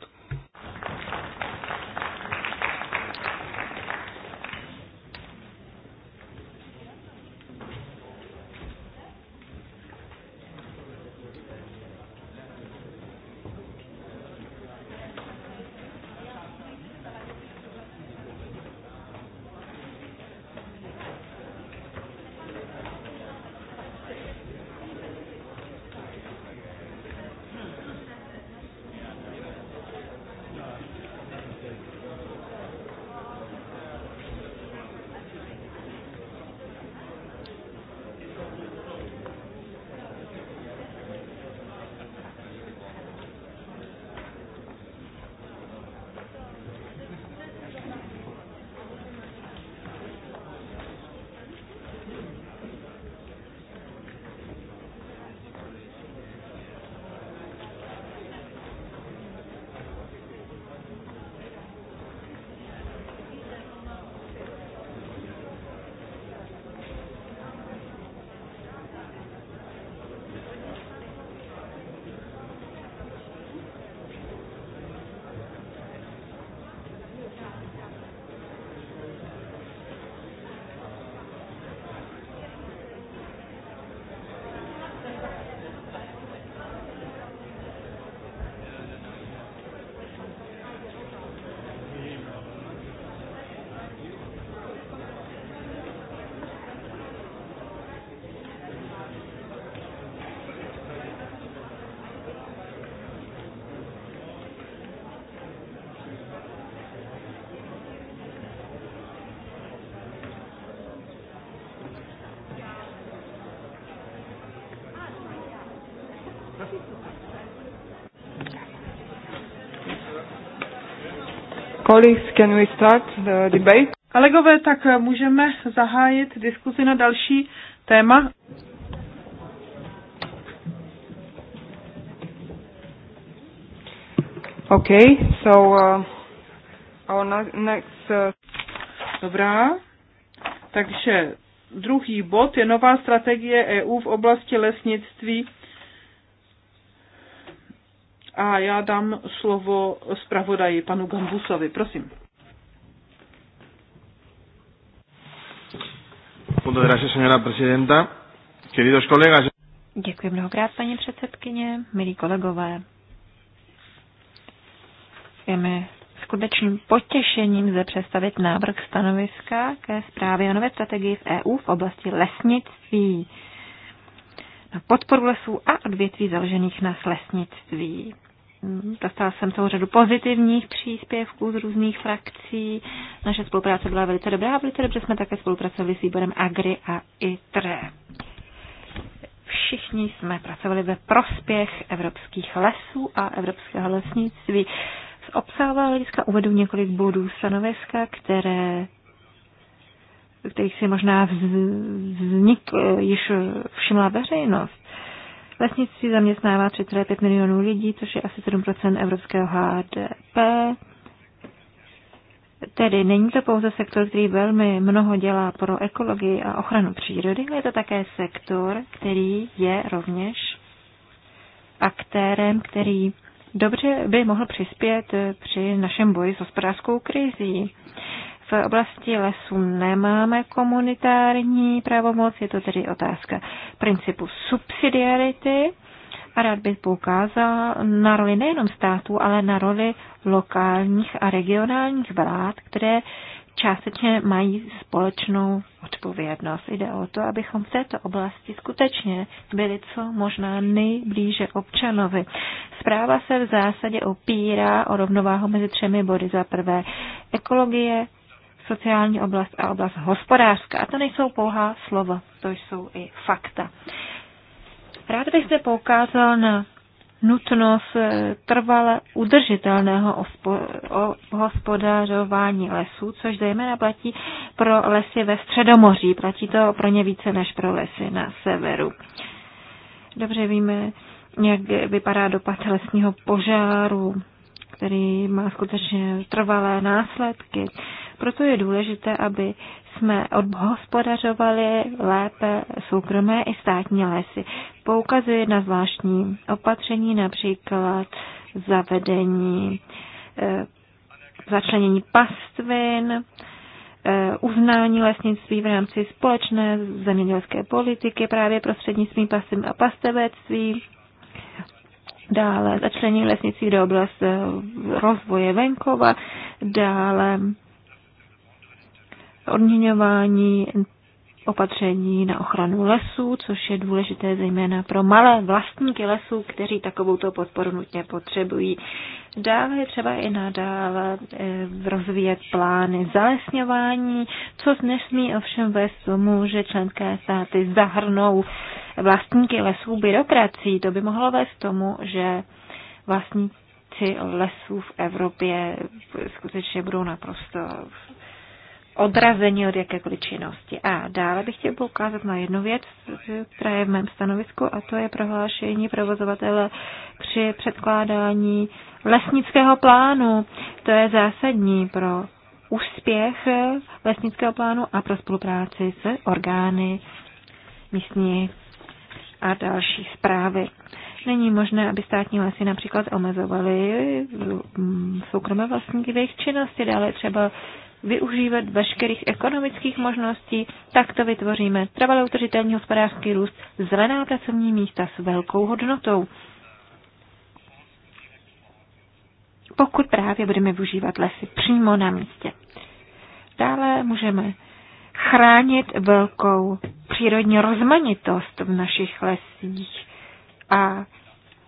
Colleagues, can we start the debate? Kolegové, tak eh, můžeme zahájit diskuzi na další téma. Okay, so uh, our next... Uh... Dobrá, takže druhý bod je nová strategie EU v oblasti lesnictví a já dám slovo zpravodaji panu Gambusovi. Prosím. Děkuji mnohokrát, paní předsedkyně, milí kolegové. Je mi skutečným potěšením zde představit návrh stanoviska ke zprávě o nové strategii v EU v oblasti lesnictví podporu lesů a odvětví založených na lesnictví. Dostala jsem celou řadu pozitivních příspěvků z různých frakcí. Naše spolupráce byla velice dobrá a velice dobře jsme také spolupracovali s výborem Agri a ITRE. Všichni jsme pracovali ve prospěch evropských lesů a evropského lesnictví. Z obsahového hlediska uvedu několik bodů stanoviska, které kterých si možná vznik eh, již všimla veřejnost. Lesnictví zaměstnává 3,5 milionů lidí, což je asi 7 evropského HDP. Tedy není to pouze sektor, který velmi mnoho dělá pro ekologii a ochranu přírody, ale je to také sektor, který je rovněž aktérem, který dobře by mohl přispět eh, při našem boji s hospodářskou krizí. V oblasti lesů nemáme komunitární pravomoc, je to tedy otázka principu subsidiarity. A rád bych poukázal na roli nejenom států, ale na roli lokálních a regionálních vlád, které částečně mají společnou odpovědnost. Jde o to, abychom v této oblasti skutečně byli co možná nejblíže občanovi. Zpráva se v zásadě opírá o rovnováhu mezi třemi body. Za prvé ekologie, sociální oblast a oblast hospodářská. A to nejsou pouhá slova, to jsou i fakta. Rád bych se poukázal na nutnost eh, trvale udržitelného hospodářování lesů, což zejména platí pro lesy ve Středomoří. Platí to pro ně více než pro lesy na severu. Dobře víme, jak vypadá dopad lesního požáru, který má skutečně trvalé následky. Proto je důležité, aby jsme odhospodařovali lépe soukromé i státní lesy. Poukazuje na zvláštní opatření, například zavedení, eh, začlenění pastvin, eh, uznání lesnictví v rámci společné zemědělské politiky právě prostřednictvím pastvin a pastevectví, dále začlenění lesnictví do oblast eh, rozvoje venkova, dále odměňování opatření na ochranu lesů, což je důležité zejména pro malé vlastníky lesů, kteří takovou podporu nutně potřebují. Dále je třeba i nadále eh, rozvíjet plány zalesňování, což nesmí ovšem vést tomu, že členské státy zahrnou vlastníky lesů byrokracií. To by mohlo vést tomu, že vlastníci lesů v Evropě skutečně budou naprosto odrazení od jakékoliv činnosti. A dále bych chtěl poukázat na jednu věc, která je v mém stanovisku, a to je prohlášení provozovatele při předkládání lesnického plánu. To je zásadní pro úspěch lesnického plánu a pro spolupráci s orgány místní a další zprávy. Není možné, aby státní lesy například omezovaly mm, soukromé vlastníky v jejich činnosti, dále třeba využívat veškerých ekonomických možností, tak to vytvoříme trvalé udržitelný hospodářský růst, zelená pracovní místa s velkou hodnotou. Pokud právě budeme využívat lesy přímo na místě. Dále můžeme chránit velkou přírodní rozmanitost v našich lesích a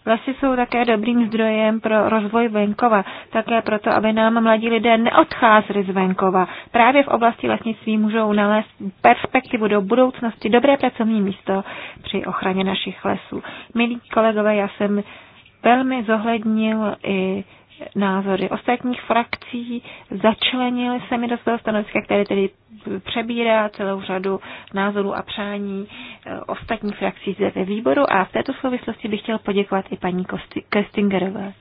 Lesy jsou také dobrým zdrojem pro rozvoj venkova, také proto, aby nám mladí lidé neodcházeli z venkova. Právě v oblasti lesnictví můžou nalézt perspektivu do budoucnosti, dobré pracovní místo při ochraně našich lesů. Milí kolegové, já jsem velmi zohlednil i názory ostatních frakcí, začlenili se mi do toho stanoviska, které tedy přebírá celou řadu názorů a přání eh, ostatních frakcí zde ve výboru a v této souvislosti bych chtěl poděkovat i paní Kestingerové.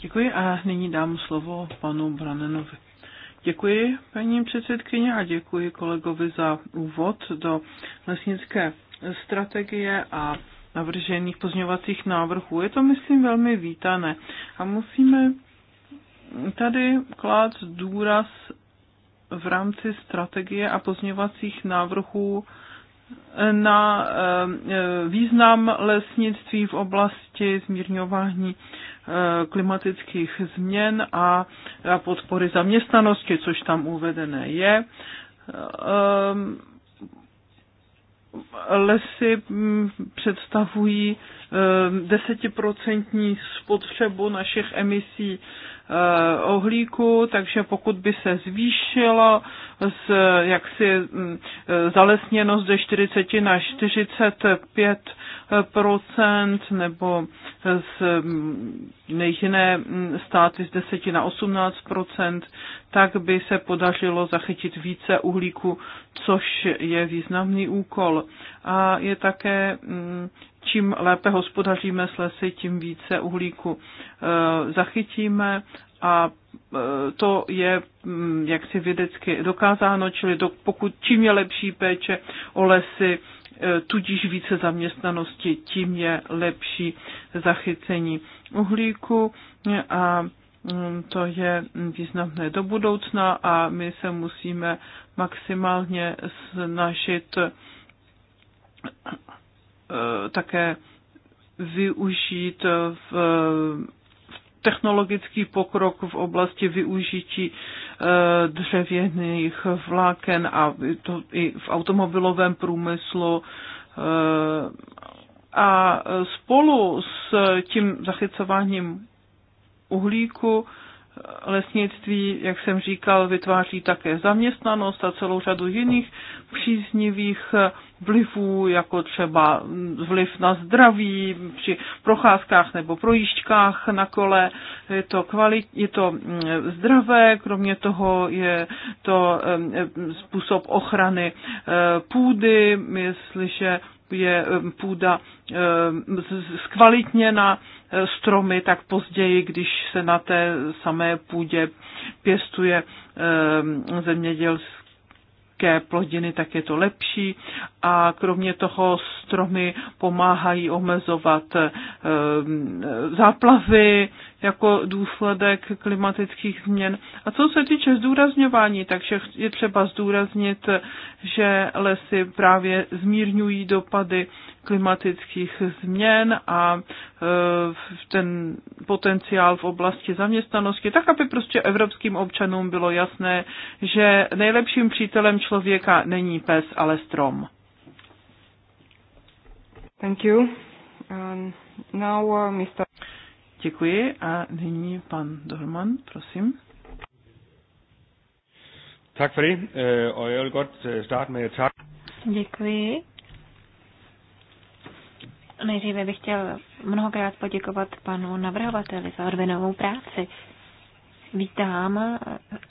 Děkuji a nyní dám slovo panu Branenovi. Děkuji paní předsedkyně a děkuji kolegovi za úvod do lesnické strategie a navržených pozměňovacích návrhů. Je to, myslím, velmi vítané. A musíme tady klást důraz v rámci strategie a pozměňovacích návrhů na eh, význam lesnictví v oblasti zmírňování eh, klimatických změn a podpory zaměstnanosti, což tam uvedené je eh, lesy mm, představují eh, desetiprocentní spotřebu našich emisí uhlíku, eh, takže pokud by se zvýšilo z jaksi mm, eh, zalesněnost ze 40 na 45 nebo z mm, nejiné mm, státy z 10 na 18 tak by se podařilo zachytit více uhlíku, což je významný úkol. A je také čím lépe hospodaříme s lesy, tím více uhlíku eh, zachytíme a eh, to je mm, jaksi vědecky dokázáno, čili do, pokud čím je lepší péče o lesy, eh, tudíž více zaměstnanosti, tím je lepší zachycení uhlíku a mm, to je významné do budoucna a my se musíme maximálně snažit Eh, také využít eh, v, technologický pokrok v oblasti využití eh, dřevěných vláken a to i v automobilovém průmyslu. A spolu s tím zachycováním uhlíku lesnictví, jak jsem říkal, vytváří také zaměstnanost a celou řadu jiných příznivých vlivů, jako třeba vliv na zdraví při procházkách nebo projížďkách na kole. Je to, kvalit, je to mm, zdravé, kromě toho je to mm, způsob ochrany mm, půdy, jestliže je eh, půda eh, zkvalitněna eh, stromy, tak později, když se na té samé půdě pěstuje zemědělský plodiny, tak je to lepší. A kromě toho stromy pomáhají omezovat záplavy, jako důsledek klimatických změn. A co se týče zdůrazňování, takže je třeba zdůraznit, že lesy právě zmírňují dopady klimatických změn a e, ten potenciál v oblasti zaměstnanosti, tak aby prostě evropským občanům bylo jasné, že nejlepším přítelem člověka není pes, ale strom. Thank you. Um, now, uh, Mr. Děkuji a nyní pan Dorman, prosím. Tak for det, eh, og jeg vil godt eh, starte med tak. Děkuji. Nejdříve bych chtěl mnohokrát poděkovat panu navrhovateli za odvinovou práci. Vítám eh,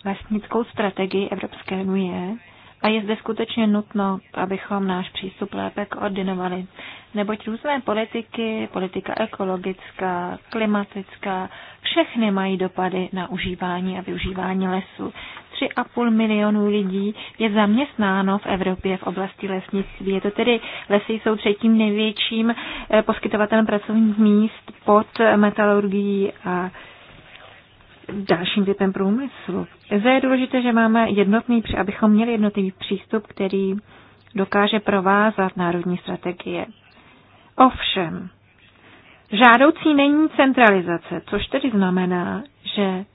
lesnickou strategii Evropské unie, a je zde skutečně nutno, abychom náš přístup lépe koordinovali. Neboť různé politiky, politika ekologická, klimatická, všechny mají dopady na užívání a využívání lesu. 3,5 milionů lidí je zaměstnáno v Evropě v oblasti lesnictví. Je to tedy, lesy jsou třetím největším eh, poskytovatelem pracovních míst pod metalurgií a dalším typem průmyslu. Zde je důležité, že máme jednotný, abychom měli jednotný přístup, který dokáže provázat národní strategie. Ovšem, žádoucí není centralizace, což tedy znamená, že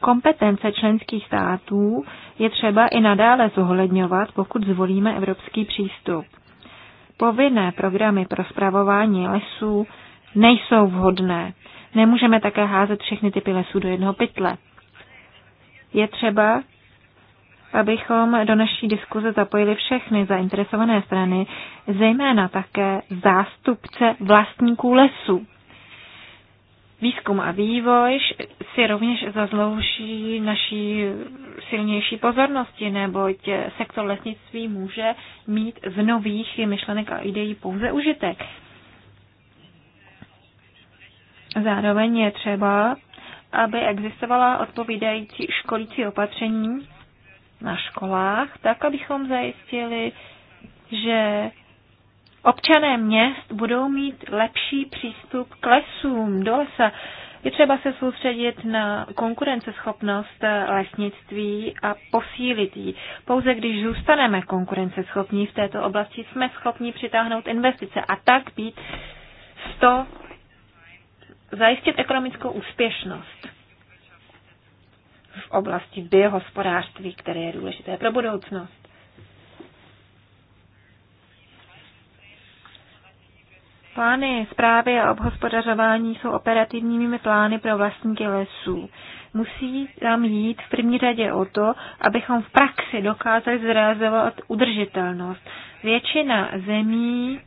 kompetence členských států je třeba i nadále zohledňovat, pokud zvolíme evropský přístup. Povinné programy pro spravování lesů nejsou vhodné. Nemůžeme také házet všechny typy lesů do jednoho pytle. Je třeba, abychom do naší diskuze zapojili všechny zainteresované strany, zejména také zástupce vlastníků lesů. Výzkum a vývoj si rovněž zazlouží naší silnější pozornosti, neboť sektor lesnictví může mít z nových myšlenek a ideí pouze užitek. Zároveň je třeba, aby existovala odpovídající školící opatření na školách, tak abychom zajistili, že občané měst budou mít lepší přístup k lesům, do lesa. Je třeba se soustředit na konkurenceschopnost lesnictví a posílit ji. Pouze když zůstaneme konkurenceschopní v této oblasti, jsme schopni přitáhnout investice a tak být 100 zajistit ekonomickou úspěšnost v oblasti biohospodářství, které je důležité pro budoucnost. Plány zprávy a obhospodařování jsou operativními plány pro vlastníky lesů. Musí tam jít v první řadě o to, abychom v praxi dokázali zrealizovat udržitelnost. Většina zemí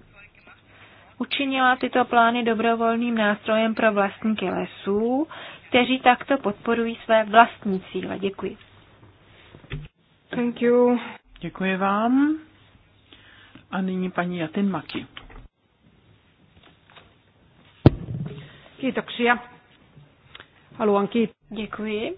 učinila tyto plány dobrovolným nástrojem pro vlastníky lesů, kteří takto podporují své vlastní cíle. Děkuji. Thank you. Děkuji vám. A nyní paní Jatin Maki. Kiitoksia. Haluan kiittää. Děkuji.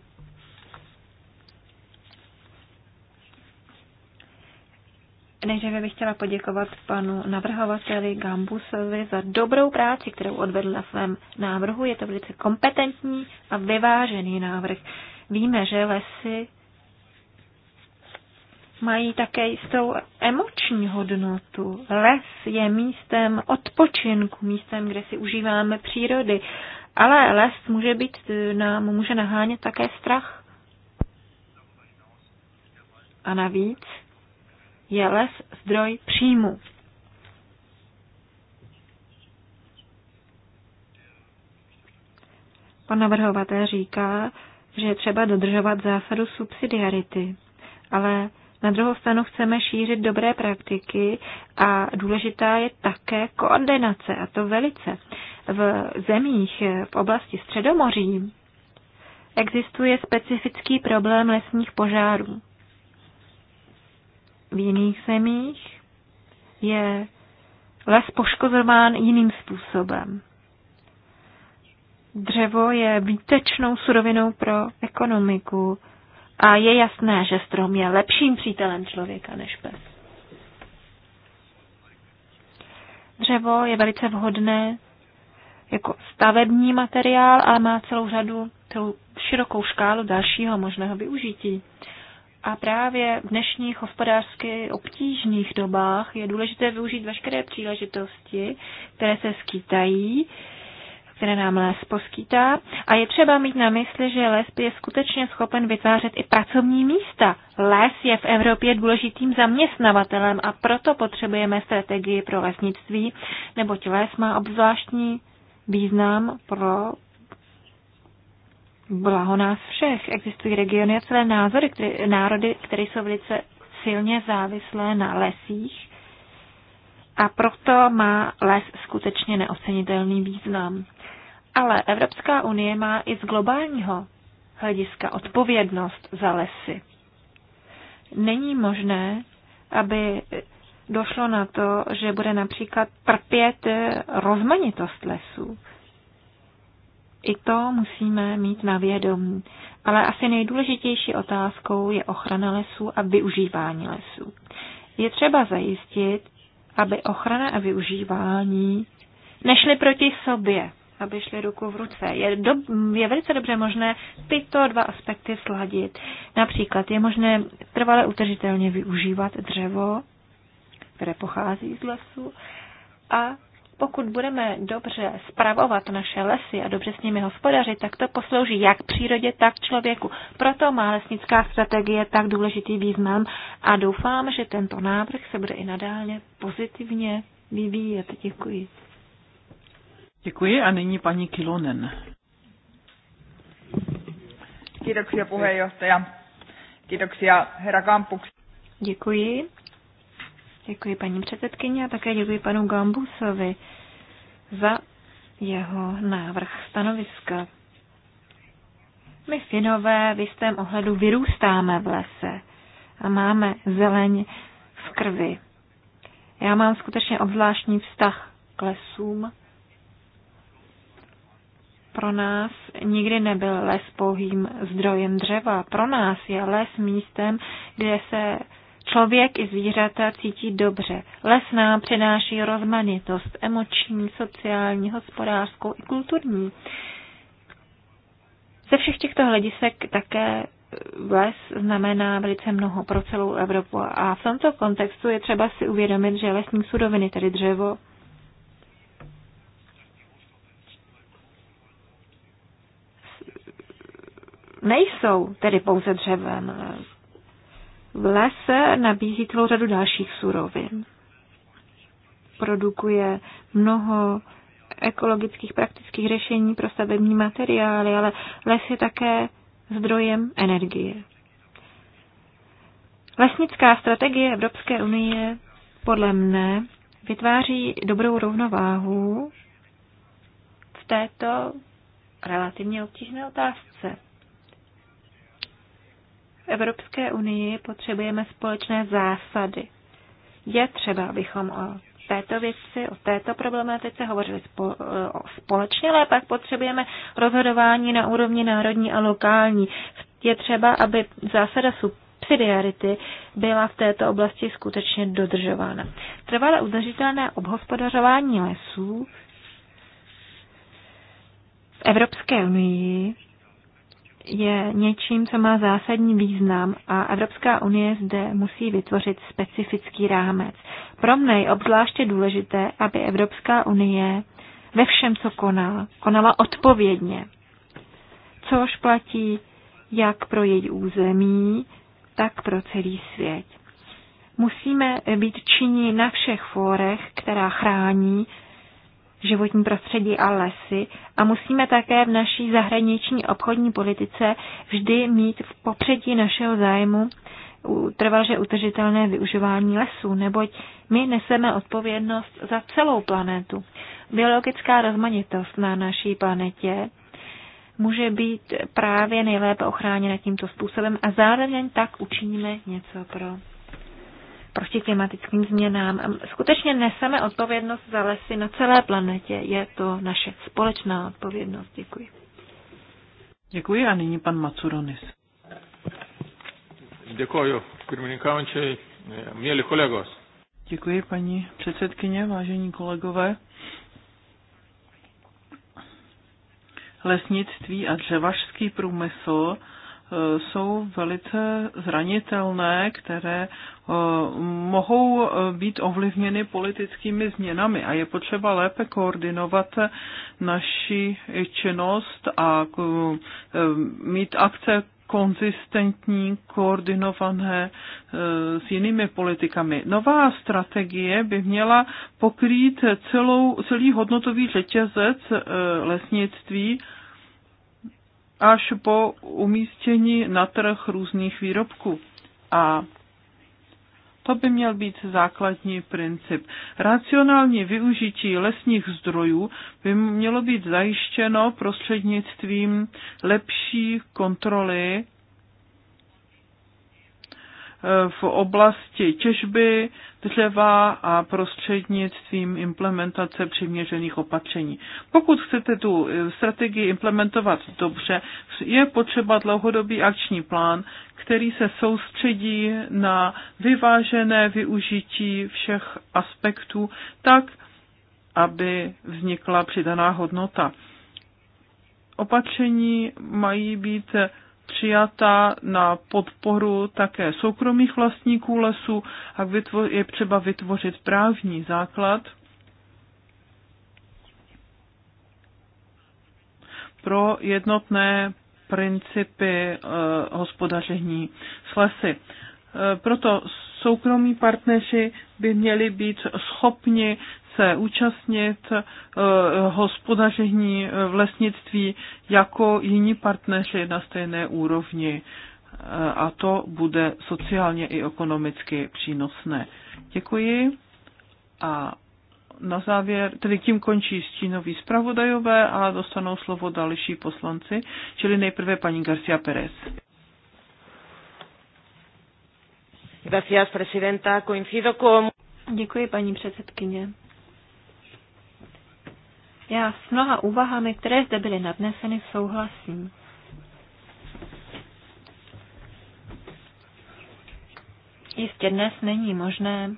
Nejdříve bych chtěla poděkovat panu navrhovateli Gambusovi za dobrou práci, kterou odvedl na svém návrhu. Je to velice kompetentní a vyvážený návrh. Víme, že lesy mají také jistou emoční hodnotu. Les je místem odpočinku, místem, kde si užíváme přírody, ale les může být nám může nahánět také strach. A navíc je les zdroj příjmu. Pan navrhovatel říká, že je třeba dodržovat zásadu subsidiarity, ale na druhou stranu chceme šířit dobré praktiky a důležitá je také koordinace, a to velice. V zemích v oblasti Středomoří existuje specifický problém lesních požárů v jiných zemích je les poškozován jiným způsobem. Dřevo je výtečnou surovinou pro ekonomiku a je jasné, že strom je lepším přítelem člověka než pes. Dřevo je velice vhodné jako stavební materiál, ale má celou řadu, celou širokou škálu dalšího možného využití. A právě v dnešních hospodářsky obtížných dobách je důležité využít veškeré příležitosti, které se skýtají, které nám les poskytá, A je třeba mít na mysli, že les je skutečně schopen vytvářet i pracovní místa. Les je v Evropě důležitým zaměstnavatelem a proto potřebujeme strategii pro lesnictví, neboť les má obzvláštní význam pro blaho nás všech. Existují regiony a celé názory, které, národy, které jsou velice silně závislé na lesích a proto má les skutečně neocenitelný význam. Ale Evropská unie má i z globálního hlediska odpovědnost za lesy. Není možné, aby došlo na to, že bude například trpět rozmanitost lesů. I to musíme mít na vědomí. Ale asi nejdůležitější otázkou je ochrana lesů a využívání lesů. Je třeba zajistit, aby ochrana a využívání nešly proti sobě, aby šly ruku v ruce. Je, do, je velice dobře možné tyto dva aspekty sladit. Například je možné trvale utržitelně využívat dřevo, které pochází z lesu, a pokud budeme dobře spravovat naše lesy a dobře s nimi hospodařit, tak to poslouží jak přírodě, tak člověku. Proto má lesnická strategie tak důležitý význam a doufám, že tento návrh se bude i nadále pozitivně vyvíjet. Děkuji. Děkuji a nyní paní Kilonen. Kiitoksia puheenjohtaja. Kiitoksia herra Kampuks. Děkuji. Děkuji paní předsedkyně a také děkuji panu Gambusovi za jeho návrh stanoviska. My Finové v jistém ohledu vyrůstáme v lese a máme zeleň v krvi. Já mám skutečně obzvláštní vztah k lesům. Pro nás nikdy nebyl les pouhým zdrojem dřeva. Pro nás je les místem, kde se člověk i zvířata cítí dobře. Les nám přináší rozmanitost emoční, sociální, hospodářskou i kulturní. Ze všech těchto hledisek také les znamená velice mnoho pro celou Evropu. A v tomto kontextu je třeba si uvědomit, že lesní suroviny, tedy dřevo, nejsou tedy pouze dřevem. V lese nabízí celou řadu dalších surovin. Produkuje mnoho ekologických praktických řešení pro stavební materiály, ale les je také zdrojem energie. Lesnická strategie Evropské unie podle mne vytváří dobrou rovnováhu v této relativně obtížné otázce. Evropské unii potřebujeme společné zásady. Je třeba, abychom o této věci, o této problematice hovořili společně, ale pak potřebujeme rozhodování na úrovni národní a lokální. Je třeba, aby zásada subsidiarity byla v této oblasti skutečně dodržována. Trvalé udržitelné obhospodařování lesů v Evropské unii je něčím, co má zásadní význam a Evropská unie zde musí vytvořit specifický rámec. Pro mne je obzvláště důležité, aby Evropská unie ve všem, co koná, konala odpovědně, což platí jak pro její území, tak pro celý svět. Musíme být činní na všech fórech, která chrání životní prostředí a lesy a musíme také v naší zahraniční obchodní politice vždy mít v popředí našeho zájmu trvalže utržitelné využívání lesů, neboť my neseme odpovědnost za celou planetu. Biologická rozmanitost na naší planetě může být právě nejlépe ochráněna tímto způsobem a zároveň tak učiníme něco pro proti klimatickým změnám. Skutečně neseme odpovědnost za lesy na celé planetě. Je to naše společná odpovědnost. Děkuji. Děkuji a nyní pan Macuronis. Děkuji, pirmininkaujančiai, měli kolegos. Děkuji, paní předsedkyně, vážení kolegové. Lesnictví a dřevařský průmysl jsou velice zranitelné, které eh, mohou eh, být ovlivněny politickými změnami a je potřeba lépe koordinovat naši činnost a eh, mít akce konzistentní, koordinované s jinými politikami. Nová strategie by měla pokrýt celou, celý hodnotový řetězec lesnictví až po umístění na trh různých výrobků. A to by měl být základní princip. Racionální využití lesních zdrojů by mělo být zajištěno prostřednictvím lepší kontroly v oblasti těžby dřeva a prostřednictvím implementace přiměřených opatření. Pokud chcete tu eh, strategii implementovat dobře, je potřeba dlouhodobý akční plán, který se soustředí na vyvážené využití všech aspektů tak, aby vznikla přidaná hodnota. Opatření mají být přijata na podporu také soukromých vlastníků lesů a je třeba vytvořit právní základ pro jednotné principy eh, hospodaření s lesy. Eh, proto soukromí partneři by měli být schopni se účastnit eh, hospodaření eh, v lesnictví jako jiní partneři na stejné úrovni eh, a to bude sociálně i ekonomicky přínosné. Děkuji a na závěr, tedy tím končí stínový zpravodajové a dostanou slovo další poslanci, čili nejprve paní Garcia Pérez. Gracias, presidenta. Coincido con... Děkuji, paní předsedkyně. Já s mnoha úvahami, které zde byly nadneseny, souhlasím. Jistě dnes není možné,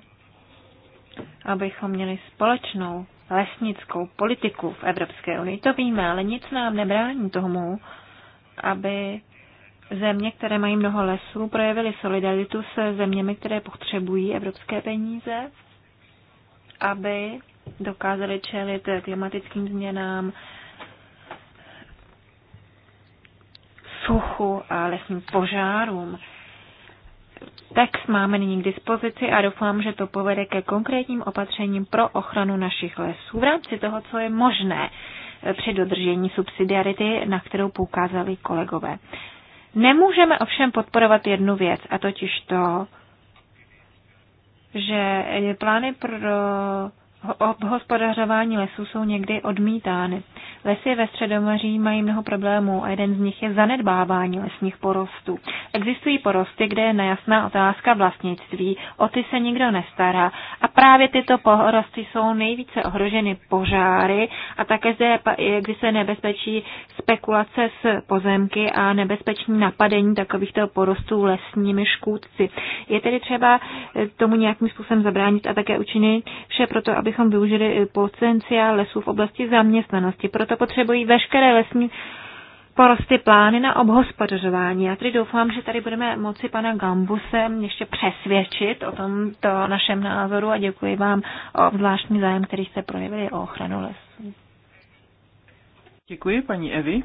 abychom měli společnou lesnickou politiku v Evropské unii. To víme, ale nic nám nebrání tomu, aby země, které mají mnoho lesů, projevily solidaritu se zeměmi, které potřebují evropské peníze, aby dokázali čelit klimatickým změnám, suchu a lesním požárům. Text máme nyní k dispozici a doufám, že to povede ke konkrétním opatřením pro ochranu našich lesů v rámci toho, co je možné při dodržení subsidiarity, na kterou poukázali kolegové. Nemůžeme ovšem podporovat jednu věc, a totiž to, že plány pro obhospodařování lesů jsou někdy odmítány. Lesy ve Středomoří mají mnoho problémů a jeden z nich je zanedbávání lesních porostů. Existují porosty, kde je nejasná otázka vlastnictví, o ty se nikdo nestará a právě tyto porosty jsou nejvíce ohroženy požáry a také zde se nebezpečí spekulace s pozemky a nebezpečný napadení takovýchto porostů lesními škůdci. Je tedy třeba tomu nějakým způsobem zabránit a také učinit vše proto, aby abychom využili i potenciál lesů v oblasti zaměstnanosti. Proto potřebují veškeré lesní porosty plány na obhospodařování. Já tedy doufám, že tady budeme moci pana Gambuse ještě přesvědčit o tomto našem názoru a děkuji vám o zvláštní zájem, který jste projevili o ochranu lesů. Děkuji, paní Evi.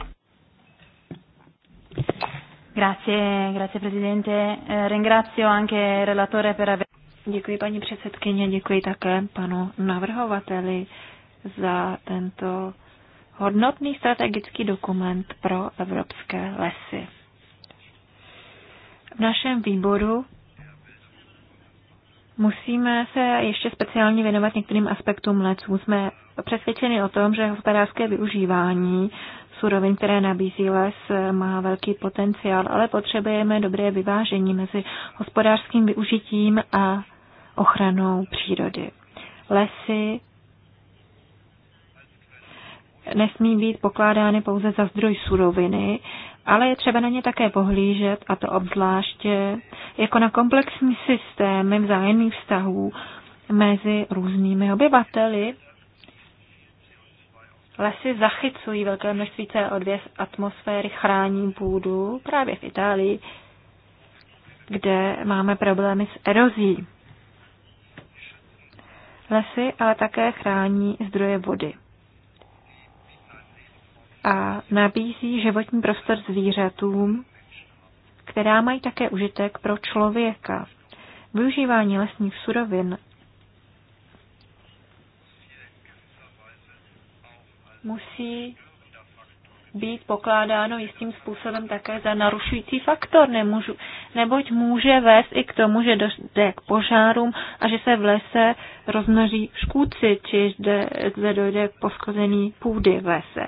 Grazie, grazie Presidente. Eh, ringrazio anche il relatore per aver... Děkuji paní předsedkyně, děkuji také panu navrhovateli za tento hodnotný strategický dokument pro evropské lesy. V našem výboru musíme se ještě speciálně věnovat některým aspektům lesů. Jsme přesvědčeni o tom, že hospodářské využívání surovin, které nabízí les, má velký potenciál, ale potřebujeme dobré vyvážení mezi hospodářským využitím a ochranou přírody. Lesy nesmí být pokládány pouze za zdroj suroviny, ale je třeba na ně také pohlížet, a to obzvláště jako na komplexní systémy vzájemných vztahů mezi různými obyvateli. Lesy zachycují velké množství CO2 z atmosféry, chrání půdu právě v Itálii, kde máme problémy s erozí lesy, ale také chrání zdroje vody a nabízí životní prostor zvířatům, která mají také užitek pro člověka. Využívání lesních surovin musí být pokládáno jistým způsobem také za narušující faktor, nemůžu, neboť může vést i k tomu, že dojde k požárům a že se v lese rozmnoží škůdci, či zde, zde dojde k poskození půdy v lese.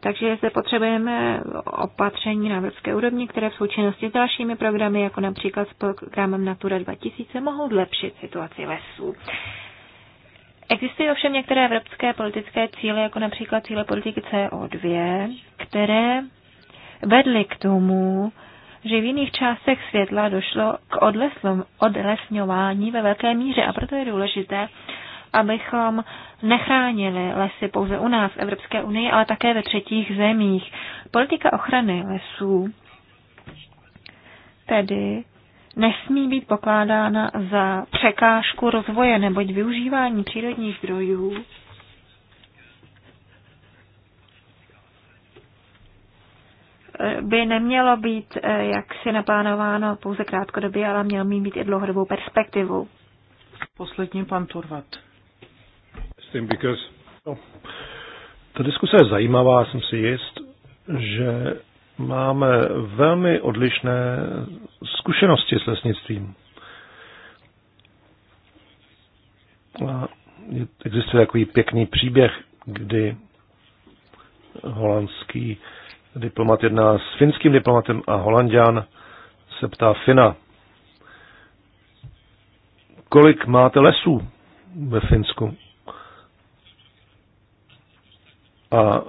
Takže se potřebujeme opatření na evropské úrovni, které v součinnosti s dalšími programy, jako například s programem Natura 2000, mohou zlepšit situaci lesů. Existují ovšem některé evropské politické cíle, jako například cíle politiky CO2, které vedly k tomu, že v jiných částech světla došlo k odlesňování ve velké míře a proto je důležité, abychom nechránili lesy pouze u nás v Evropské unii, ale také ve třetích zemích. Politika ochrany lesů tedy nesmí být pokládána za překážku rozvoje, neboť využívání přírodních zdrojů by nemělo být eh, jaksi naplánováno pouze krátkodobě, ale mělo mít být i dlouhodobou perspektivu. Poslední pan Turvat. No, ta diskuse je zajímavá, jsem si jist, že máme velmi odlišné zkušenosti s lesnictvím. A existuje takový pěkný příběh, kdy holandský diplomat jedná s finským diplomatem a holandian se ptá Fina, kolik máte lesů ve Finsku? A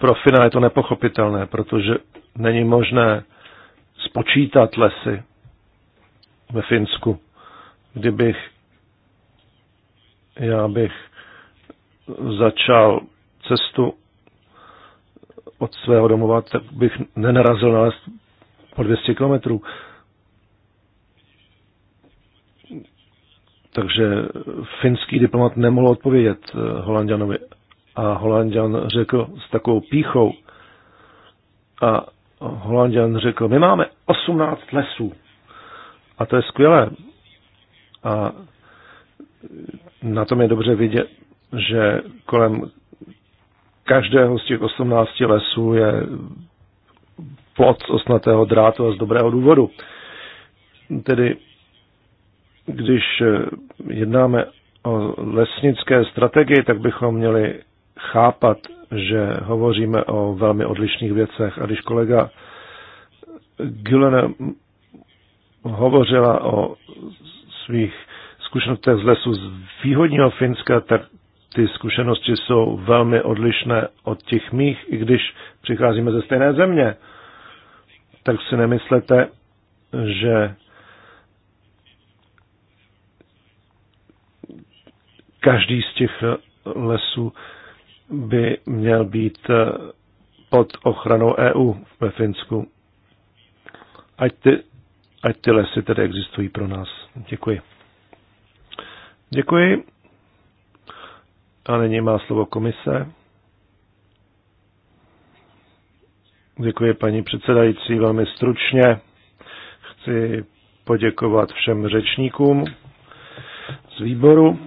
pro Fina je to nepochopitelné, protože není možné spočítat lesy ve Finsku. Kdybych já bych začal cestu od svého domova, tak bych nenarazil na les po 200 kilometrů. Takže finský diplomat nemohl odpovědět eh, Holandianovi. A Holandian řekl s takovou píchou, a Holandian řekl, my máme 18 lesů. A to je skvělé. A na tom je dobře vidět, že kolem každého z těch 18 lesů je plot z osnatého drátu a z dobrého důvodu. Tedy, když jednáme o lesnické strategii, tak bychom měli chápat, že hovoříme o velmi odlišných věcech. A když kolega Gülene hovořila o svých zkušenostech z lesu z východního Finska, tak ty zkušenosti jsou velmi odlišné od těch mých, i když přicházíme ze stejné země. Tak si nemyslete, že každý z těch lesů by měl být eh, pod ochranou EU ve Finsku. Ať ty, ať ty lesy tedy existují pro nás. Děkuji. Děkuji. A nyní má slovo komise. Děkuji paní předsedající velmi stručně. Chci poděkovat všem řečníkům z výboru.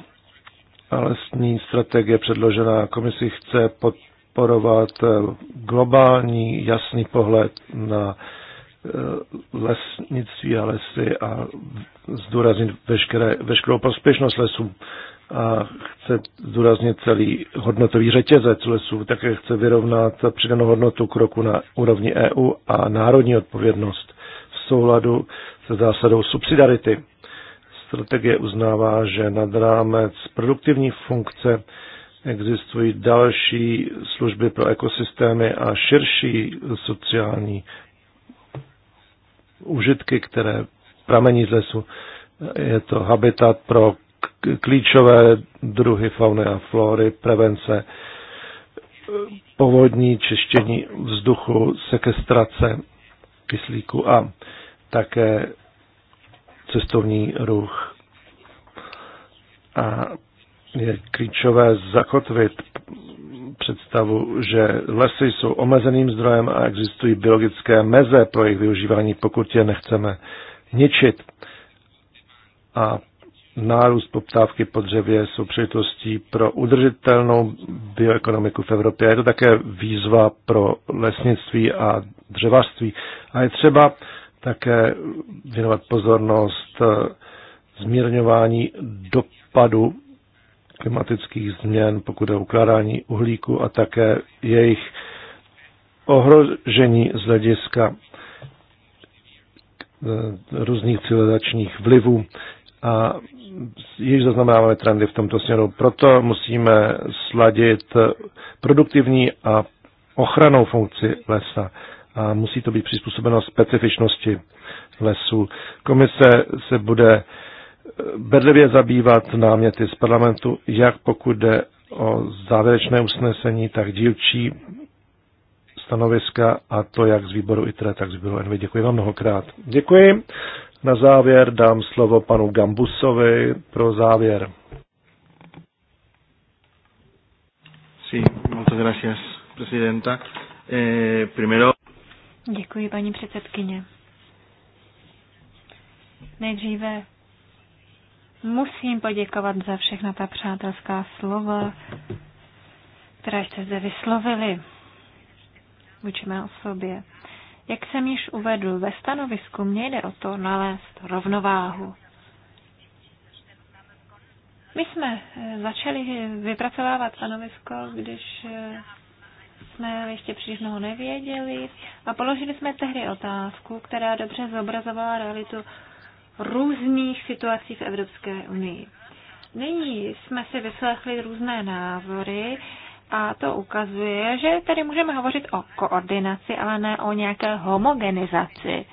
Lesní strategie předložená komisi chce podporovat eh, globální jasný pohled na eh, lesnictví a lesy a zdůraznit veškeré, veškerou prospěšnost lesů a chce zdůraznit celý hodnotový řetězec lesů, také chce vyrovnat přidanou hodnotu kroku na úrovni EU a národní odpovědnost v souladu se zásadou subsidiarity strategie uznává, že nad rámec produktivní funkce existují další služby pro ekosystémy a širší sociální užitky, které pramení z lesu. Je to habitat pro klíčové druhy fauny a flory, prevence, povodní, čištění vzduchu, sekestrace kyslíku a také cestovní ruch. A je klíčové zakotvit představu, že lesy jsou omezeným zdrojem a existují biologické meze pro jejich využívání, pokud je nechceme ničit. A nárůst poptávky po dřevě jsou přejitostí pro udržitelnou bioekonomiku v Evropě. Je to také výzva pro lesnictví a dřevařství. A je třeba také věnovat pozornost eh, zmírňování dopadu klimatických změn, pokud je ukládání uhlíku a také jejich ohrožení z hlediska eh, různých civilizačních vlivů a již zaznamenáváme trendy v tomto směru. Proto musíme sladit produktivní a ochranou funkci lesa a musí to být přizpůsobeno specifičnosti lesů. Komise se bude eh, bedlivě zabývat náměty z parlamentu, jak pokud jde o závěrečné usnesení, tak dílčí stanoviska a to jak z výboru ITRE, tak z výboru ENVY. Děkuji vám mnohokrát. Děkuji. Na závěr dám slovo panu Gambusovi pro závěr. Sí, muchas gracias, presidenta. Eh, primero... Děkuji, paní předsedkyně. Nejdříve musím poděkovat za všechna ta přátelská slova, která jste zde vyslovili vůči mé osobě. Jak jsem již uvedl ve stanovisku, mně jde o to nalézt rovnováhu. My jsme eh, začali eh, vypracovávat stanovisko, když eh, jsme ještě příliš mnoho nevěděli a položili jsme tehdy otázku, která dobře zobrazovala realitu různých situací v Evropské unii. Nyní jsme si vyslechli různé názory a to ukazuje, že tady můžeme hovořit o koordinaci, ale ne o nějaké homogenizaci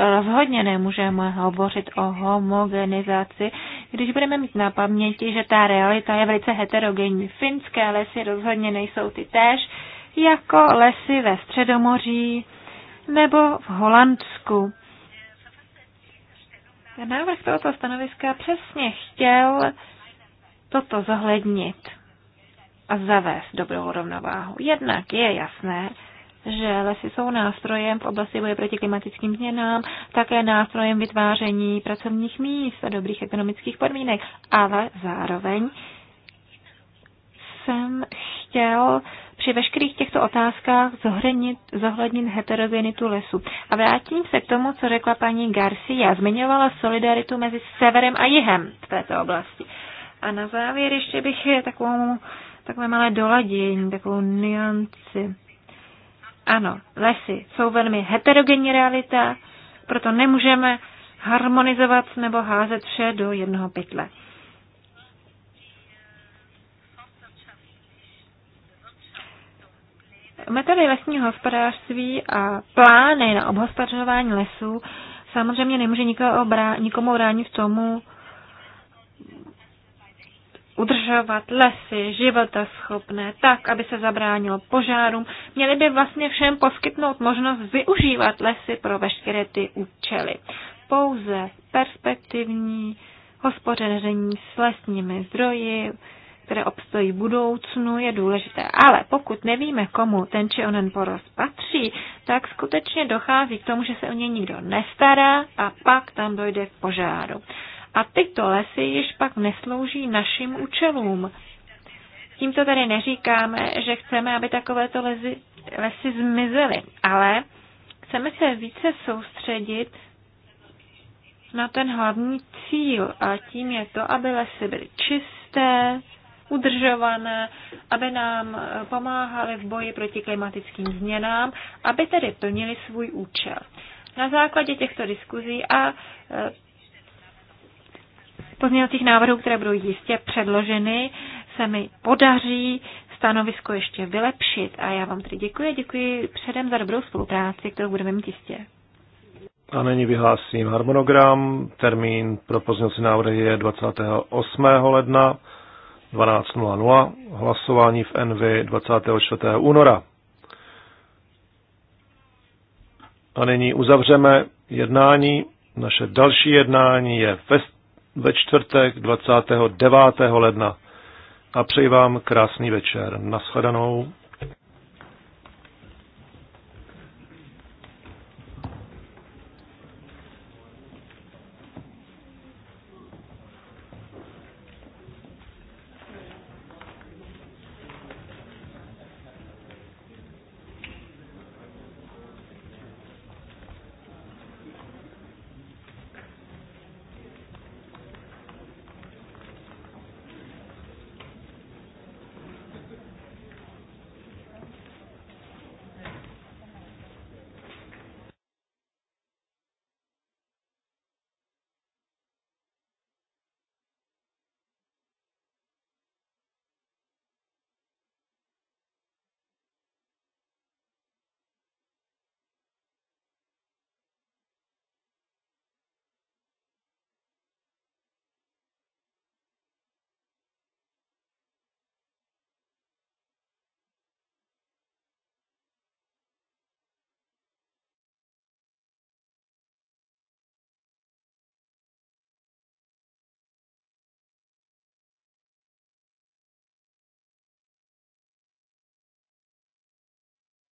rozhodně nemůžeme hovořit o homogenizaci, když budeme mít na paměti, že ta realita je velice heterogenní. Finské lesy rozhodně nejsou ty též, jako lesy ve Středomoří nebo v Holandsku. Návrh tohoto stanoviska přesně chtěl toto zohlednit a zavést dobrou rovnováhu. Jednak je jasné, že lesy jsou nástrojem v oblasti boje proti klimatickým změnám, také nástrojem vytváření pracovních míst a dobrých ekonomických podmínek, ale zároveň jsem chtěl při veškerých těchto otázkách zohlednit, zohlednit heterogenitu lesu. A vrátím se k tomu, co řekla paní Garcia. Zmiňovala solidaritu mezi severem a jihem v této oblasti. A na závěr ještě bych takovou, takové malé doladění, takovou nianci. Ano, lesy jsou velmi heterogenní realita, proto nemůžeme harmonizovat nebo házet vše do jednoho pytle. Metody lesního hospodářství a plány na obhospodařování lesů samozřejmě nemůže nikomu bránit tomu, udržovat lesy životaschopné tak, aby se zabránilo požárům, měli by vlastně všem poskytnout možnost využívat lesy pro veškeré ty účely. Pouze perspektivní hospodaření s lesními zdroji, které obstojí v budoucnu, je důležité. Ale pokud nevíme, komu ten či onen porost patří, tak skutečně dochází k tomu, že se o něj nikdo nestará a pak tam dojde k požáru. A tyto lesy již pak neslouží našim účelům. Tímto tady neříkáme, že chceme, aby takovéto lesy, lesy zmizely, ale chceme se více soustředit na ten hlavní cíl a tím je to, aby lesy byly čisté, udržované, aby nám pomáhaly v boji proti klimatickým změnám, aby tedy plnili svůj účel. Na základě těchto diskuzí a e, pozměňovacích návrhů, které budou jistě předloženy, se mi podaří stanovisko ještě vylepšit. A já vám tedy děkuji děkuji předem za dobrou spolupráci, kterou budeme mít jistě. A nyní vyhlásím harmonogram. Termín pro pozměňovací návrhy je 28. ledna 12.00. Hlasování v NV 24. února. A nyní uzavřeme jednání. Naše další jednání je fest ve čtvrtek 29. ledna. A přeji vám krásný večer. Naschledanou.